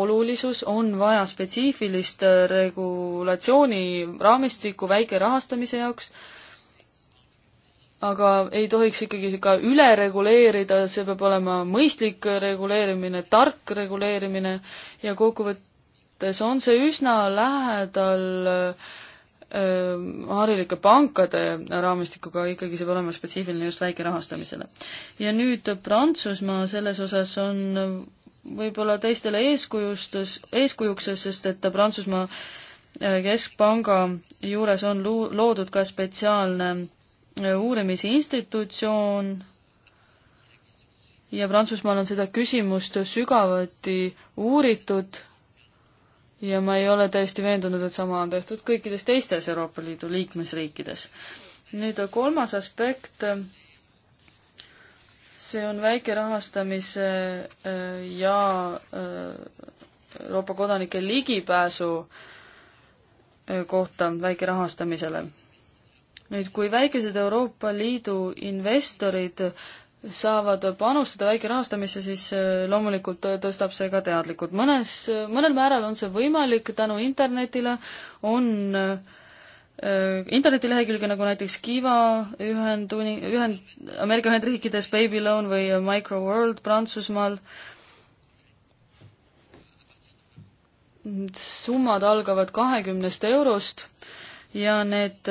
olulisus, on vaja spetsiifilist regulatsiooni raamistikku väikerahastamise jaoks aga ei tohiks ikkagi ka üle reguleerida, see peab olema mõistlik reguleerimine, tark reguleerimine ja kokkuvõttes on see üsna lähedal äh, harilike pankade raamistikuga ikkagi see peab olema spetsiifiline just väikerahastamisele. ja nüüd Prantsusmaa selles osas on võib-olla teistele eeskujustus, eeskujuks, sest et Prantsusmaa äh, keskpanga juures on lu-, loodud ka spetsiaalne uurimisinstitutsioon ja Prantsusmaal on seda küsimust sügavuti uuritud ja ma ei ole täiesti veendunud, et sama on tehtud kõikides teistes Euroopa Liidu liikmesriikides. nüüd kolmas aspekt, see on väike rahastamise äh, ja äh, Euroopa kodanike ligipääsu äh, kohta väike rahastamisele nüüd, kui väikesed Euroopa Liidu investorid saavad panustada väikerahastamisse, siis äh, loomulikult äh, tõstab see ka teadlikult. mõnes, äh, mõnel määral on see võimalik tänu internetile, on internetilehekülge nagu näiteks Kiva Ühenduni-, Ühend-, Ameerika Ühendriikides Babyloan või Microworld Prantsusmaal, summad algavad kahekümnest eurost ja need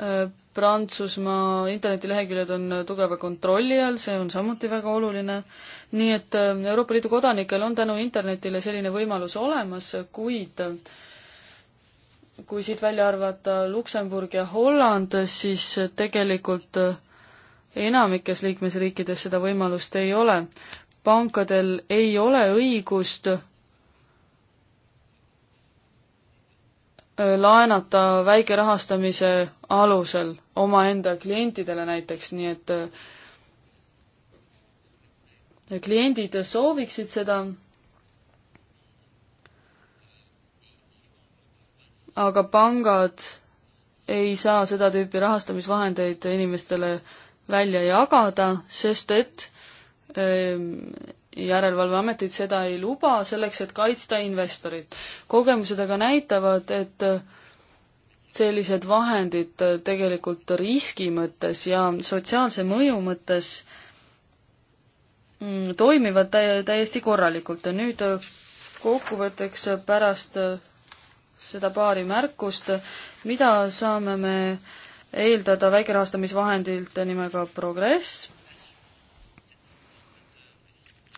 Äh, Prantsusmaa internetileheküljed on äh, tugeva kontrolli all, see on samuti väga oluline. nii et äh, Euroopa Liidu kodanikel on tänu internetile selline võimalus olemas, kuid kui siit välja arvata Luksemburg ja Holland, siis tegelikult enamikes liikmesriikides seda võimalust ei ole. pankadel ei ole õigust Äh, laenata väikerahastamise alusel omaenda klientidele näiteks, nii et äh, kliendid sooviksid seda, aga pangad ei saa seda tüüpi rahastamisvahendeid inimestele välja jagada, sest et äh, järelevalveametid seda ei luba, selleks et kaitsta investorit. kogemused aga näitavad, et sellised vahendid tegelikult riski mõttes ja sotsiaalse mõju mõttes mm, toimivad tä-, täiesti korralikult ja nüüd kokkuvõtteks pärast seda paari märkust, mida saame me eeldada väikerahastamisvahendilt nimega Progress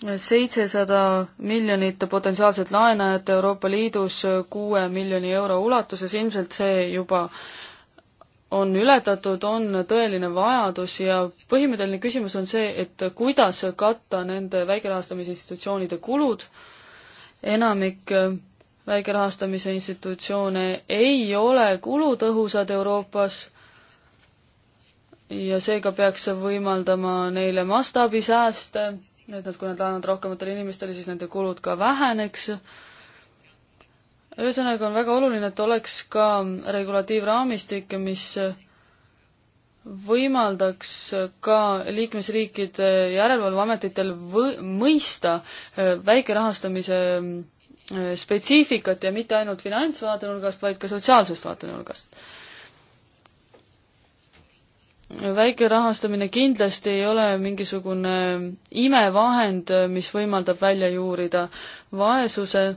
seitsesada miljonit potentsiaalset laenajat Euroopa Liidus kuue miljoni euro ulatuses, ilmselt see juba on ületatud, on tõeline vajadus ja põhimõtteline küsimus on see, et kuidas katta nende väikerahastamise institutsioonide kulud, enamik väikerahastamise institutsioone ei ole kulutõhusad Euroopas ja seega peaks see võimaldama neile mastaabisääste et nad, kui nad laenavad rohkematele inimestele, siis nende kulud ka väheneks. ühesõnaga on väga oluline, et oleks ka regulatiivraamistik, mis võimaldaks ka liikmesriikide järelevalveametitel võ-, mõista äh, väikerahastamise äh, spetsiifikat ja mitte ainult finantsvaatenurgast, vaid ka sotsiaalsest vaatenurgast väike rahastamine kindlasti ei ole mingisugune imevahend, mis võimaldab välja juurida vaesuse.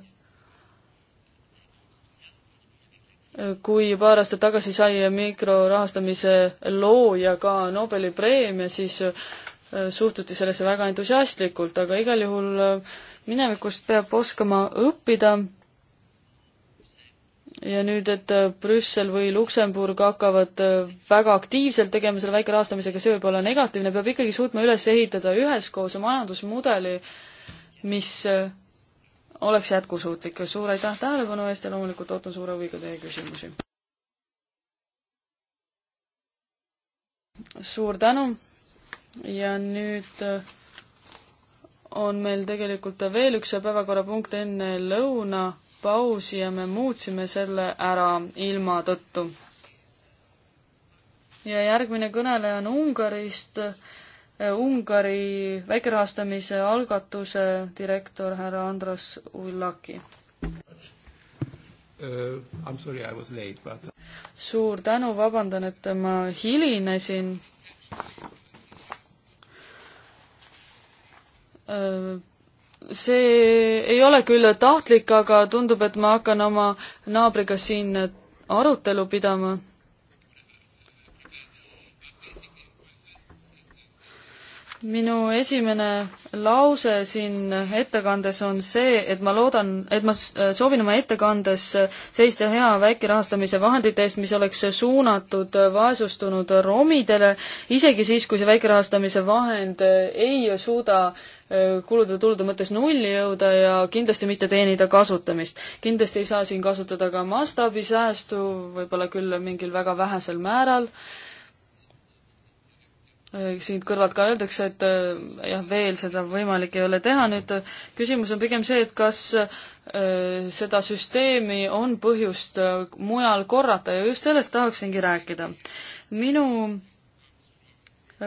kui paar aastat tagasi sai mikrorahastamise looja ka Nobeli preemia, siis äh, suhtuti sellesse väga entusiastlikult, aga igal juhul äh, minevikust peab oskama õppida ja nüüd, et äh, Brüssel või Luksemburg hakkavad äh, väga aktiivselt tegema selle väike rahastamisega, see võib olla negatiivne, peab ikkagi suutma üles ehitada üheskoos majandusmudeli, mis äh, oleks jätkusuutlik. suur aitäh tähelepanu eest ja loomulikult ootan suure huviga teie küsimusi. suur tänu ja nüüd on meil tegelikult veel üks päevakorrapunkt enne lõuna pausi ja me muutsime selle ära ilma tõttu. ja järgmine kõneleja on Ungarist, eh, Ungari väikerahastamise algatuse direktor härra Andras Ullaki. Uh, I am sorry I was late, but uh, suur tänu, vabandan, et ma hilinesin uh, see ei ole küll tahtlik, aga tundub, et ma hakkan oma naabriga siin arutelu pidama. minu esimene lause siin ettekandes on see, et ma loodan, et ma soovin oma ettekandes seista hea väikerahastamise vahendite eest, mis oleks suunatud vaesustunud romidele, isegi siis, kui see väikerahastamise vahend ei suuda äh, kulude-tulude mõttes nulli jõuda ja kindlasti mitte teenida kasutamist. kindlasti ei saa siin kasutada ka mastaabisäästu, võib-olla küll mingil väga vähesel määral, siin kõrvalt ka öeldakse, et eh, jah, veel seda võimalik ei ole teha, nüüd eh, küsimus on pigem see, et kas eh, seda süsteemi on põhjust mujal korrata ja just sellest tahaksingi rääkida. minu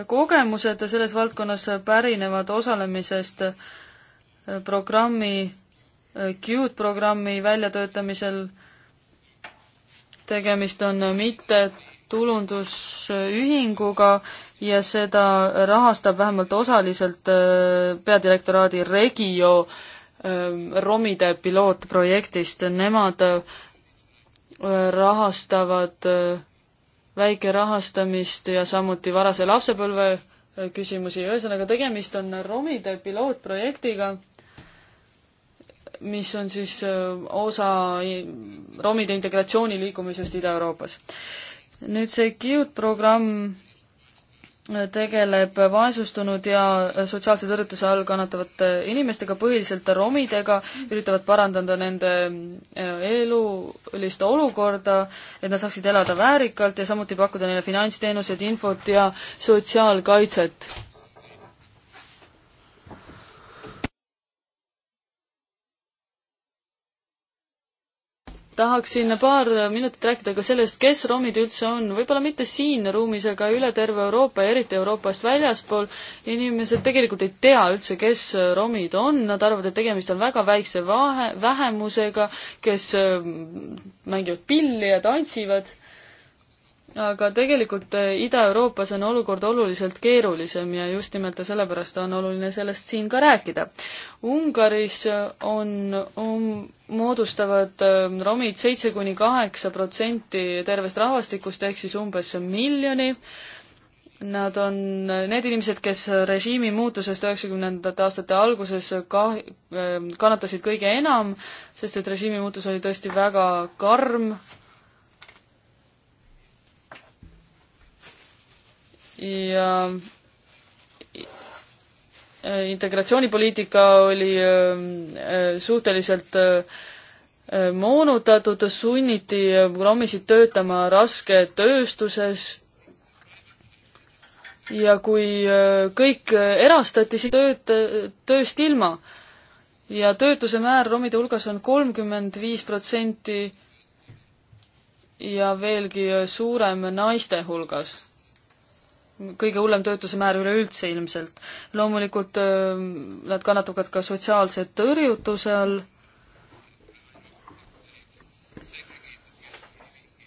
kogemused selles valdkonnas pärinevad osalemisest programmi, Qt programmi väljatöötamisel. tegemist on mittetulundusühinguga ja seda rahastab vähemalt osaliselt äh, peadirektoraadi Regio ähm, romide pilootprojektist. Nemad äh, rahastavad äh, väike rahastamist ja samuti varase lapsepõlve äh, küsimusi, ühesõnaga tegemist on romide pilootprojektiga, mis on siis äh, osa äh, romide integratsiooni liikumisest Ida-Euroopas. nüüd see Kiud programm tegeleb vaesustunud ja sotsiaalse tõrjutuse all kannatavate inimestega, põhiliselt romidega, üritavad parandada nende äh, elulist olukorda, et nad saaksid elada väärikalt ja samuti pakkuda neile finantsteenuseid, infot ja sotsiaalkaitset tahaksin paar minutit rääkida ka sellest, kes romid üldse on, võib-olla mitte siin ruumis, aga üle terve Euroopa ja eriti Euroopast väljaspool, inimesed tegelikult ei tea üldse, kes romid on, nad arvavad, et tegemist on väga väikse vahe, vähemusega, kes mm, mängivad pilli ja tantsivad aga tegelikult eh, Ida-Euroopas on olukord oluliselt keerulisem ja just nimelt sellepärast on oluline sellest siin ka rääkida. Ungaris eh, on, on, um, moodustavad eh, romid seitse kuni kaheksa protsenti tervest rahvastikust ehk siis umbes miljoni. Nad on need inimesed, kes režiimi muutusest üheksakümnendate aastate alguses ka-, kannatasid kõige enam, sest et režiimi muutus oli tõesti väga karm ja äh, integratsioonipoliitika oli äh, äh, suhteliselt moonutatud, sunniti programmisid töötama rasketööstuses ja kui kõik erastati, siis tööd, tööst ilma. ja töötuse määr romide hulgas on kolmkümmend viis protsenti ja veelgi suurem naiste hulgas kõige hullem töötuse määr üleüldse ilmselt. loomulikult äh, nad kannatavad ka sotsiaalse tõrjutuse all,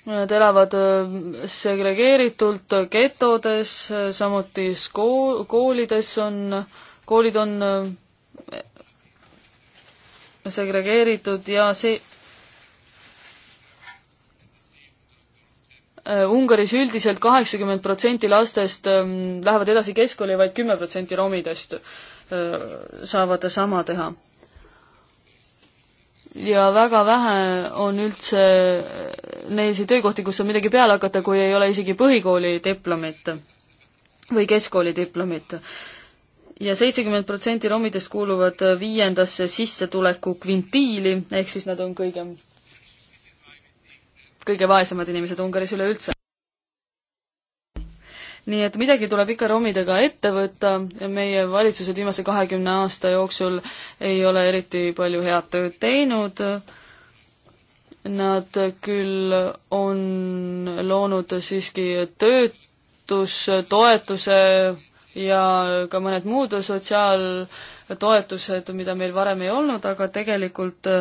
Nad elavad äh, segregeeritult getodes, äh, samuti skool, koolides on, koolid on segregeeritud ja see Äh, Ungaris üldiselt kaheksakümmend protsenti lastest ähm, lähevad edasi keskkooli, vaid kümme protsenti romidest äh, saavad sama teha. ja väga vähe on üldse äh, neilsi töökohti, kus on midagi peale hakata, kui ei ole isegi põhikooli diplomit või keskkooli diplomit. ja seitsekümmend protsenti romidest kuuluvad viiendasse sissetuleku kvintiili, ehk siis nad on kõige kõige vaesemad inimesed Ungaris üleüldse. nii et midagi tuleb ikka romidega ette võtta ja meie valitsused viimase kahekümne aasta jooksul ei ole eriti palju head tööd teinud. Nad küll on loonud siiski töötustoetuse ja ka mõned muud sotsiaaltoetused, mida meil varem ei olnud, aga tegelikult äh,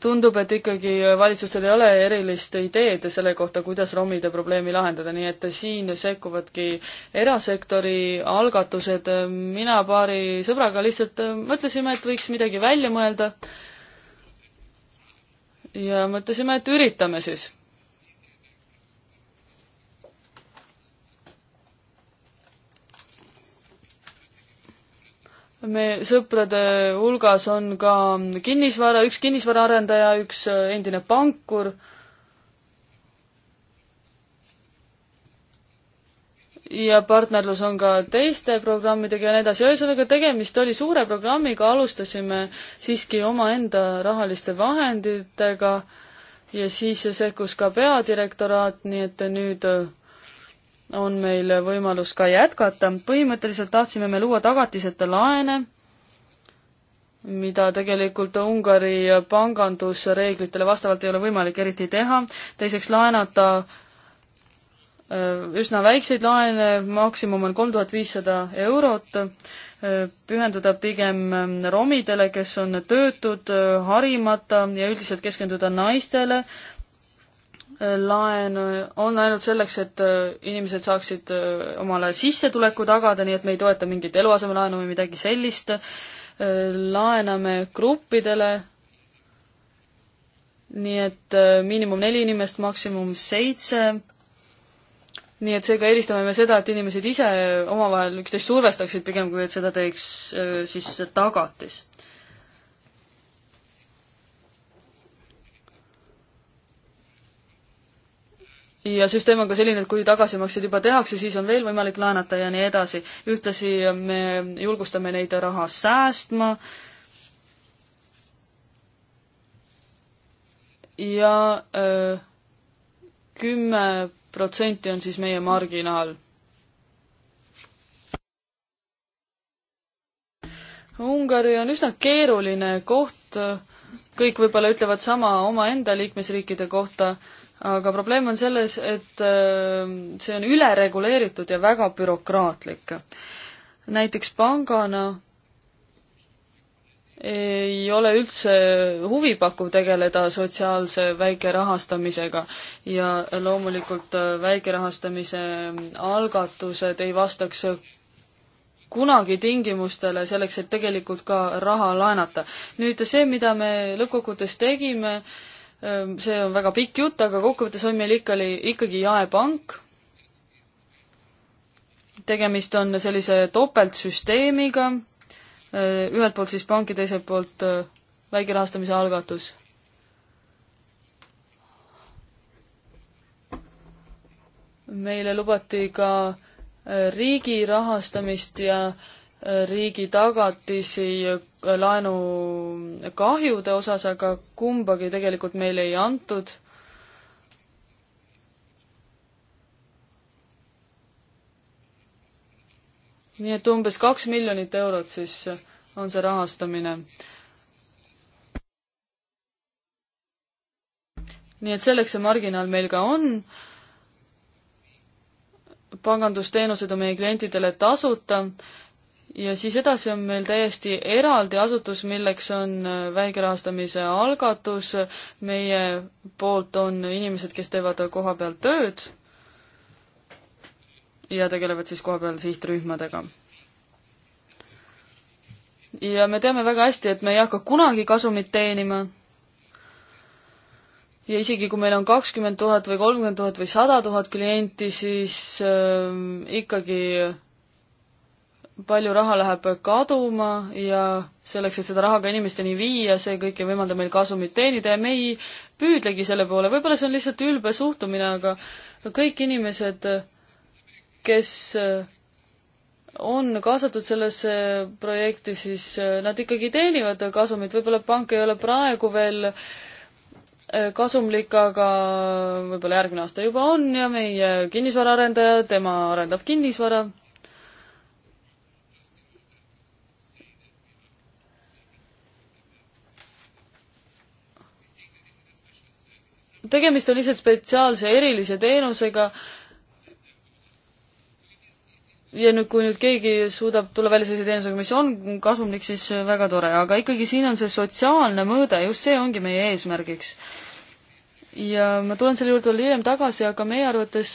tundub, et ikkagi valitsustel ei ole erilist ideed selle kohta, kuidas romide probleemi lahendada, nii et siin sekkuvadki erasektori algatused. mina paari sõbraga lihtsalt mõtlesime, et võiks midagi välja mõelda. ja mõtlesime, et üritame siis me sõprade hulgas on ka kinnisvara, üks kinnisvaraarendaja, üks äh, endine pankur. ja partnerlus on ka teiste programmidega ja nii edasi, ühesõnaga tegemist oli suure programmiga, alustasime siiski omaenda rahaliste vahenditega ja siis sekkus ka peadirektoraat, nii et nüüd äh, on meil võimalus ka jätkata. põhimõtteliselt tahtsime me luua tagatiseta laene, mida tegelikult Ungari pangandusreeglitele vastavalt ei ole võimalik eriti teha. teiseks laenata äh, üsna väikseid laene, maksimum on kolm tuhat viissada eurot, äh, pühenduda pigem äh, romidele, kes on töötud, harimata ja üldiselt keskenduda naistele, laen on ainult selleks, et äh, inimesed saaksid äh, omale sissetuleku tagada, nii et me ei toeta mingit eluasemelaenu või midagi sellist, äh, laename gruppidele, nii et miinimum neli inimest, maksimum seitse, nii et seega eelistame me seda, et inimesed ise omavahel üksteist survestaksid, pigem kui et seda teeks siis tagatis ja süsteem on ka selline, et kui tagasimaksed juba tehakse, siis on veel võimalik laenata ja nii edasi. ühtlasi me julgustame neid raha säästma ja kümme protsenti on siis meie marginaal. Ungari on üsna keeruline koht, kõik võib-olla ütlevad sama omaenda liikmesriikide kohta aga probleem on selles, et äh, see on ülereguleeritud ja väga bürokraatlik. näiteks pangana ei ole üldse huvipakkuv tegeleda sotsiaalse väikerahastamisega ja loomulikult äh, väikerahastamise algatused ei vastaks kunagi tingimustele selleks, et tegelikult ka raha laenata. nüüd see, mida me lõppkokkuvõttes tegime, äh, see on väga pikk jutt, aga kokkuvõttes on meil ikka, ikkagi jaepank. tegemist on sellise topeltsüsteemiga, ühelt poolt siis pank ja teiselt poolt väikerahastamise algatus. meile lubati ka riigi rahastamist ja äh, riigi tagatisi laenukahjude osas, aga kumbagi tegelikult meile ei antud. nii et umbes kaks miljonit eurot siis on see rahastamine. nii et selleks see marginaal meil ka on. pangandusteenused on meie klientidele tasuta ja siis edasi on meil täiesti eraldi asutus, milleks on äh, väikerahastamise algatus, meie poolt on inimesed, kes teevad koha peal tööd ja tegelevad siis koha peal sihtrühmadega. ja me teame väga hästi, et me ei hakka kunagi kasumit teenima ja isegi kui meil on kakskümmend tuhat või kolmkümmend tuhat või sada tuhat klienti, siis äh, ikkagi palju raha läheb kaduma ja selleks, et seda raha ka inimesteni viia, see kõik ei võimalda meil kasumit teenida ja me ei püüdlegi selle poole, võib-olla see on lihtsalt ülbe suhtumine, aga kõik inimesed, kes on kaasatud sellesse projekti, siis nad ikkagi teenivad kasumit, võib-olla pank ei ole praegu veel kasumlik, aga võib-olla järgmine aasta juba on ja meie kinnisvaraarendajad, tema arendab kinnisvara tegemist on lihtsalt spetsiaalse erilise teenusega. ja nüüd, kui nüüd keegi suudab tulla välja sellise teenusega, mis on kasumlik, siis väga tore, aga ikkagi siin on see sotsiaalne mõõde, just see ongi meie eesmärgiks. ja ma tulen selle juurde veel hiljem tagasi, aga meie arvates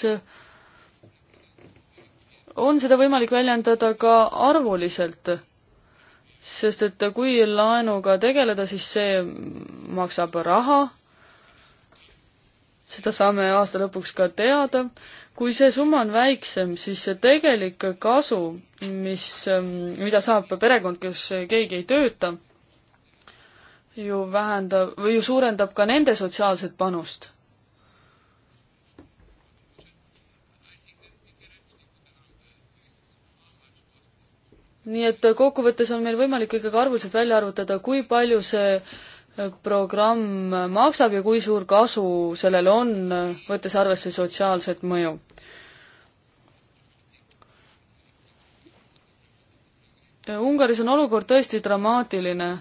on seda võimalik väljendada ka arvuliselt sest et kui laenuga tegeleda, siis see maksab raha seda saame aasta lõpuks ka teada. kui see summa on väiksem, siis see tegelik kasu, mis, ähm, mida saab perekond, kes keegi ei tööta, ju vähendab või ju suurendab ka nende sotsiaalset panust. nii et kokkuvõttes on meil võimalik ikkagi arvuliselt välja arvutada, kui palju see äh, programm maksab ja kui suur kasu sellel on, võttes arvesse sotsiaalset mõju. Ungaris on olukord tõesti dramaatiline.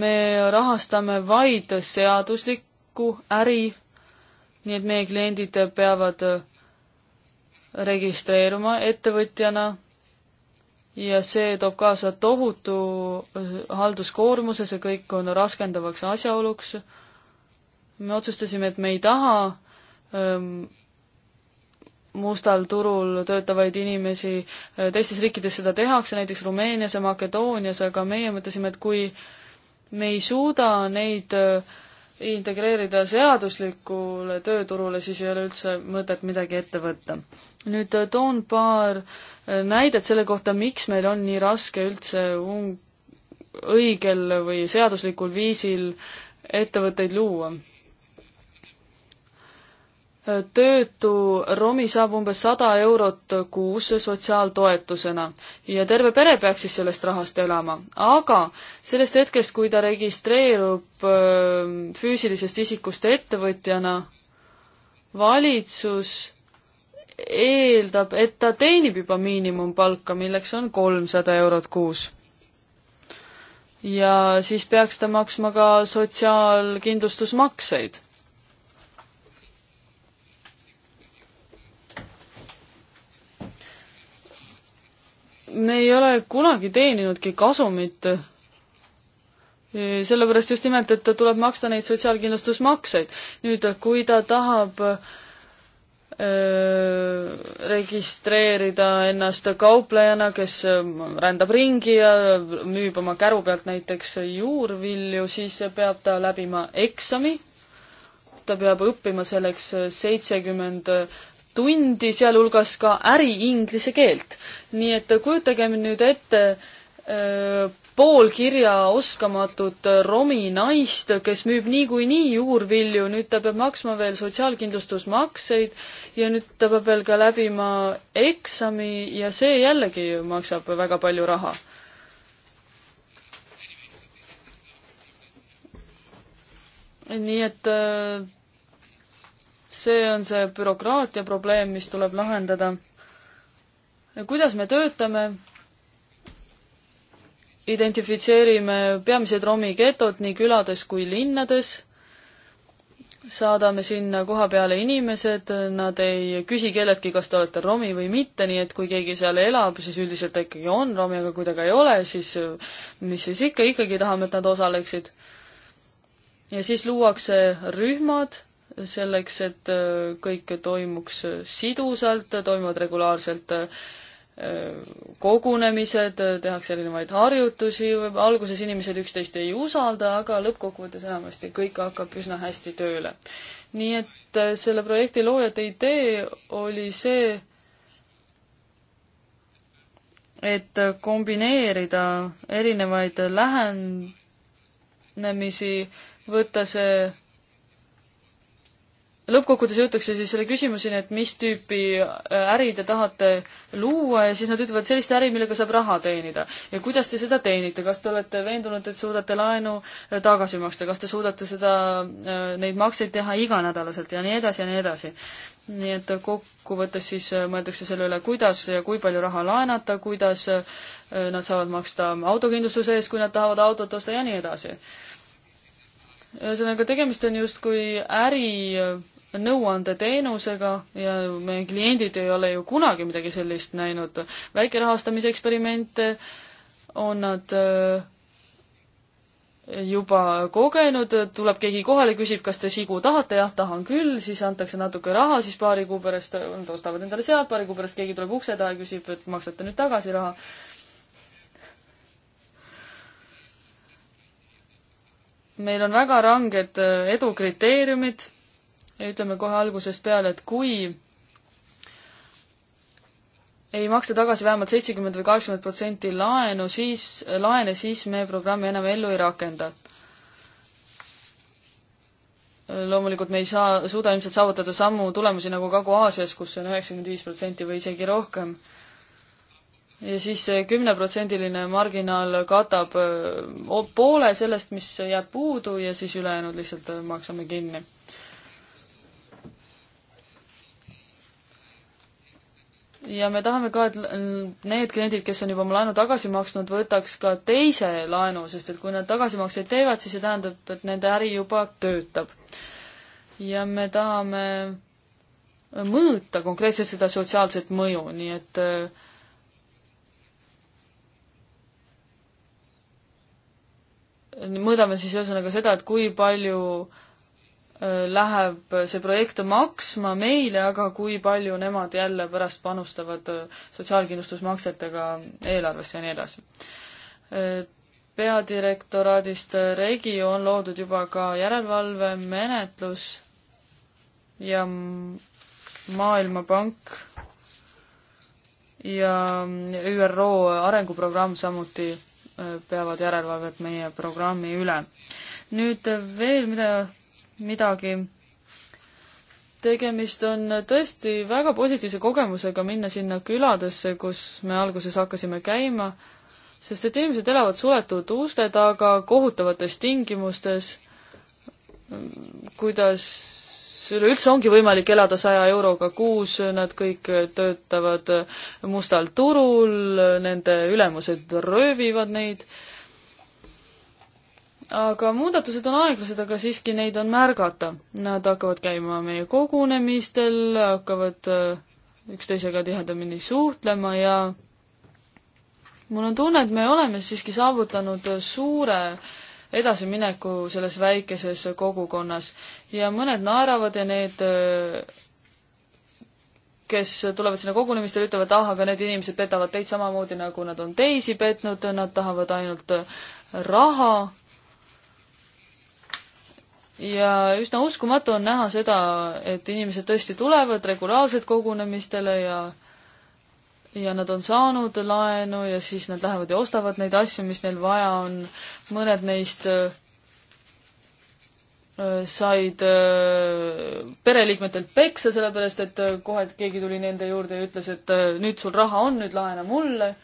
me rahastame vaid seaduslikku äri, nii et meie kliendid peavad registreeruma ettevõtjana ja see toob kaasa tohutu äh, halduskoormuse, see kõik on raskendavaks asjaoluks. me otsustasime, et me ei taha ähm, mustal turul töötavaid inimesi, äh, teistes riikides seda tehakse, näiteks Rumeenias ja Makedoonias, aga meie mõtlesime, et kui me ei suuda neid äh, integreerida seaduslikule tööturule, siis ei ole üldse mõtet midagi ette võtta nüüd äh, toon paar äh, näidet selle kohta, miks meil on nii raske üldse õigel või seaduslikul viisil ettevõtteid luua. Äh, töötu Romi saab umbes sada eurot kuus sotsiaaltoetusena ja terve pere peaks siis sellest rahast elama, aga sellest hetkest, kui ta registreerub füüsilisest isikust ettevõtjana, valitsus eeldab, et ta teenib juba miinimumpalka, milleks on kolmsada eurot kuus. ja siis peaks ta maksma ka sotsiaalkindlustusmakseid me ei ole kunagi teeninudki kasumit. E, sellepärast just nimelt, et tuleb maksta neid sotsiaalkindlustusmakseid. nüüd, kui ta tahab Äh, registreerida ennast kauplejana, kes äh, rändab ringi ja müüb oma käru pealt näiteks juurvilju, siis peab ta läbima eksami. ta peab õppima selleks seitsekümmend tundi, sealhulgas ka äri inglise keelt. nii et kujutagem nüüd ette äh, poolkirja oskamatut romi naist, kes müüb niikuinii juurvilju, nüüd ta peab maksma veel sotsiaalkindlustusmakseid ja nüüd ta peab veel ka läbima eksami ja see jällegi maksab väga palju raha. nii et äh, see on see bürokraatia probleem, mis tuleb lahendada. kuidas me töötame, identifitseerime peamised romiketod nii külades kui linnades, saadame sinna koha peale inimesed, nad ei küsi kelleltki, kas te olete romi või mitte, nii et kui keegi seal elab, siis üldiselt ta ikkagi on romi, aga kui ta ka ei ole, siis mis siis ikka, ikkagi tahame, et nad osaleksid. ja siis luuakse rühmad selleks, et kõik toimuks sidusalt, toimuvad regulaarselt äh, kogunemised, tehakse erinevaid harjutusi, alguses inimesed üksteist ei usalda, aga lõppkokkuvõttes enamasti kõik hakkab üsna hästi tööle. nii et äh, selle projekti loojate idee oli see, et kombineerida erinevaid lähenemisi, võtta see lõppkokkuvõttes jõutakse siis selle küsimuseni, et mis tüüpi äh, äri te tahate luua ja siis nad ütlevad sellist äri, millega saab raha teenida. ja kuidas te seda teenite, kas te olete veendunud, et suudate laenu äh, tagasi maksta, kas te suudate seda, äh, neid makseid teha iganädalaselt ja nii edasi ja nii edasi. nii et kokkuvõttes siis mõeldakse selle üle, kuidas ja kui palju raha laenata, kuidas nad saavad maksta autokindlustuse eest, kui nad tahavad autot osta ja nii edasi ühesõnaga, tegemist on justkui äri nõuandeteenusega ja meie kliendid ei ole ju kunagi midagi sellist näinud. väikerahastamise eksperimente on nad äh, juba kogenud, tuleb keegi kohale, küsib, kas te sigu tahate, jah, tahan küll, siis antakse natuke raha, siis paari kuu pärast, nad ostavad endale sead, paari kuu pärast keegi tuleb ukse taha ja küsib, et maksate nüüd tagasi raha meil on väga ranged äh, edukriteeriumid ütleme kohe algusest peale, et kui ei maksta tagasi vähemalt seitsekümmend või kaheksakümmend protsenti laenu, siis, laene, siis me programmi enam ellu ei rakenda. loomulikult me ei saa, suuda ilmselt saavutada samu tulemusi nagu Kagu-Aasias, kus on üheksakümmend viis protsenti või isegi rohkem. ja siis see kümneprotsendiline marginaal katab eh, poole sellest, mis jääb puudu ja siis ülejäänud lihtsalt maksame kinni ja me tahame ka, et need kliendid, kes on juba oma laenu tagasi maksnud, võtaks ka teise laenu, sest et kui nad tagasimakseid teevad, siis see tähendab, et nende äri juba töötab. ja me tahame mõõta konkreetselt seda sotsiaalset mõju, nii et äh, mõõdame siis ühesõnaga seda, et kui palju äh, Äh, läheb see projekt maksma meile, aga kui palju nemad jälle pärast panustavad äh, sotsiaalkindlustusmaksetega eelarvesse ja nii edasi. Äh, peadirektoraadist Regi on loodud juba ka järelevalvemenetlus ja Maailmapank ja ÜRO arenguprogramm samuti peavad järelevalvet meie programmi üle. nüüd veel, mida midagi. tegemist on tõesti väga positiivse kogemusega minna sinna küladesse, kus me alguses hakkasime käima, sest et inimesed elavad suletud uste taga kohutavates tingimustes, kuidas üleüldse ongi võimalik elada saja euroga kuus, nad kõik töötavad mustal turul, nende ülemused röövivad neid aga muudatused on aeglased, aga siiski neid on märgata. Nad hakkavad käima meie kogunemistel, hakkavad äh, üksteisega tihedamini suhtlema ja mul on tunne, et me oleme siiski saavutanud suure edasimineku selles väikeses kogukonnas ja mõned naeravad ja need, äh, kes tulevad sinna kogunemistele, ütlevad, ah, aga need inimesed petavad teid samamoodi, nagu nad on teisi petnud, nad tahavad ainult äh, raha ja üsna uskumatu on näha seda, et inimesed tõesti tulevad regulaarselt kogunemistele ja ja nad on saanud laenu ja siis nad lähevad ja ostavad neid asju, mis neil vaja on. mõned neist äh, said äh, pereliikmetelt peksa, sellepärast et äh, kohe keegi tuli nende juurde ja ütles, et äh, nüüd sul raha on, nüüd laena mulle äh,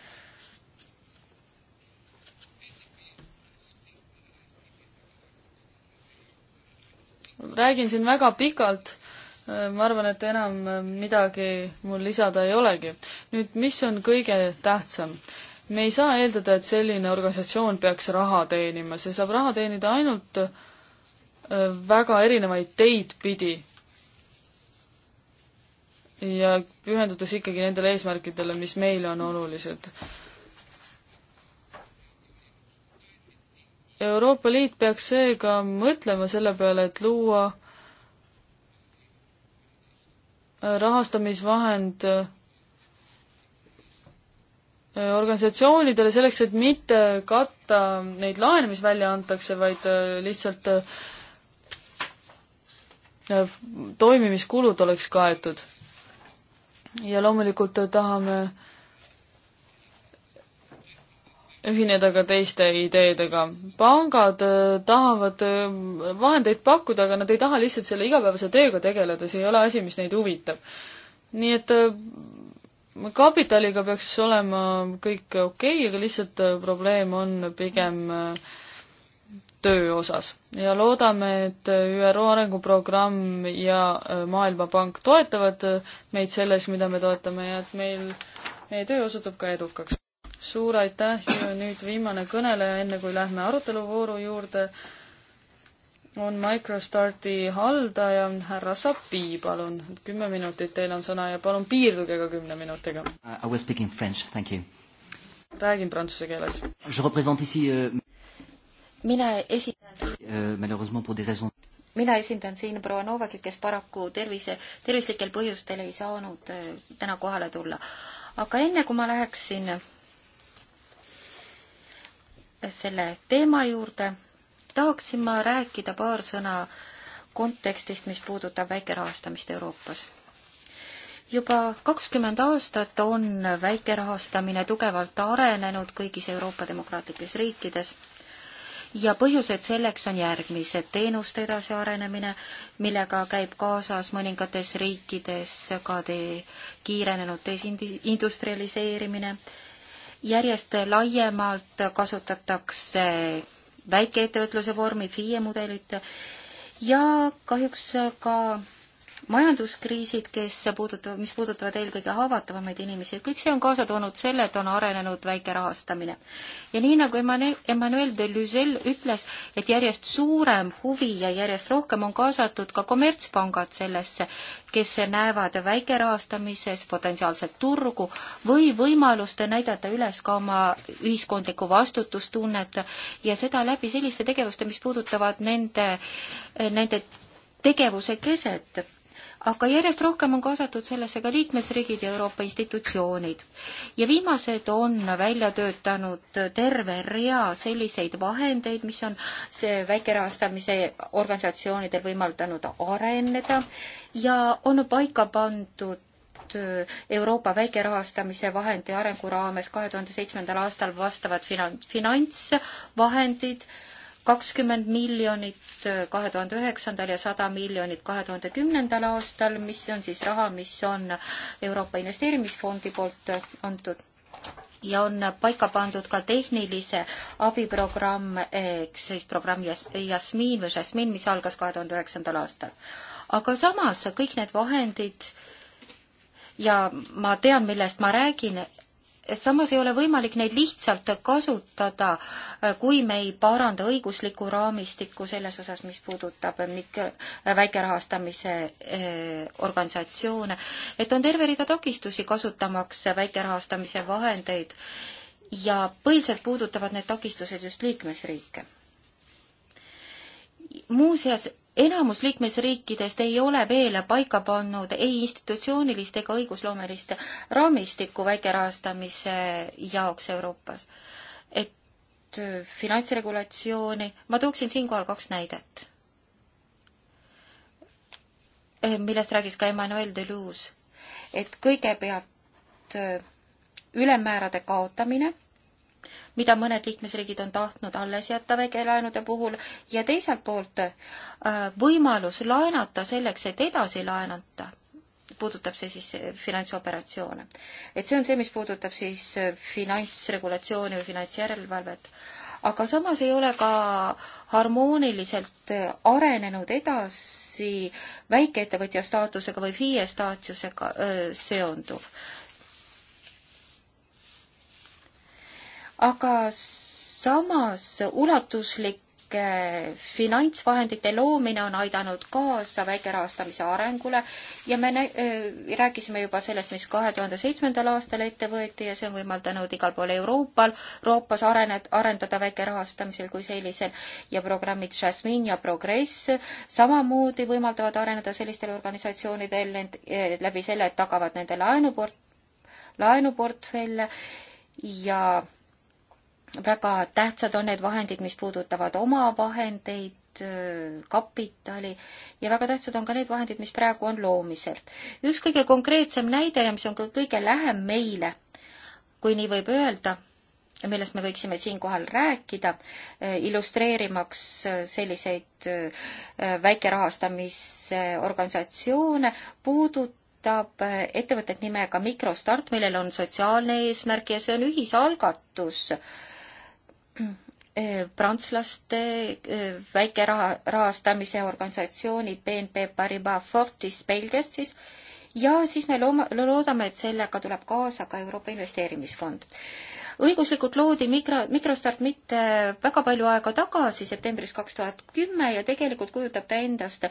räägin siin väga pikalt, ma arvan, et enam midagi mul lisada ei olegi. nüüd, mis on kõige tähtsam? me ei saa eeldada, et selline organisatsioon peaks raha teenima, see saab raha teenida ainult äh, väga erinevaid teid pidi. ja pühendudes ikkagi nendele eesmärkidele, mis meile on olulised Euroopa Liit peaks seega mõtlema selle peale, et luua rahastamisvahend äh, organisatsioonidele selleks, et mitte katta neid laene, mis välja antakse, vaid äh, lihtsalt äh, toimimiskulud oleks kaetud. ja loomulikult tahame äh, ühineda ka teiste ideedega. pangad äh, tahavad äh, vahendeid pakkuda, aga nad ei taha lihtsalt selle igapäevase tööga tegeleda, see ei ole asi, mis neid huvitab. nii et äh, kapitaliga peaks olema kõik okei okay,, aga lihtsalt probleem on pigem töö osas ja loodame, et ÜRO arenguprogramm ja Maailmapank toetavad meid selles, mida me toetame ja et meil, meie töö osutub ka edukaks suur aitäh ja nüüd viimane kõneleja, enne kui lähme aruteluvooru juurde, on Microstarti haldaja härra Sapi, palun. kümme minutit teil on sõna ja palun piirduge ka kümne minutiga. Uh, I will speak in french, thank you. räägin prantsuse keeles. Je represent ici euh... mina esindan euh, malheureusement pour des raisons mina esindan siin proua Novakit, kes paraku tervise, tervislikel põhjustel ei saanud äh, täna kohale tulla. aga enne, kui ma läheksin selle teema juurde, tahaksin ma rääkida paar sõna kontekstist, mis puudutab väikerahastamist Euroopas. juba kakskümmend aastat on väikerahastamine tugevalt arenenud kõigis Euroopa demokraatlikes riikides ja põhjused selleks on järgmised. teenuste edasiarenemine, millega käib kaasas mõningates riikides ka de kiirenenud desindustrialiseerimine, järjest laiemalt kasutatakse väikeettevõtluse vormi, FIE mudelit ja kahjuks ka majanduskriisid, kes puudutavad, mis puudutavad eelkõige haavatavamaid inimesi, kõik see on kaasa toonud selle, et on arenenud väike rahastamine. ja nii nagu Emmanuel, Emmanuel Deleuzel ütles, et järjest suurem huvi ja järjest rohkem on kaasatud ka kommertspangad sellesse, kes näevad väikerahastamises potentsiaalset turgu või võimalust näidata üles ka oma ühiskondlikku vastutustunnet ja seda läbi selliste tegevuste, mis puudutavad nende, nende tegevuse keset aga järjest rohkem on kaasatud sellesse ka liikmesriigid ja Euroopa institutsioonid. ja viimased on välja töötanud terve rea selliseid vahendeid, mis on see väikerahastamise organisatsioonidel võimaldanud areneda ja on paika pandud Euroopa väikerahastamise vahendi arengu raames kahe tuhande seitsmendal aastal vastavad finan-, finantsvahendid kakskümmend miljonit äh, kahe tuhande üheksandal ja sada miljonit kahe tuhande kümnendal aastal, mis on siis raha, mis on Euroopa Investeerimisfondi poolt äh, antud ja on paika pandud ka tehnilise abiprogramm, eks siis programm Jasmiin või Jasmiin, mis algas kahe tuhande üheksandal aastal. aga samas kõik need vahendid ja ma tean, millest ma räägin, samas ei ole võimalik neid lihtsalt kasutada, äh, kui me ei paranda õiguslikku raamistikku selles osas, mis puudutab äh, mikro, äh, väikerahastamise organisatsioone. et on terve rida takistusi kasutamaks väikerahastamise vahendeid ja põhiliselt puudutavad need takistused just liikmesriike. muuseas, enamus liikmesriikidest ei ole veel paika pannud ei institutsioonilist ega õigusloomelist raamistikku väikerahastamise jaoks Euroopas. et äh, finantsregulatsiooni, ma tooksin siinkohal kaks näidet, äh, millest rääkis ka Emmanuel Deleuze, et kõigepealt äh, ülemäärade kaotamine mida mõned liikmesriigid on tahtnud alles jätta väikelaenude puhul ja teiselt poolt äh, võimalus laenata selleks, et edasi laenata, puudutab see siis äh, finantsoperatsioone. et see on see, mis puudutab siis äh, finantsregulatsiooni või finantsjärelevalvet. aga samas ei ole ka harmooniliselt arenenud edasi väikeettevõtja staatusega või FIE staatusega öö, seonduv aga samas ulatuslike finantsvahendite loomine on aidanud kaasa väikerahastamise arengule ja me äh, rääkisime juba sellest, mis kahe tuhande seitsmendal aastal ette võeti ja see on võimaldanud igal pool Euroopal, Euroopas arened, arendada väikerahastamisel kui sellisel ja programmid Jasmine ja Progress samamoodi võimaldavad areneda sellistel organisatsioonidel end, äh, läbi selle, et tagavad nende laenuport-, laenuportfelle ja väga tähtsad on need vahendid, mis puudutavad omavahendeid, kapitali ja väga tähtsad on ka need vahendid, mis praegu on loomisel. üks kõige konkreetsem näide ja mis on ka kõige lähem meile, kui nii võib öelda, millest me võiksime siinkohal rääkida, illustreerimaks selliseid äh, väikerahastamisorganisatsioone, puudutab äh, ettevõtet nimega Mikrostart, millel on sotsiaalne eesmärk ja see on ühisalgatus äh, Äh, prantslaste äh, väikeraha, rahastamise organisatsioonid BNP Paribas Fortis Belgias siis ja siis me looma, loodame, et sellega tuleb kaasa ka Euroopa Investeerimisfond. õiguslikult loodi mikro, mikrostart mitte väga palju aega tagasi, septembris kaks tuhat kümme ja tegelikult kujutab ta endast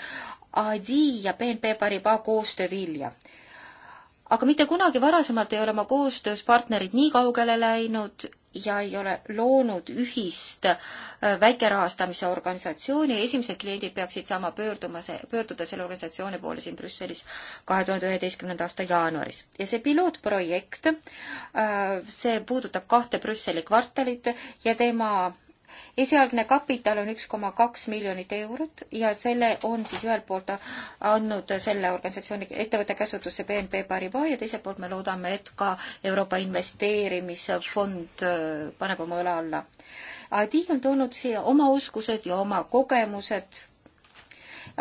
ADI ja BNP Paribas koostöö vilja aga mitte kunagi varasemalt ei ole oma koostöös partnerid nii kaugele läinud ja ei ole loonud ühist äh, väikerahastamise organisatsiooni. esimesed kliendid peaksid saama pöörduma, pöörduda selle organisatsiooni poole siin Brüsselis kahe tuhande üheteistkümnenda aasta jaanuaris. ja see pilootprojekt, äh, see puudutab kahte Brüsseli kvartalit ja tema esialgne kapital on üks koma kaks miljonit eurot ja selle on siis ühelt poolt andnud selle organisatsiooni ettevõtte käsutusse BNP Paribas ja teiselt poolt me loodame, et ka Euroopa Investeerimisfond äh, paneb oma õla alla. Adi on toonud siia oma oskused ja oma kogemused,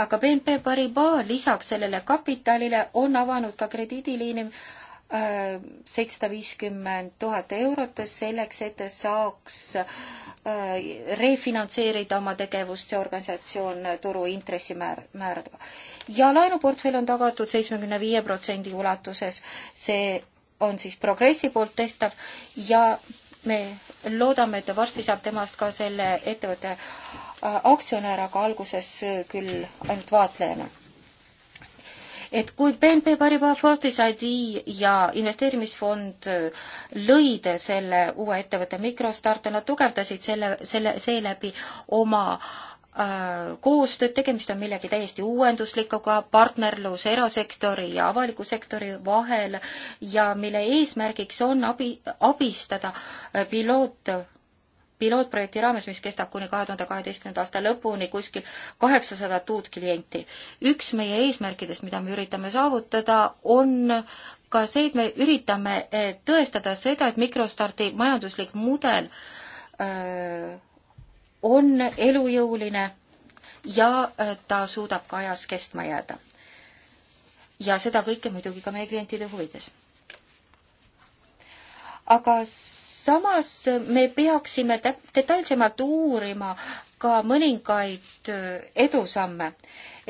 aga BNP Paribas lisaks sellele kapitalile on avanud ka krediidiliini seitsesada viiskümmend tuhat eurot selleks, et saaks äh, refinantseerida oma tegevust see organisatsioon turu intressimääradega. ja laenuportfell on tagatud seitsmekümne viie protsendi ulatuses. see on siis progressi poolt tehtav ja me loodame, et varsti saab temast ka selle ettevõtte äh, aktsionär, aga alguses küll ainult vaatlejana et kui BNP Paribas Fortis ID ja investeerimisfond äh, lõid selle uue ettevõtte mikrostart, nad tugevdasid selle, selle, seeläbi oma äh, koostööd, tegemist on millegi täiesti uuenduslikuga, partnerlus erasektori ja avaliku sektori vahel ja mille eesmärgiks on abi, abistada äh, piloot pilootprojekti raames, mis kestab kuni kahe tuhande kaheteistkümnenda aasta lõpuni, kuskil kaheksasadat uut klienti. üks meie eesmärkidest, mida me üritame saavutada, on ka see, et me üritame eh, tõestada seda, et mikrostardi majanduslik mudel öö, eh, on elujõuline ja eh, ta suudab ka ajas kestma jääda. ja seda kõike muidugi ka meie klientide huvides. aga samas me peaksime detailsemalt uurima ka mõningaid äh, edusamme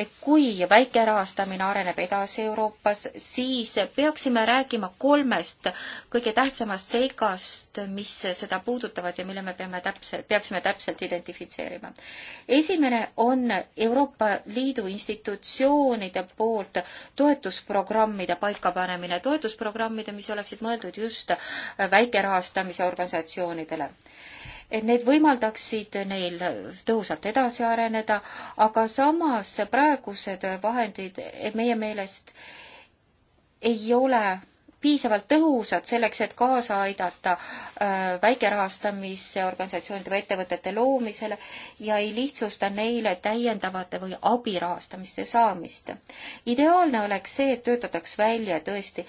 et kui väikerahastamine areneb edasi Euroopas, siis peaksime rääkima kolmest kõige tähtsamast seigast, mis seda puudutavad ja mille me peame täpselt, peaksime täpselt identifitseerima. esimene on Euroopa Liidu institutsioonide poolt toetusprogrammide paikapanemine, toetusprogrammide, mis oleksid mõeldud just väikerahastamise organisatsioonidele et need võimaldaksid neil tõhusalt edasi areneda, aga samas praegused vahendid meie meelest ei ole piisavalt tõhusad selleks, et kaasa aidata äh, väikerahastamise organisatsioonide või ettevõtete loomisele ja ei lihtsusta neile täiendavate või abirahastamiste saamist. ideaalne oleks see, et töötataks välja tõesti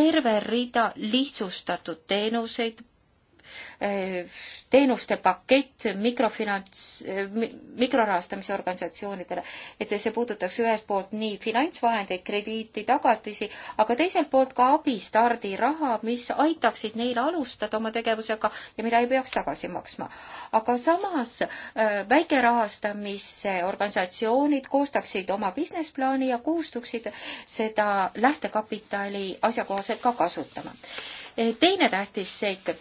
terve rida lihtsustatud teenuseid, Äh, teenuste pakett mikrofinants, äh, mikrorahastamise organisatsioonidele, et see puudutaks ühelt poolt nii finantsvahendeid, krediiti, tagatisi, aga teiselt poolt ka abi, stardiraha, mis aitaksid neil alustada oma tegevusega ja mida ei peaks tagasi maksma. aga samas äh, väikerahastamise organisatsioonid koostaksid oma business plaani ja kohustuksid seda lähtekapitali asjakohaselt ka kasutama teine tähtis seik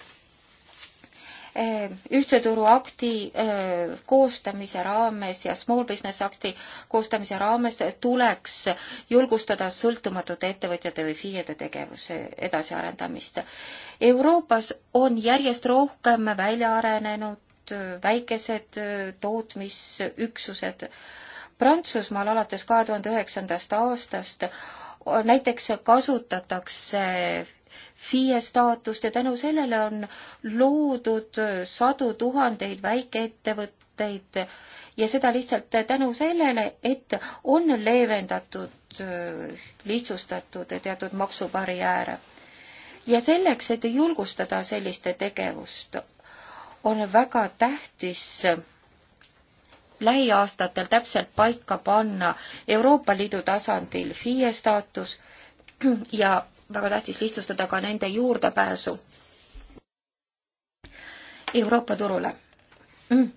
Eh, ühtse turu akti eh, koostamise raames ja Small Business Acti koostamise raames tuleks julgustada sõltumatute ettevõtjate või FIE-de tegevuse edasiarendamist. Euroopas on järjest rohkem välja arenenud eh, väikesed tootmisüksused. Prantsusmaal alates kahe tuhande üheksandast aastast näiteks kasutatakse FIE staatust ja tänu sellele on loodud sadu tuhandeid väikeettevõtteid ja seda lihtsalt tänu sellele, et on leevendatud, lihtsustatud teatud maksubarjääre. ja selleks, et julgustada selliste tegevust, on väga tähtis lähiaastatel täpselt paika panna Euroopa Liidu tasandil FIE staatus ja väga tähtis lihtsustada ka nende juurdepääsu Euroopa turule mm..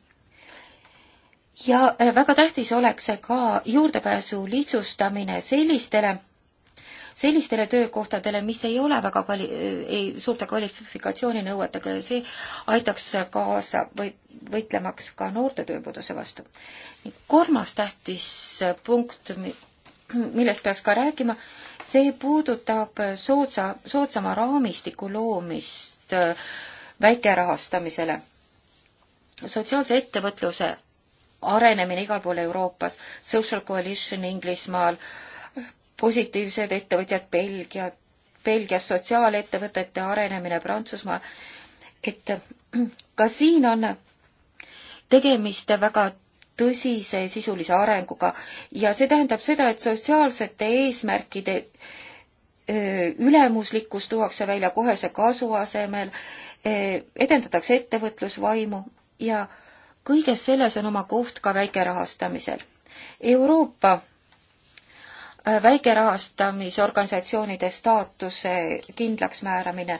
ja äh, väga tähtis oleks ka juurdepääsu lihtsustamine sellistele, sellistele töökohtadele, mis ei ole väga kvali-, äh, ei, suurte kvalifikatsiooninõuetega ja see aitaks kaasa või võitlemaks ka noorte tööpuuduse vastu. kolmas tähtis äh, punkt, millest peaks ka rääkima, see puudutab soodsa, soodsama raamistiku loomist äh, väikerahastamisele. sotsiaalse ettevõtluse arenemine igal pool Euroopas, Social Coalition Inglismaal, positiivsed ettevõtjad Belgia, Belgias sotsiaalettevõtete arenemine Prantsusmaal, et ka siin on tegemist väga tõsise sisulise arenguga ja see tähendab seda, et sotsiaalsete eesmärkide ülemuslikkus tuuakse välja kohese kasu asemel, edendatakse ettevõtlusvaimu ja kõiges selles on oma koht ka väikerahastamisel. Euroopa väikerahastamisorganisatsioonide staatuse kindlaksmääramine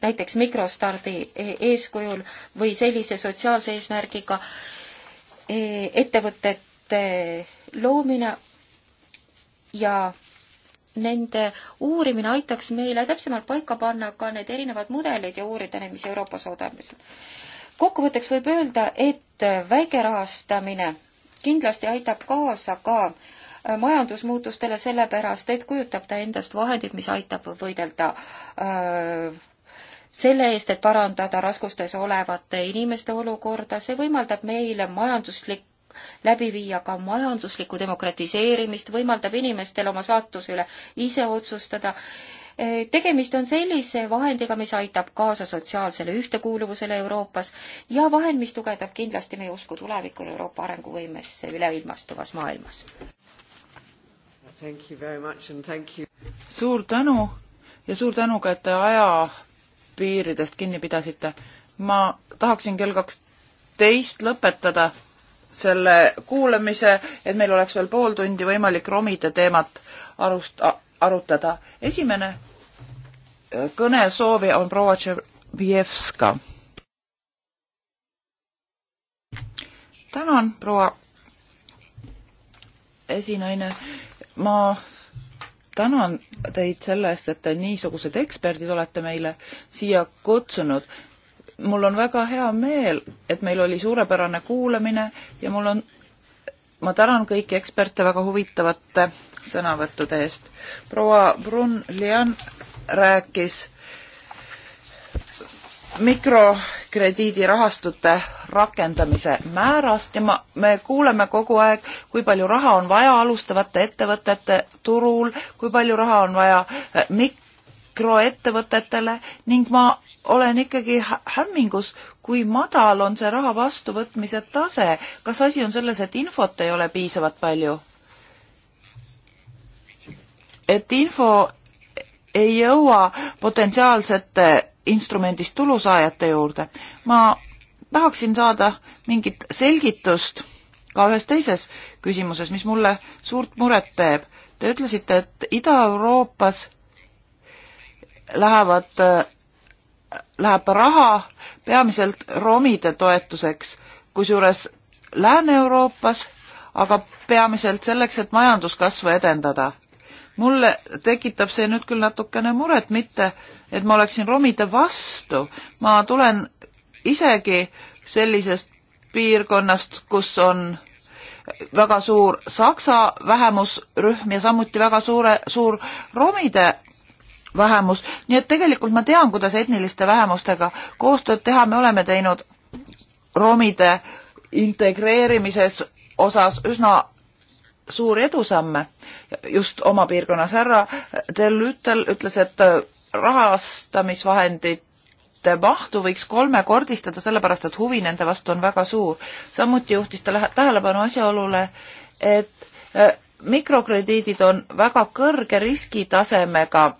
näiteks mikrostardi e-, eeskujul või sellise sotsiaalse eesmärgiga Eh, ettevõtete loomine ja nende uurimine aitaks meile täpsemalt paika panna ka need erinevad mudelid ja uurida neid, mis Euroopas oodamisel. kokkuvõtteks võib öelda, et väikerahastamine kindlasti aitab kaasa ka äh, majandusmuutustele, sellepärast et kujutab ta endast vahendit, mis aitab võidelda öö, äh, selle eest, et parandada raskustes olevate inimeste olukorda, see võimaldab meile majanduslik, läbi viia ka majanduslikku demokratiseerimist, võimaldab inimestel oma saatuse üle ise otsustada. Eh, tegemist on sellise vahendiga, mis aitab kaasa sotsiaalsele ühtekuuluvusele Euroopas ja vahend, mis tugevdab kindlasti meie usku tulevikku ja Euroopa arenguvõimesse üleilmastuvas maailmas. suur tänu ja suur tänu ka, et te aja piiridest kinni pidasite. ma tahaksin kell kaksteist lõpetada selle kuulamise, et meil oleks veel pool tundi võimalik romide teemat arust-, arutada. esimene äh, kõnesoovi on proua Tšervjevska. tänan, proua esinaine. ma tänan teid selle eest, et te niisugused eksperdid olete meile siia kutsunud. mul on väga hea meel, et meil oli suurepärane kuulamine ja mul on, ma tänan kõiki eksperte väga huvitavate sõnavõttude eest. proua Brun-Lian rääkis mikrokrediidirahastute rakendamise määrast ja ma, me kuuleme kogu aeg, kui palju raha on vaja alustavate ettevõtete turul, kui palju raha on vaja äh, mikroettevõtetele ning ma olen ikkagi hämmingus, kui madal on see raha vastuvõtmise tase. kas asi on selles, et infot ei ole piisavalt palju? et info ei jõua potentsiaalsete instrumendist tulusaajate juurde. ma tahaksin saada mingit selgitust ka ühes teises küsimuses, mis mulle suurt muret teeb. Te ütlesite, et Ida-Euroopas lähevad, läheb raha peamiselt romide toetuseks, kusjuures Lääne-Euroopas aga peamiselt selleks, et majanduskasvu edendada mulle tekitab see nüüd küll natukene muret, mitte et ma oleksin romide vastu, ma tulen isegi sellisest piirkonnast, kus on väga suur saksa vähemusrühm ja samuti väga suure, suur romide vähemus, nii et tegelikult ma tean, kuidas etniliste vähemustega koostööd teha, me oleme teinud romide integreerimises osas üsna suuri edusamme just oma piirkonnas. härra Del Ütel ütles, et rahastamisvahendite mahtu võiks kolmekordistada, sellepärast et huvi nende vastu on väga suur. samuti juhtis ta tähelepanu asjaolule, et äh, mikrokrediidid on väga kõrge riskitasemega äh,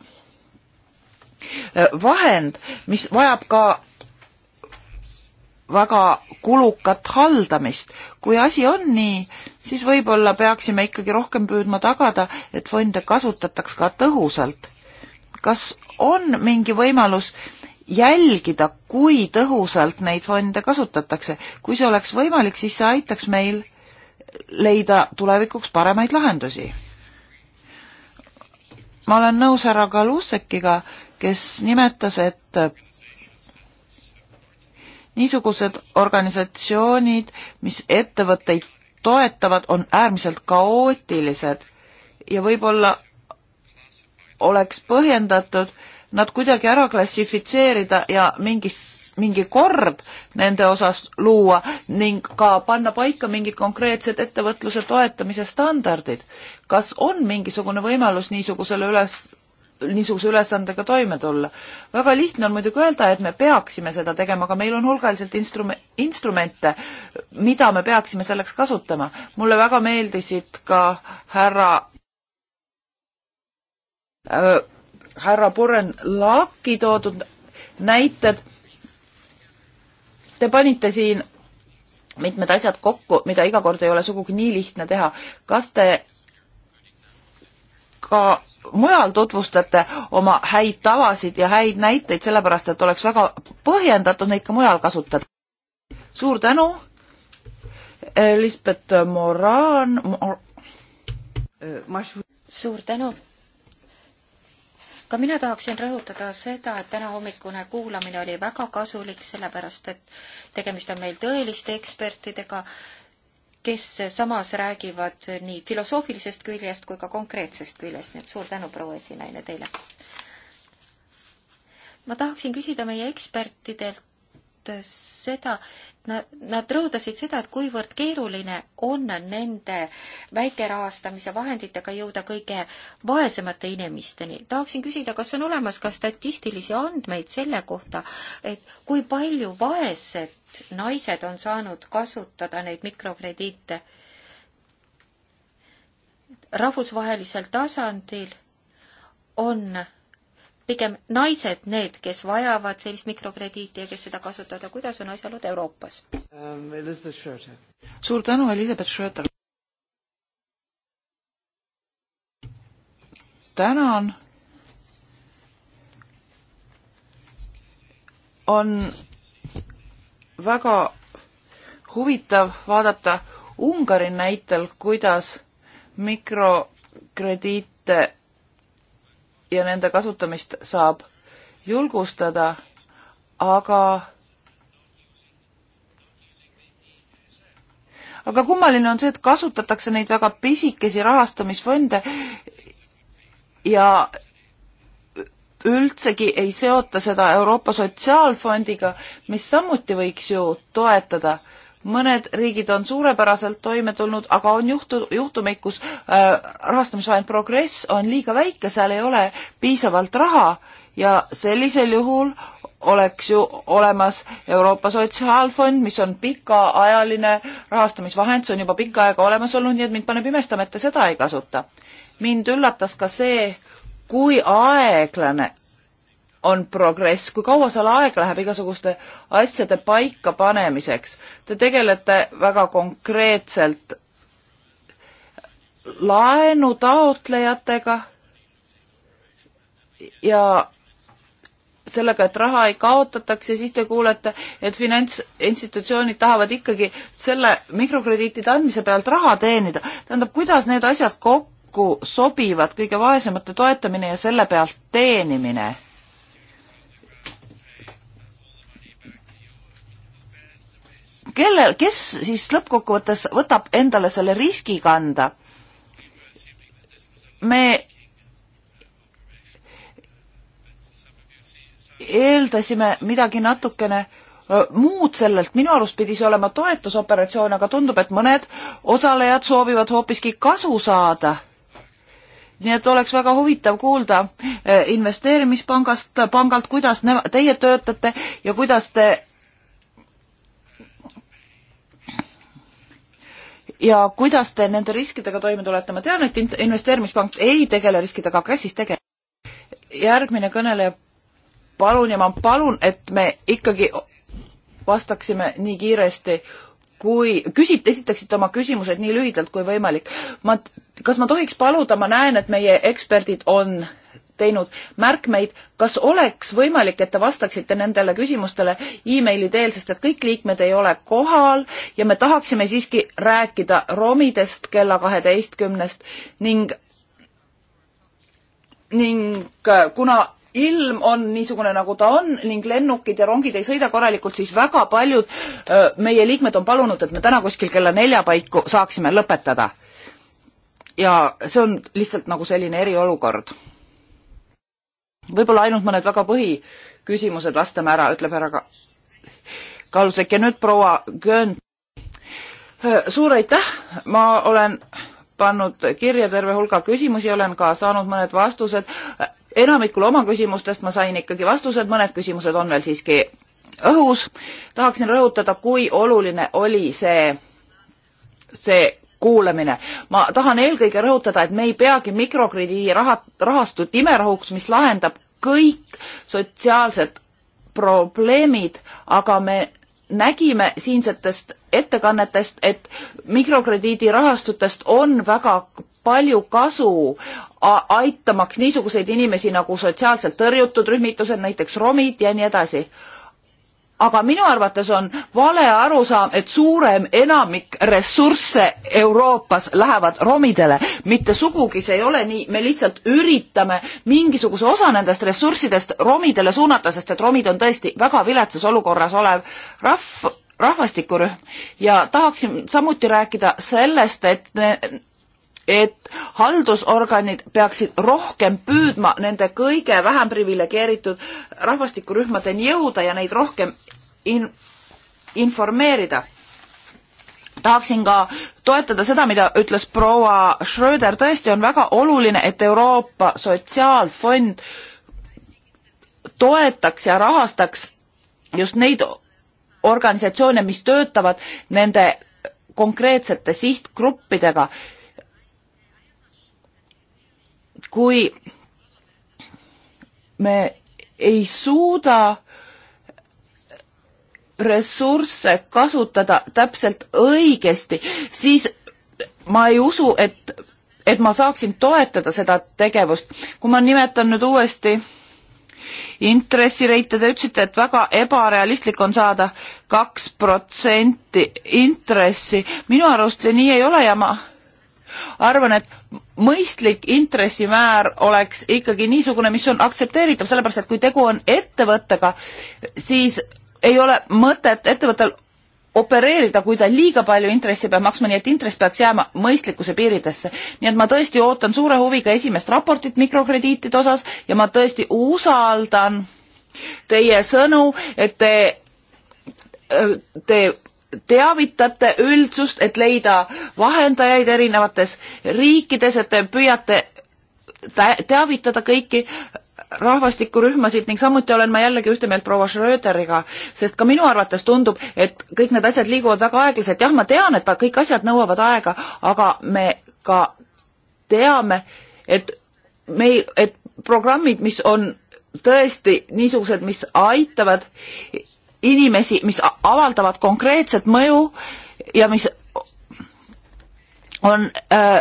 vahend, mis vajab ka väga kulukat haldamist. kui asi on nii, siis võib-olla peaksime ikkagi rohkem püüdma tagada, et fonde kasutataks ka tõhusalt. kas on mingi võimalus jälgida, kui tõhusalt neid fonde kasutatakse? kui see oleks võimalik, siis see aitaks meil leida tulevikuks paremaid lahendusi. ma olen nõus härra Galusekiga, kes nimetas, et niisugused organisatsioonid, mis ettevõtteid toetavad, on äärmiselt kaootilised ja võib-olla oleks põhjendatud nad kuidagi ära klassifitseerida ja mingis, mingi kord nende osas luua ning ka panna paika mingid konkreetsed ettevõtluse toetamise standardid. kas on mingisugune võimalus niisugusele üles, niisuguse ülesandega toime tulla. väga lihtne on muidugi öelda, et me peaksime seda tegema, aga meil on hulgaliselt instrum-, instrumente, mida me peaksime selleks kasutama. mulle väga meeldisid ka härra äh, härra Purren Laaki toodud näited. Te panite siin mitmed asjad kokku, mida iga kord ei ole sugugi nii lihtne teha. kas te ka mujal tutvustate oma häid tavasid ja häid näiteid, sellepärast et oleks väga põhjendatud neid ka mujal kasutada. suur tänu, Lisbeth Moran Mor. suur tänu. ka mina tahaksin rõhutada seda, et tänahommikune kuulamine oli väga kasulik, sellepärast et tegemist on meil tõeliste ekspertidega kes samas räägivad nii filosoofilisest küljest kui ka konkreetsest küljest, nii et suur tänu, proua esinaine, teile! ma tahaksin küsida meie ekspertidelt seda, Nad, nad rõhutasid seda, et kuivõrd keeruline on nende väikerahastamise vahenditega jõuda kõige vaesemate inimesteni. tahaksin küsida, kas on olemas ka statistilisi andmeid selle kohta, et kui palju vaesed naised on saanud kasutada neid mikrokrediite rahvusvahelisel tasandil on pigem naised need, kes vajavad sellist mikrokrediiti ja kes seda kasutavad ja kuidas on asjaolud Euroopas um,? suur tänu, Elizabeth Schröter. tänan. on väga huvitav vaadata Ungari näitel, kuidas mikrokrediite ja nende kasutamist saab julgustada, aga aga kummaline on see, et kasutatakse neid väga pisikesi rahastamisfonde ja üldsegi ei seota seda Euroopa Sotsiaalfondiga, mis samuti võiks ju toetada mõned riigid on suurepäraselt toime tulnud, aga on juhtu-, juhtumeid, kus äh, rahastamisvahend progress on liiga väike, seal ei ole piisavalt raha ja sellisel juhul oleks ju olemas Euroopa Sotsiaalfond, mis on pikaajaline rahastamisvahend, see on juba pikka aega olemas olnud, nii et mind paneb imestama, et te seda ei kasuta. mind üllatas ka see, kui aeglane on progress, kui kaua seal aega läheb igasuguste asjade paikapanemiseks. Te tegelete väga konkreetselt laenutaotlejatega ja sellega, et raha ei kaotataks ja siis te kuulete, et finantsinstitutsioonid tahavad ikkagi selle mikrokrediitide andmise pealt raha teenida. tähendab, kuidas need asjad kokku sobivad, kõige vaesemate toetamine ja selle pealt teenimine? kellel, kes siis lõppkokkuvõttes võtab endale selle riski kanda? me eeldasime midagi natukene muud sellelt, minu arust pidi see olema toetusoperatsioon, aga tundub, et mõned osalejad soovivad hoopiski kasu saada. nii et oleks väga huvitav kuulda investeerimispangast, pangalt, kuidas ne-, teie töötate ja kuidas te ja kuidas te nende riskidega toime tulete, ma tean, et investeerimispank ei tegele riskidega, aga kes siis tegeleb? järgmine kõneleja, palun ja ma palun, et me ikkagi vastaksime nii kiiresti kui küsit-, esitaksite oma küsimused nii lühidalt kui võimalik. ma, kas ma tohiks paluda, ma näen, et meie eksperdid on teinud märkmeid. kas oleks võimalik, et te vastaksite nendele küsimustele emaili teel, sest et kõik liikmed ei ole kohal ja me tahaksime siiski rääkida romidest kella kaheteistkümnest ning ning äh, kuna ilm on niisugune, nagu ta on ning lennukid ja rongid ei sõida korralikult, siis väga paljud öö, äh, meie liikmed on palunud, et me täna kuskil kella nelja paiku saaksime lõpetada. ja see on lihtsalt nagu selline eriolukord võib-olla ainult mõned väga põhiküsimused lastame ära, ütleb härra ka-, Kaalusek ja nüüd proua Köön. suur aitäh, ma olen pannud kirja terve hulga küsimusi, olen ka saanud mõned vastused. enamikul oma küsimustest ma sain ikkagi vastused, mõned küsimused on veel siiski õhus. tahaksin rõhutada, kui oluline oli see, see kuulamine. ma tahan eelkõige rõhutada, et me ei peagi mikrokrediidi raha, rahastut imerahuks, mis lahendab kõik sotsiaalsed probleemid, aga me nägime siinsetest ettekannetest, et mikrokrediidi rahastutest on väga palju kasu, aitamaks niisuguseid inimesi nagu sotsiaalselt tõrjutud rühmitused, näiteks romid ja nii edasi aga minu arvates on vale arusaam, et suurem enamik ressursse Euroopas lähevad romidele. mitte sugugi see ei ole nii, me lihtsalt üritame mingisuguse osa nendest ressurssidest romidele suunata, sest et romid on tõesti väga viletsas olukorras olev rahv, rahvastikurühm ja tahaksin samuti rääkida sellest, et et haldusorganid peaksid rohkem püüdma nende kõige vähem priviligeeritud rahvastikurühmadeni jõuda ja neid rohkem in informeerida. tahaksin ka toetada seda, mida ütles proua Schröder, tõesti on väga oluline, et Euroopa Sotsiaalfond toetaks ja rahastaks just neid organisatsioone, mis töötavad nende konkreetsete sihtgruppidega kui me ei suuda ressursse kasutada täpselt õigesti, siis ma ei usu, et, et ma saaksin toetada seda tegevust. kui ma nimetan nüüd uuesti intressireite, te ütlesite, et väga ebarealistlik on saada kaks protsenti intressi. minu arust see nii ei ole ja ma arvan, et mõistlik intressimäär oleks ikkagi niisugune, mis on aktsepteeritav, sellepärast et kui tegu on ettevõttega, siis ei ole mõtet ettevõttel opereerida, kui ta liiga palju intressi peab maksma, nii et intress peaks jääma mõistlikkuse piiridesse. nii et ma tõesti ootan suure huviga esimest raportit mikrokrediitide osas ja ma tõesti usaldan teie sõnu, et te, te teavitate üldsust, et leida vahendajaid erinevates riikides, et te püüate teavitada kõiki rahvastikurühmasid ning samuti olen ma jällegi ühte meelt proua Schröderiga, sest ka minu arvates tundub, et kõik need asjad liiguvad väga aeglaselt, jah, ma tean, et kõik asjad nõuavad aega, aga me ka teame, et me ei, et programmid, mis on tõesti niisugused, mis aitavad inimesi, mis avaldavad konkreetset mõju ja mis on äh,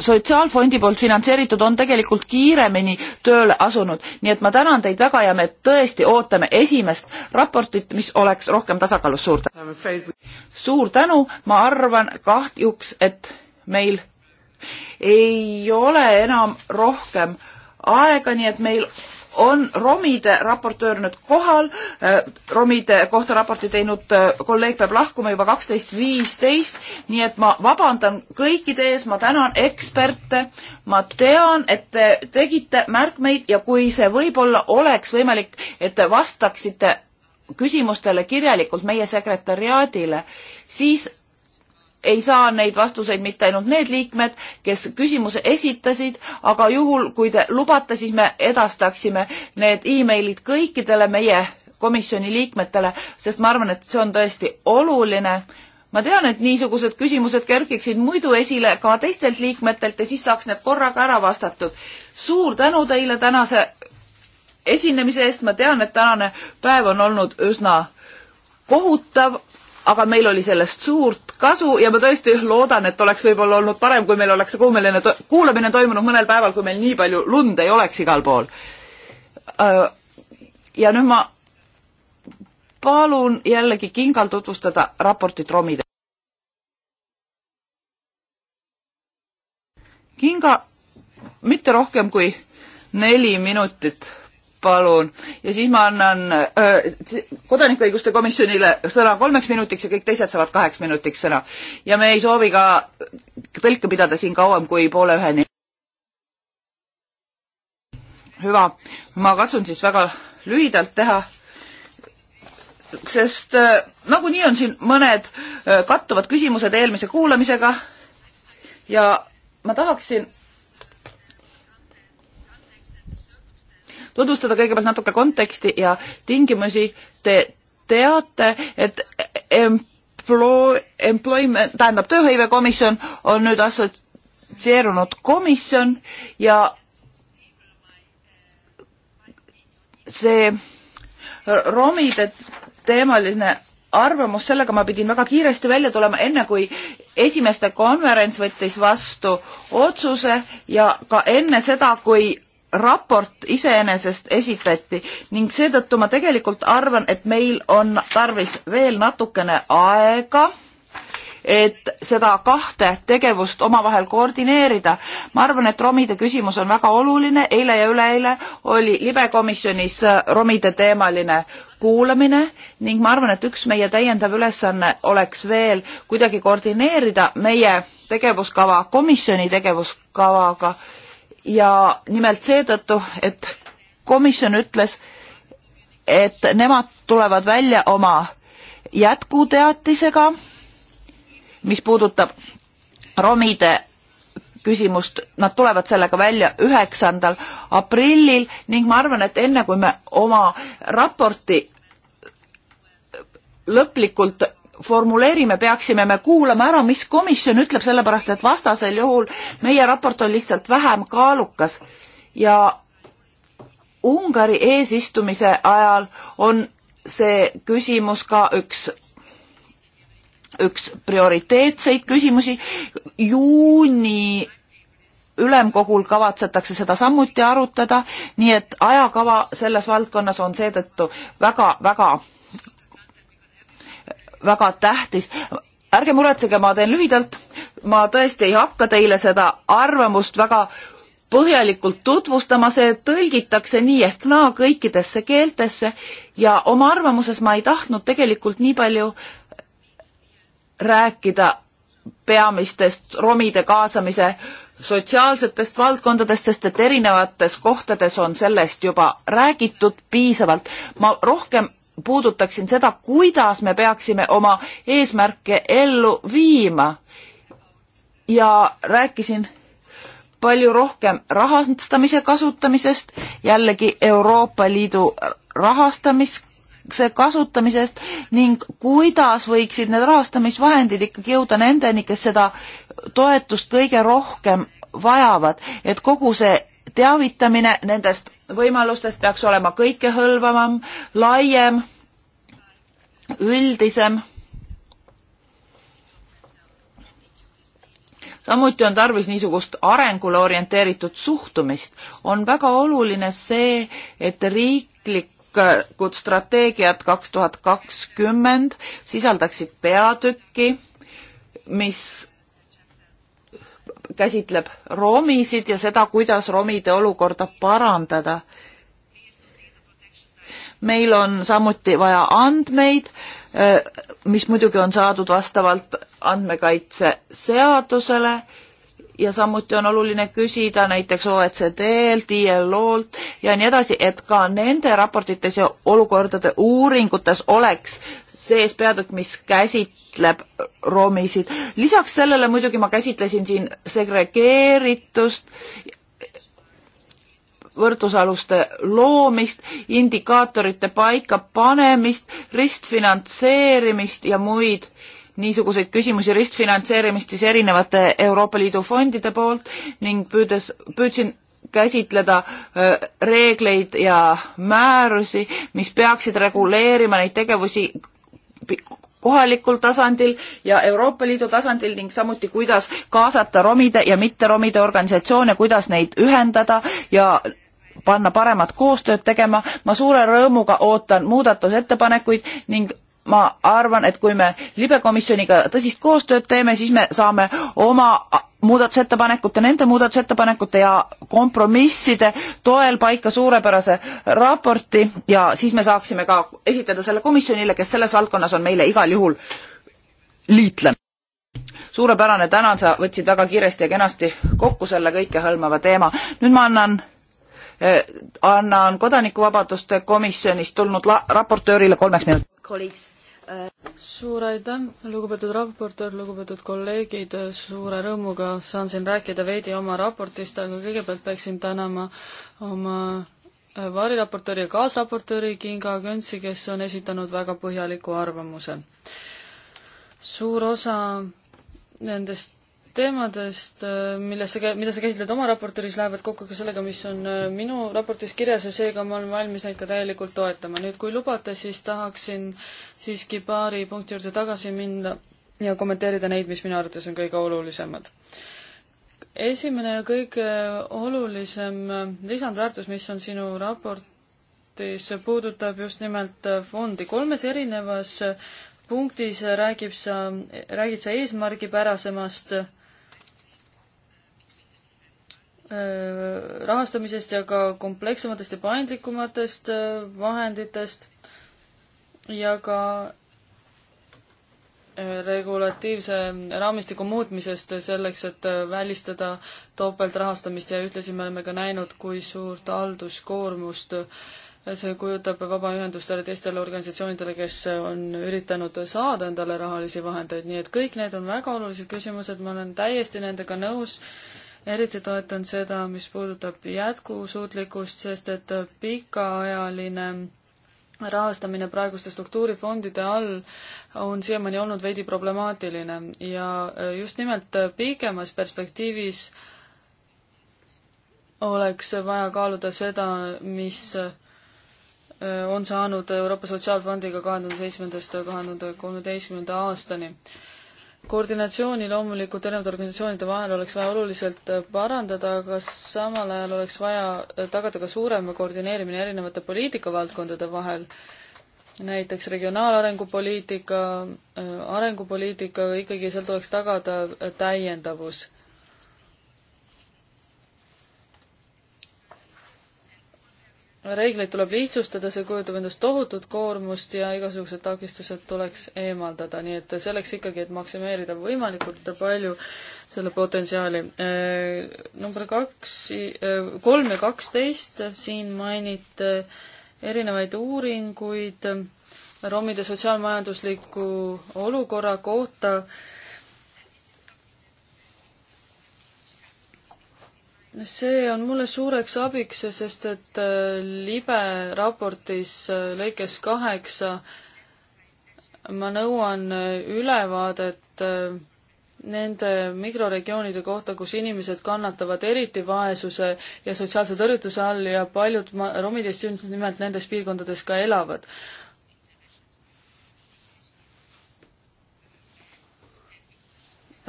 sotsiaalfondi poolt finantseeritud, on tegelikult kiiremini tööle asunud. nii et ma tänan teid väga ja me tõesti ootame esimest raportit, mis oleks rohkem tasakaalus. suur tänu. suur tänu, ma arvan kahjuks, et meil ei ole enam rohkem aega, nii et meil on Romide raportöör nüüd kohal. Äh, Romide kohta raporti teinud äh, kolleeg peab lahkuma juba kaksteist viisteist, nii et ma vabandan kõikide ees, ma tänan eksperte. ma tean, et te tegite märkmeid ja kui see võib-olla oleks võimalik, et te vastaksite küsimustele kirjalikult meie sekretariaadile, siis ei saa neid vastuseid mitte ainult need liikmed, kes küsimuse esitasid, aga juhul, kui te lubate, siis me edastaksime need emailid kõikidele meie komisjoni liikmetele, sest ma arvan, et see on tõesti oluline. ma tean, et niisugused küsimused kerkiksid muidu esile ka teistelt liikmetelt ja siis saaks need korraga ära vastatud. suur tänu teile tänase esinemise eest, ma tean, et tänane päev on olnud üsna kohutav, aga meil oli sellest suurt kasu ja ma tõesti loodan, et oleks võib-olla olnud parem, kui meil oleks see kuumeline to kuulamine toimunud mõnel päeval, kui meil nii palju lund ei oleks igal pool. Äh, ja nüüd ma palun jällegi kingal tutvustada raportit romide. kinga mitte rohkem kui neli minutit palun. ja siis ma annan äh, kodanikuõiguste komisjonile sõna kolmeks minutiks ja kõik teised saavad kaheks minutiks sõna. ja me ei soovi ka tõlke pidada siin kauem kui poole üheni. hüva, ma katsun siis väga lühidalt teha, sest äh, nagunii on siin mõned äh, kattuvad küsimused eelmise kuulamisega ja ma tahaksin tutvustada kõigepealt natuke konteksti ja tingimusi. Te teate, et employ-, employment, tähendab tööhõivekomisjon on nüüd assotsieerunud komisjon ja see romide teemaline arvamus, sellega ma pidin väga kiiresti välja tulema, enne kui esimeste konverents võttis vastu otsuse ja ka enne seda, kui raport iseenesest esitati ning seetõttu ma tegelikult arvan, et meil on tarvis veel natukene aega, et seda kahte tegevust omavahel koordineerida. ma arvan, et romide küsimus on väga oluline, eile ja üleeile oli libekomisjonis romide teemaline kuulamine ning ma arvan, et üks meie täiendav ülesanne oleks veel kuidagi koordineerida meie tegevuskava komisjoni tegevuskavaga ja nimelt seetõttu, et komisjon ütles, et nemad tulevad välja oma jätkuteatisega, mis puudutab romide küsimust, nad tulevad sellega välja üheksandal aprillil ning ma arvan, et enne kui me oma raporti lõplikult formuleerime, peaksime me kuulama ära, mis komisjon ütleb, sellepärast et vastasel juhul meie raport on lihtsalt vähem kaalukas ja Ungari eesistumise ajal on see küsimus ka üks üks prioriteetseid küsimusi. juuni ülemkogul kavatsetakse seda samuti arutada, nii et ajakava selles valdkonnas on seetõttu väga-väga väga tähtis. ärge muretsege, ma teen lühidalt, ma tõesti ei hakka teile seda arvamust väga põhjalikult tutvustama, see tõlgitakse nii ehk naa kõikidesse keeltesse ja oma arvamuses ma ei tahtnud tegelikult nii palju rääkida peamistest romide kaasamise sotsiaalsetest valdkondadest, sest et erinevates kohtades on sellest juba räägitud piisavalt. ma rohkem puudutaksin seda, kuidas me peaksime oma eesmärke ellu viima. ja rääkisin palju rohkem rahastamise kasutamisest, jällegi Euroopa Liidu rahastamise kasutamisest ning kuidas võiksid need rahastamisvahendid ikkagi jõuda nendeni, kes seda toetust kõige rohkem vajavad, et kogu see teavitamine nendest võimalustest peaks olema kõikehõlvavam, laiem, üldisem. samuti on tarvis niisugust arengule orienteeritud suhtumist. on väga oluline see, et riiklikud strateegiad kaks tuhat kakskümmend sisaldaksid peatükki, mis käsitleb romisid ja seda, kuidas romide olukorda parandada. meil on samuti vaja andmeid, eh, mis muidugi on saadud vastavalt andmekaitseseadusele ja samuti on oluline küsida näiteks OECD-lt, ILO-lt ja nii edasi, et ka nende raportites ja olukordade uuringutes oleks sees peatükk, mis käsitleb käsitleb romisid. lisaks sellele muidugi ma käsitlesin siin segregeeritust, võrdlusaluste loomist, indikaatorite paikapanemist, ristfinantseerimist ja muid niisuguseid küsimusi ristfinantseerimist siis erinevate Euroopa Liidu fondide poolt ning püüdes, püüdsin käsitleda reegleid ja määrusi, mis peaksid reguleerima neid tegevusi kohalikul tasandil ja Euroopa Liidu tasandil ning samuti, kuidas kaasata romide ja mitteromide organisatsioone, kuidas neid ühendada ja panna paremat koostööd tegema. ma suure rõõmuga ootan muudatusettepanekuid ning ma arvan, et kui me libekomisjoniga tõsist koostööd teeme, siis me saame oma muudatusettepanekute, nende muudatusettepanekute ja kompromisside toel paika suurepärase raporti ja siis me saaksime ka esitada selle komisjonile, kes selles valdkonnas on meile igal juhul liitlane. suurepärane, tänan, sa võtsid väga kiiresti ja kenasti kokku selle kõikehõlmava teema. nüüd ma annan eh, annan Kodanikuvabaduste komisjonist tulnud la-, raportöörile kolmeks minutiks suur aitäh, lugupeetud raportöör, lugupeetud kolleegid, suure rõõmuga saan siin rääkida veidi oma raportist, aga kõigepealt peaksin tänama oma variraportööri ja kaasraportööri Kinga Köntsi, kes on esitanud väga põhjaliku arvamuse. suur osa nendest teemadest, äh, millesse, mida sa käsitled oma raportööris, lähevad kokku ka sellega, mis on äh, minu raportis kirjas ja seega ma olen valmis neid ka täielikult toetama. nüüd, kui lubate, siis tahaksin siiski paari punkti juurde tagasi minna ja kommenteerida neid, mis minu arvates on kõige olulisemad. esimene ja kõige olulisem äh, lisandväärtus, mis on sinu raportis, puudutab just nimelt fondi. kolmes erinevas punktis räägib sa, räägid sa eesmärgipärasemast Äh, rahastamisest ja ka komplekssematest ja paindlikumatest äh, vahenditest ja ka äh, regulatiivse raamistiku muutmisest selleks, et välistada topeltrahastamist ja ühtlasi me oleme ka näinud, kui suurt halduskoormust see kujutab vabaühendustele, teistele organisatsioonidele, kes on üritanud saada endale rahalisi vahendeid, nii et kõik need on väga olulised küsimused, ma olen täiesti nendega nõus eriti toetan seda, mis puudutab jätkusuutlikkust, sest et pikaajaline rahastamine praeguste struktuurifondide all on siiamaani olnud veidi problemaatiline ja just nimelt pikemas perspektiivis oleks vaja kaaluda seda, mis äh, on saanud Euroopa Sotsiaalfondiga kahe tuhande seitsmendast kahe tuhande kolmeteistkümnenda aastani koordinatsiooni loomulikult erinevate organisatsioonide vahel oleks vaja oluliselt äh, parandada, aga samal ajal oleks vaja äh, tagada ka suurem koordineerimine erinevate poliitikavaldkondade vahel, näiteks regionaalarengu poliitika, äh, arengupoliitika, ikkagi seal tuleks tagada täiendavus reegleid tuleb lihtsustada, see kujutab endast tohutut koormust ja igasugused takistused tuleks eemaldada, nii et selleks ikkagi, et maksimeerida võimalikult palju selle potentsiaali. Äh, number kaks, äh, kolm ja kaksteist, siin mainiti erinevaid uuringuid äh, romide sotsiaalmajandusliku olukorra kohta see on mulle suureks abiks, sest et äh, libe raportis äh, lõikes kaheksa ma nõuan äh, ülevaadet nende mikroregioonide kohta, kus inimesed kannatavad eriti vaesuse ja sotsiaalse tõrjutuse all ja paljud romidest just nimelt nendes piirkondades ka elavad.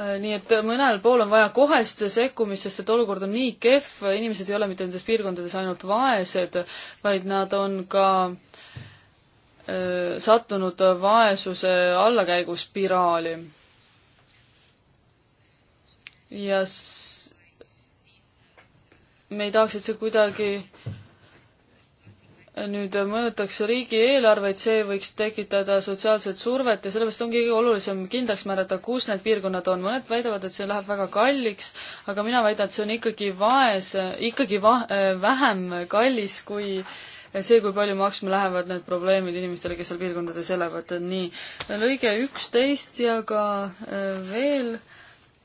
Äh, nii et äh, mõnel pool on vaja kohest sekkumist, sest et olukord on nii kehv, inimesed ei ole mitte nendes piirkondades ainult vaesed, vaid nad on ka öö, äh, sattunud vaesuse allakäiguspiraali. ja me ei tahaks, et see kuidagi nüüd mõjutakse riigieelarveid, see võiks tekitada sotsiaalset survet ja sellepärast ongi kõige olulisem kindlaks määrata, kus need piirkonnad on. mõned väidavad, et see läheb väga kalliks, aga mina väidan, et see on ikkagi vaes, ikkagi va-, äh, vähem kallis kui see, kui palju maksma lähevad need probleemid inimestele, kes seal piirkondades elavad, nii. lõige üksteist ja ka äh, veel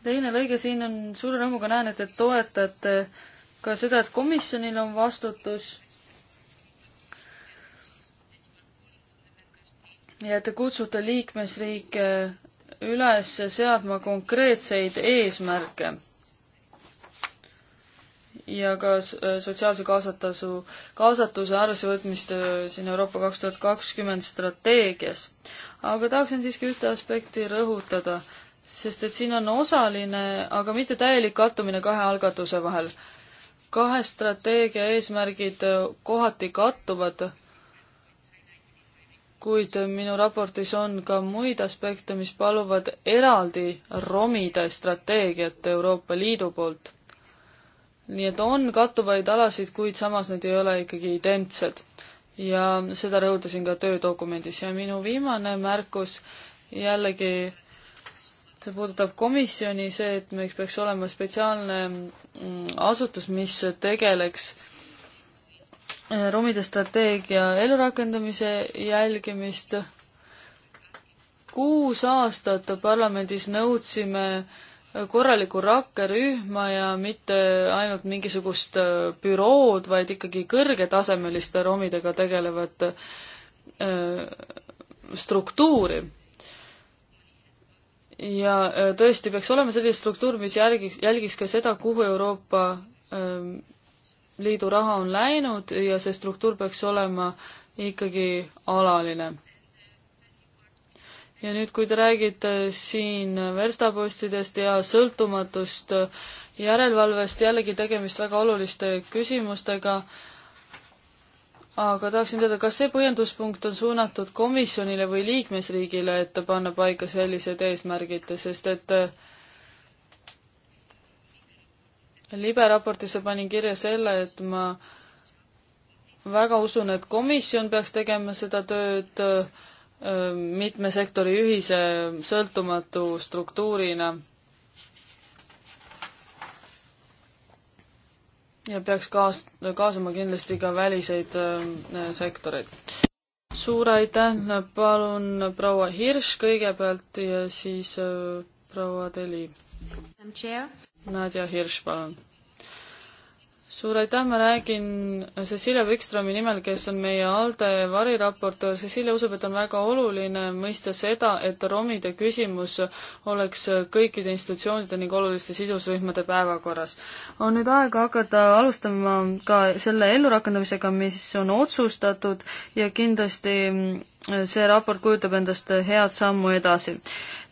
teine lõige siin on, suure rõõmuga näen, et te toetate ka seda, et komisjonil on vastutus ja te kutsute liikmesriike üles seadma konkreetseid eesmärke ja ka sotsiaalse kaasatasu, kaasatuse arvessevõtmist äh, siin Euroopa kaks tuhat kakskümmend strateegias. aga tahaksin siiski ühte aspekti rõhutada, sest et siin on osaline, aga mitte täielik kattumine kahe algatuse vahel. kahe strateegia eesmärgid äh, kohati kattuvad kuid minu raportis on ka muid aspekte, mis paluvad eraldi romide strateegiat Euroopa Liidu poolt. nii et on kattuvaid alasid, kuid samas need ei ole ikkagi identsed. ja seda rõhutasin ka töödokumendis ja minu viimane märkus jällegi see puudutab komisjoni, see, et meil peaks olema spetsiaalne mm, asutus, mis tegeleks äh, Äh, ruumide strateegia elurakendamise jälgimist. kuus aastat parlamendis nõudsime korralikku rakkerühma ja mitte ainult mingisugust äh, bürood, vaid ikkagi kõrgetasemeliste romidega tegelevat äh, struktuuri. ja tõesti peaks olema selline struktuur, mis jälgiks, jälgiks ka seda, kuhu Euroopa ähm, liidu raha on läinud ja see struktuur peaks olema ikkagi alaline. ja nüüd, kui te räägite siin verstapostidest ja sõltumatust järelevalvest, jällegi tegemist väga oluliste küsimustega, aga tahaksin teada, kas see põhjenduspunkt on suunatud komisjonile või liikmesriigile, et panna paika sellised eesmärgid, sest et äh, libe raportisse panin kirja selle, et ma väga usun, et komisjon peaks tegema seda tööd mitme sektori ühise sõltumatu struktuurina ja peaks kaas-, kaasama kindlasti ka väliseid äh, sektoreid. suur aitäh, palun proua Hirš kõigepealt ja siis äh, proua Teli. Nadja Hirš, palun. suur aitäh, ma räägin Cecilia Wikstromi nimel, kes on meie ALDE variraportöör. Cecilia usub, et on väga oluline mõista seda, et romide küsimus oleks kõikide institutsioonide ning oluliste sidusrühmade päevakorras. on nüüd aega hakata alustama ka selle ellurakendamisega, mis on otsustatud ja kindlasti see raport kujutab endast head sammu edasi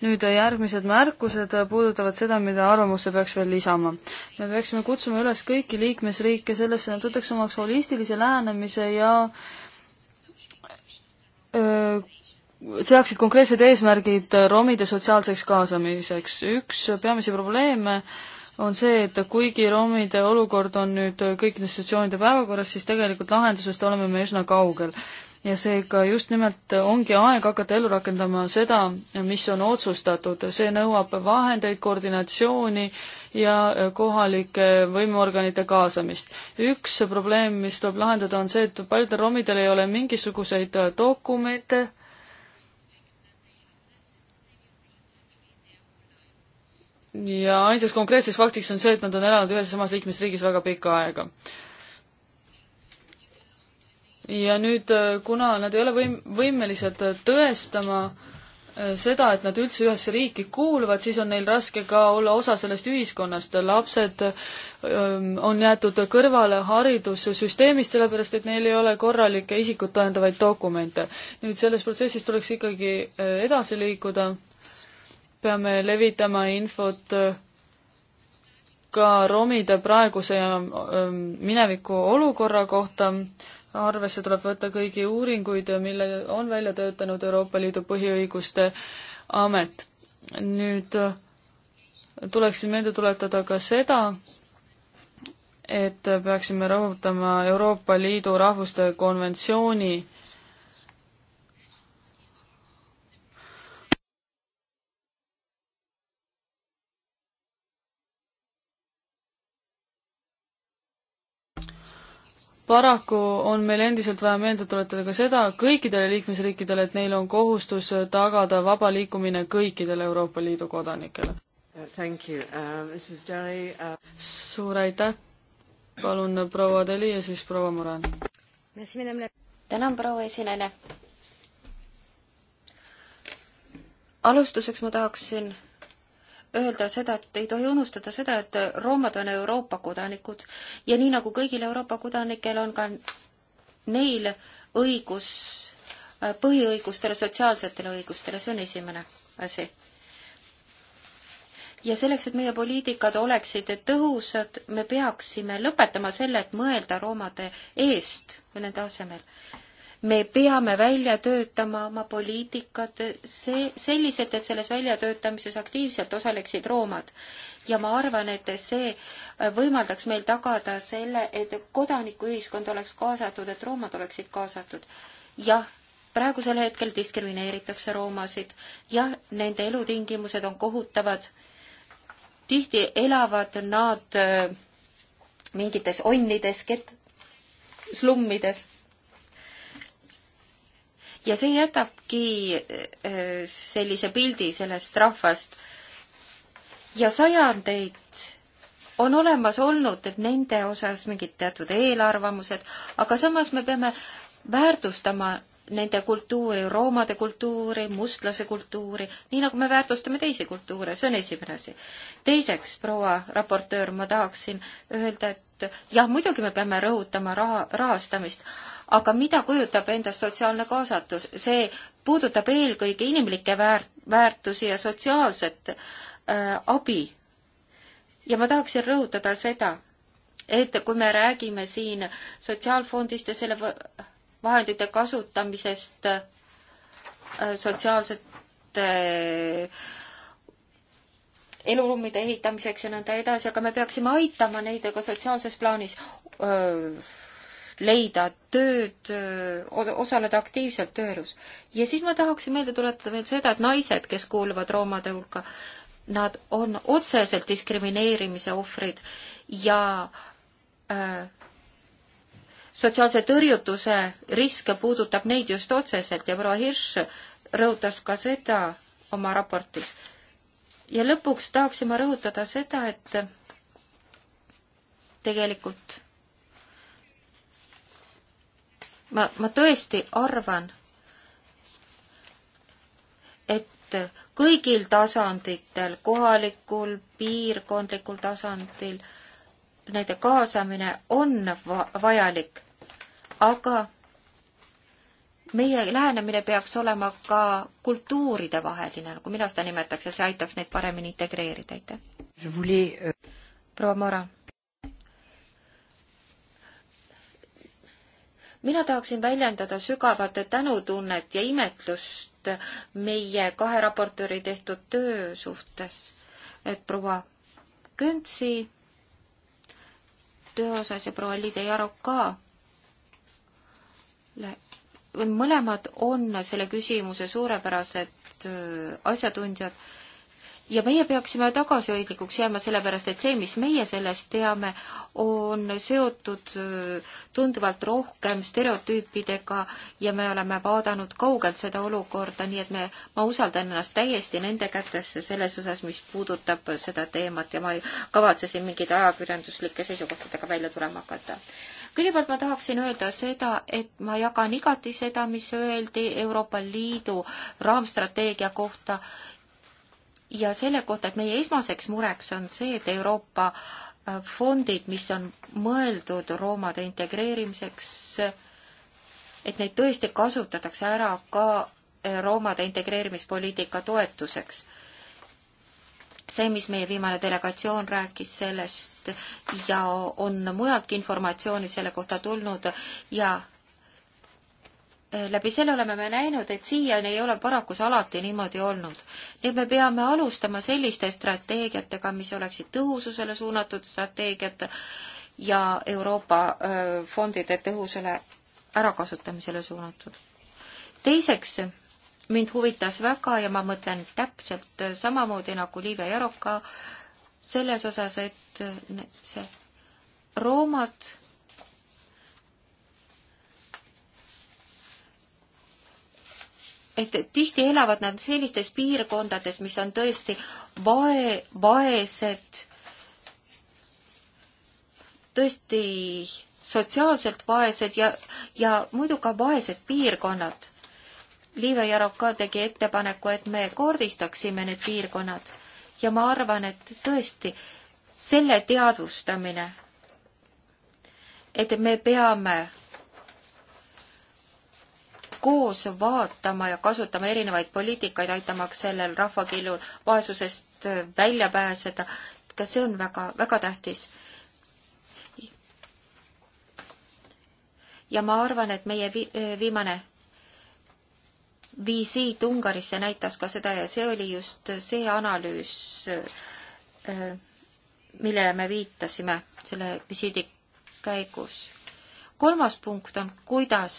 nüüd äh, järgmised märkused äh, puudutavad seda, mida arvamusse peaks veel lisama. me peaksime kutsuma üles kõiki liikmesriike sellesse, et nad võtaks omaks holistilise lähenemise ja öö, äh, seaksid konkreetsed eesmärgid romide sotsiaalseks kaasamiseks. üks peamisi probleeme on see, et kuigi romide olukord on nüüd kõikide institutsioonide päevakorras, siis tegelikult lahendusest oleme me üsna kaugel ja seega just nimelt ongi aeg hakata ellu rakendama seda, mis on otsustatud, see nõuab vahendeid, koordinatsiooni ja kohalike võimuorganite kaasamist. üks probleem, mis tuleb lahendada, on see, et paljudel romidel ei ole mingisuguseid dokumente, ja ainsaks konkreetseks faktiks on see, et nad on elanud ühes ja samas liikmesriigis väga pikka aega ja nüüd, äh, kuna nad ei ole võim-, võimelised äh, tõestama äh, seda, et nad üldse ühesse riiki kuuluvad, siis on neil raske ka olla osa sellest ühiskonnast. lapsed ähm, on jäetud kõrvale haridussüsteemist, sellepärast et neil ei ole korralikke isikut tõendavaid dokumente. nüüd selles protsessis tuleks ikkagi edasi liikuda, peame levitama infot ka romide praeguse ja ähm, mineviku olukorra kohta, arvesse tuleb võtta kõigi uuringuid, mille on välja töötanud Euroopa Liidu põhiõiguste amet. nüüd äh, tuleksin meelde tuletada ka seda, et peaksime rõhutama Euroopa Liidu rahvuste konventsiooni paraku on meil endiselt vaja meelde tuletada ka seda kõikidele liikmesriikidele, et neil on kohustus tagada vaba liikumine kõikidele Euroopa Liidu kodanikele. Uh, uh... suur aitäh, palun proua Deli ja siis proua Moran. tänan, proua esinaine. alustuseks ma tahaksin öelda seda, et ei tohi unustada seda, et roomad on Euroopa kodanikud ja nii nagu kõigil Euroopa kodanikel on ka neil õigus põhiõigustele, sotsiaalsetele õigustele, see on esimene asi. ja selleks, et meie poliitikad oleksid tõhusad, me peaksime lõpetama selle, et mõelda roomade eest või nende asemel me peame välja töötama oma poliitikad see, sellised, et selles väljatöötamises aktiivselt osaleksid roomad. ja ma arvan, et see võimaldaks meil tagada selle, et kodanikuühiskond oleks kaasatud, et roomad oleksid kaasatud. jah, praegusel hetkel diskrimineeritakse roomasid, jah, nende elutingimused on kohutavad, tihti elavad nad äh, mingites onnides, ket-, slummides ja see jätabki äh, sellise pildi sellest rahvast. ja sajandeid on olemas olnud nende osas mingid teatud eelarvamused, aga samas me peame väärtustama nende kultuuri, roomade kultuuri, mustlase kultuuri, nii nagu me väärtustame teisi kultuure, see on esimene asi. teiseks, proua raportöör, ma tahaksin öelda, et jah, muidugi me peame rõhutama raha, rahastamist, aga mida kujutab endast sotsiaalne kaasatus? see puudutab eelkõige inimlikke väärt-, väärtusi ja sotsiaalset äh, abi. ja ma tahaksin rõhutada seda, et kui me räägime siin sotsiaalfondist ja selle vahendite kasutamisest äh, sotsiaalsete äh, eluruumide ehitamiseks ja nõnda edasi, aga me peaksime aitama neid ka sotsiaalses plaanis öö, leida tööd, osaleda aktiivselt tööelus. ja siis ma tahaksin meelde tuletada veel seda, et naised, kes kuuluvad roomade hulka, nad on otseselt diskrimineerimise ohvrid ja äh, sotsiaalse tõrjutuse riske puudutab neid just otseselt ja proua Hirš rõhutas ka seda oma raportis. ja lõpuks tahaksin ma rõhutada seda, et tegelikult ma, ma tõesti arvan, et kõigil tasanditel, kohalikul, piirkondlikul tasandil, nende kaasamine on va vajalik, aga meie lähenemine peaks olema ka kultuuride vaheline, nagu mina seda nimetaks, ja see aitaks neid paremini integreerida, aitäh. Euh, proua Mora mina tahaksin väljendada sügavat tänutunnet ja imetlust meie kahe raportööri tehtud töö suhtes, et proua Köntsi töö osas ja proua Liide Jarok ka mõlemad on selle küsimuse suurepärased äh, asjatundjad ja meie peaksime tagasihoidlikuks jääma, sellepärast et see, mis meie sellest teame, on seotud äh, tunduvalt rohkem stereotüüpidega ja me oleme vaadanud kaugelt seda olukorda, nii et me, ma usaldan ennast täiesti nende kätesse selles osas, mis puudutab seda teemat ja ma ei kavatse siin mingeid ajakirjanduslike seisukohtadega välja tulema hakata kõigepealt ma tahaksin öelda seda, et ma jagan igati seda, mis öeldi Euroopa Liidu raamstrateegia kohta ja selle kohta, et meie esmaseks mureks on see, et Euroopa äh, fondid, mis on mõeldud roomade integreerimiseks, et neid tõesti kasutatakse ära ka äh, roomade integreerimispoliitika toetuseks. see, mis meie viimane delegatsioon rääkis sellest ja on mujaltki informatsiooni selle kohta tulnud ja läbi selle oleme me näinud, et siiani ei ole paraku see alati niimoodi olnud. nii et me peame alustama selliste strateegiatega, mis oleksid tõhususele suunatud strateegiad ja Euroopa fondide tõhusale ärakasutamisele suunatud. teiseks, mind huvitas väga ja ma mõtlen täpselt samamoodi nagu Liive Jaroka selles osas, et see roomad et tihti elavad nad sellistes piirkondades, mis on tõesti vae, vaesed, tõesti sotsiaalselt vaesed ja, ja muidu ka vaesed piirkonnad. Liive Jarok ka tegi ettepaneku, et me kaardistaksime need piirkonnad ja ma arvan, et tõesti selle teadvustamine, et me peame koos vaatama ja kasutama erinevaid poliitikaid, aitamaks sellel rahvakillul vaesusest välja pääseda. ka see on väga, väga tähtis. ja ma arvan, et meie vi-, viimane visiit Ungarisse näitas ka seda ja see oli just see analüüs, millele me viitasime selle visiidi käigus. kolmas punkt on, kuidas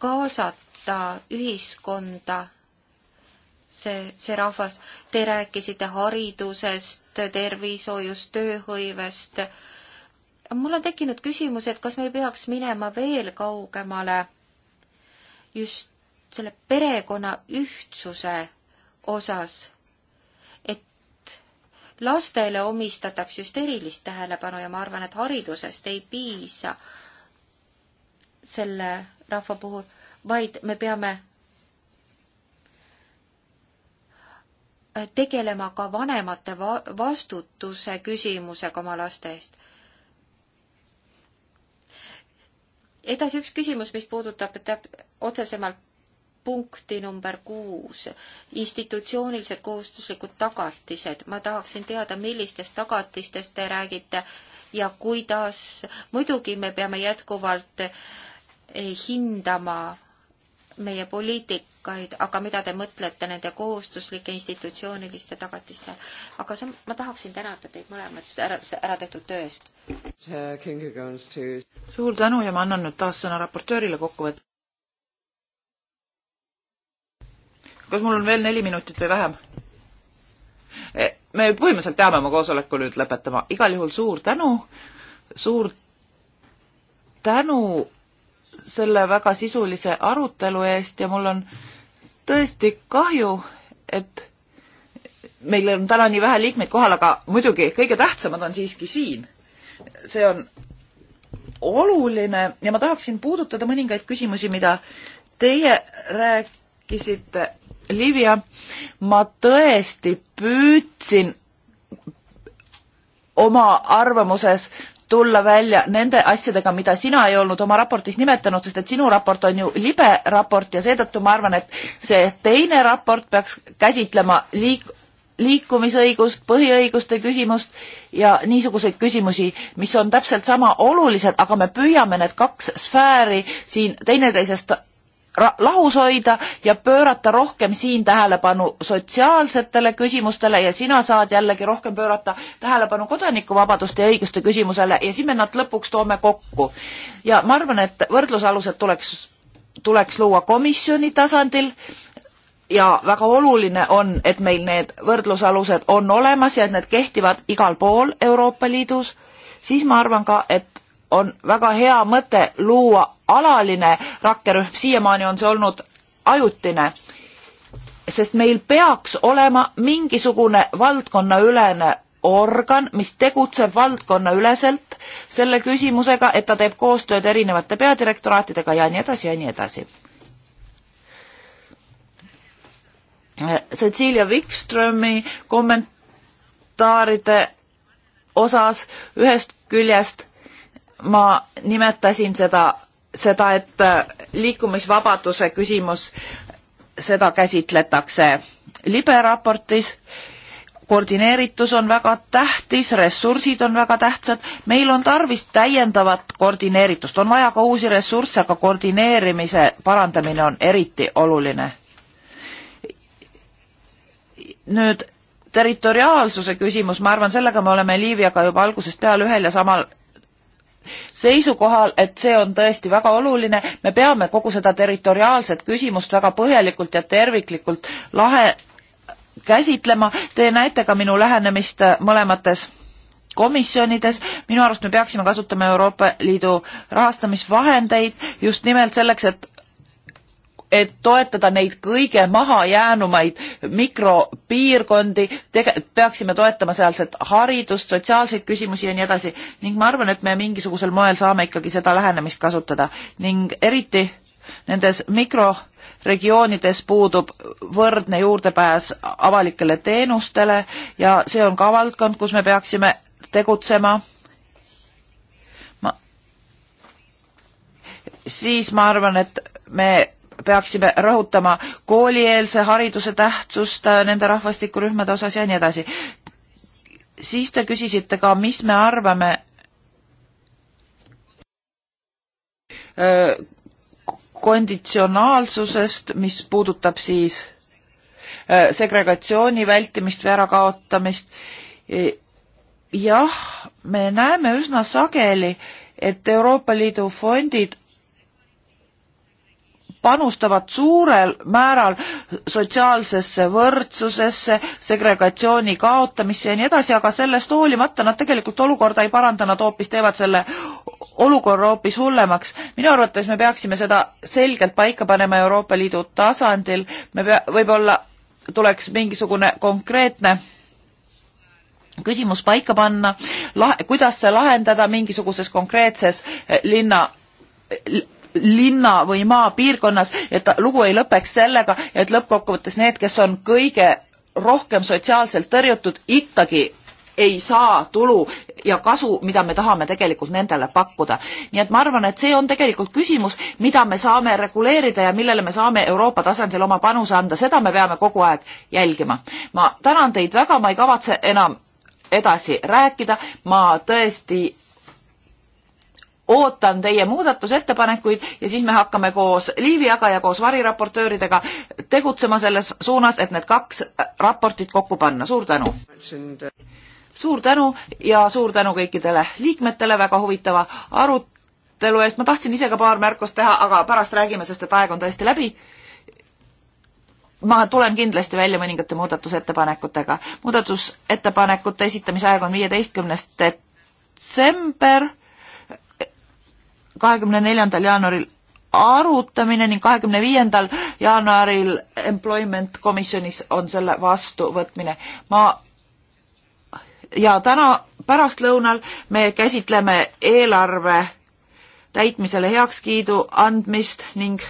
kaasata ühiskonda see, see rahvas. Te rääkisite haridusest, tervishoiust, tööhõivest. mul on tekkinud küsimus, et kas me ei peaks minema veel kaugemale just selle perekonna ühtsuse osas, et lastele omistataks just erilist tähelepanu ja ma arvan, et haridusest ei piisa selle rahva puhul, vaid me peame tegelema ka vanemate va vastutuse küsimusega oma laste eest. edasi üks küsimus, mis puudutab täp-, otsesemalt punkti number kuus, institutsioonilised kohustuslikud tagatised. ma tahaksin teada, millistest tagatistest te räägite ja kuidas, muidugi me peame jätkuvalt äh, hindama meie poliitikaid, aga mida te mõtlete nende kohustuslike institutsiooniliste tagatiste, aga see, ma tahaksin tänada teid mõlemad ära, ära tehtud töö eest. suur tänu ja ma annan nüüd taas sõna raportöörile kokkuvõtteks. kas mul on veel neli minutit või vähem? E, me põhimõtteliselt peame oma koosoleku nüüd lõpetama, igal juhul suur tänu, suur tänu selle väga sisulise arutelu eest ja mul on tõesti kahju, et meil on täna nii vähe liikmeid kohal, aga muidugi kõige tähtsamad on siiski siin. see on oluline ja ma tahaksin puudutada mõningaid küsimusi, mida teie rääkisite. Livia, ma tõesti püüdsin oma arvamuses tulla välja nende asjadega, mida sina ei olnud oma raportis nimetanud, sest et sinu raport on ju libe raport ja seetõttu ma arvan, et see teine raport peaks käsitlema liik-, liikumisõigust, põhiõiguste küsimust ja niisuguseid küsimusi, mis on täpselt sama olulised, aga me püüame need kaks sfääri siin teineteisest lahus hoida ja pöörata rohkem siin tähelepanu sotsiaalsetele küsimustele ja sina saad jällegi rohkem pöörata tähelepanu kodanikuvabaduste ja õiguste küsimusele ja siis me nad lõpuks toome kokku. ja ma arvan, et võrdlusalused tuleks, tuleks luua komisjoni tasandil ja väga oluline on, et meil need võrdlusalused on olemas ja et need kehtivad igal pool Euroopa Liidus, siis ma arvan ka, et on väga hea mõte luua alaline rakkerühm, siiamaani on see olnud ajutine, sest meil peaks olema mingisugune valdkonnaülene organ, mis tegutseb valdkonnaüleselt selle küsimusega, et ta teeb koostööd erinevate peadirektoraatidega ja nii edasi ja nii edasi. Cecilia Wikströmi kommentaaride osas ühest küljest ma nimetasin seda, seda, et äh, liikumisvabaduse küsimus, seda käsitletakse liberaportis, koordineeritus on väga tähtis, ressursid on väga tähtsad, meil on tarvis täiendavat koordineeritust, on vaja ka uusi ressursse, aga koordineerimise parandamine on eriti oluline. nüüd territoriaalsuse küsimus, ma arvan, sellega me oleme Liiviaga juba algusest peale ühel ja samal seisukohal, et see on tõesti väga oluline, me peame kogu seda territoriaalset küsimust väga põhjalikult ja terviklikult lahe käsitlema, te näete ka minu lähenemist mõlemates komisjonides, minu arust me peaksime kasutama Euroopa Liidu rahastamisvahendeid just nimelt selleks, et et toetada neid kõige mahajäänumaid mikropiirkondi, peaksime toetama sealset haridust, sotsiaalseid küsimusi ja nii edasi ning ma arvan, et me mingisugusel moel saame ikkagi seda lähenemist kasutada ning eriti nendes mikroregioonides puudub võrdne juurdepääs avalikele teenustele ja see on ka valdkond, kus me peaksime tegutsema siis ma arvan, et me peaksime rõhutama koolieelse hariduse tähtsust äh, nende rahvastikurühmade osas ja nii edasi. siis te küsisite ka, mis me arvame äh, konditsionaalsusest, mis puudutab siis äh, segregatsiooni vältimist või ärakaotamist. E, jah, me näeme üsna sageli, et Euroopa Liidu fondid panustavad suurel määral sotsiaalsesse võrdsusesse, segregatsiooni kaotamisse ja nii edasi, aga sellest hoolimata nad tegelikult olukorda ei paranda, nad hoopis teevad selle olukorra hoopis hullemaks. minu arvates me peaksime seda selgelt paika panema Euroopa Liidu tasandil, me pea, võib-olla tuleks mingisugune konkreetne küsimus paika panna, kuidas see lahendada mingisuguses konkreetses eh, linna linna või maapiirkonnas, et lugu ei lõpeks sellega, et lõppkokkuvõttes need, kes on kõige rohkem sotsiaalselt tõrjutud, ikkagi ei saa tulu ja kasu, mida me tahame tegelikult nendele pakkuda. nii et ma arvan, et see on tegelikult küsimus, mida me saame reguleerida ja millele me saame Euroopa tasandil oma panuse anda, seda me peame kogu aeg jälgima. ma tänan teid väga, ma ei kavatse enam edasi rääkida, ma tõesti ootan teie muudatusettepanekuid ja siis me hakkame koos Liiviaga ja koos variraportööridega tegutsema selles suunas, et need kaks raportit kokku panna. suur tänu! suur tänu ja suur tänu kõikidele liikmetele väga huvitava arutelu eest. ma tahtsin ise ka paar märkust teha, aga pärast räägime, sest et aeg on tõesti läbi. ma tulen kindlasti välja mõningate muudatusettepanekutega. muudatusettepanekute esitamise aeg on viieteistkümnes detsember kahekümne neljandal jaanuaril arutamine ning kahekümne viiendal jaanuaril employment komisjonis on selle vastuvõtmine. ma ja täna pärastlõunal me käsitleme eelarve täitmisele heakskiidu andmist ning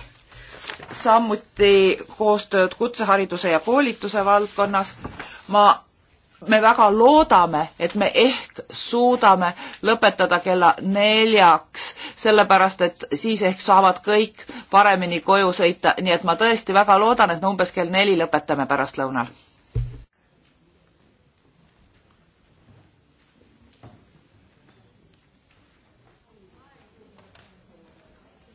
samuti koostööd kutsehariduse ja koolituse valdkonnas. ma me väga loodame, et me ehk suudame lõpetada kella neljaks, sellepärast et siis ehk saavad kõik paremini koju sõita, nii et ma tõesti väga loodan, et me umbes kell neli lõpetame pärastlõunal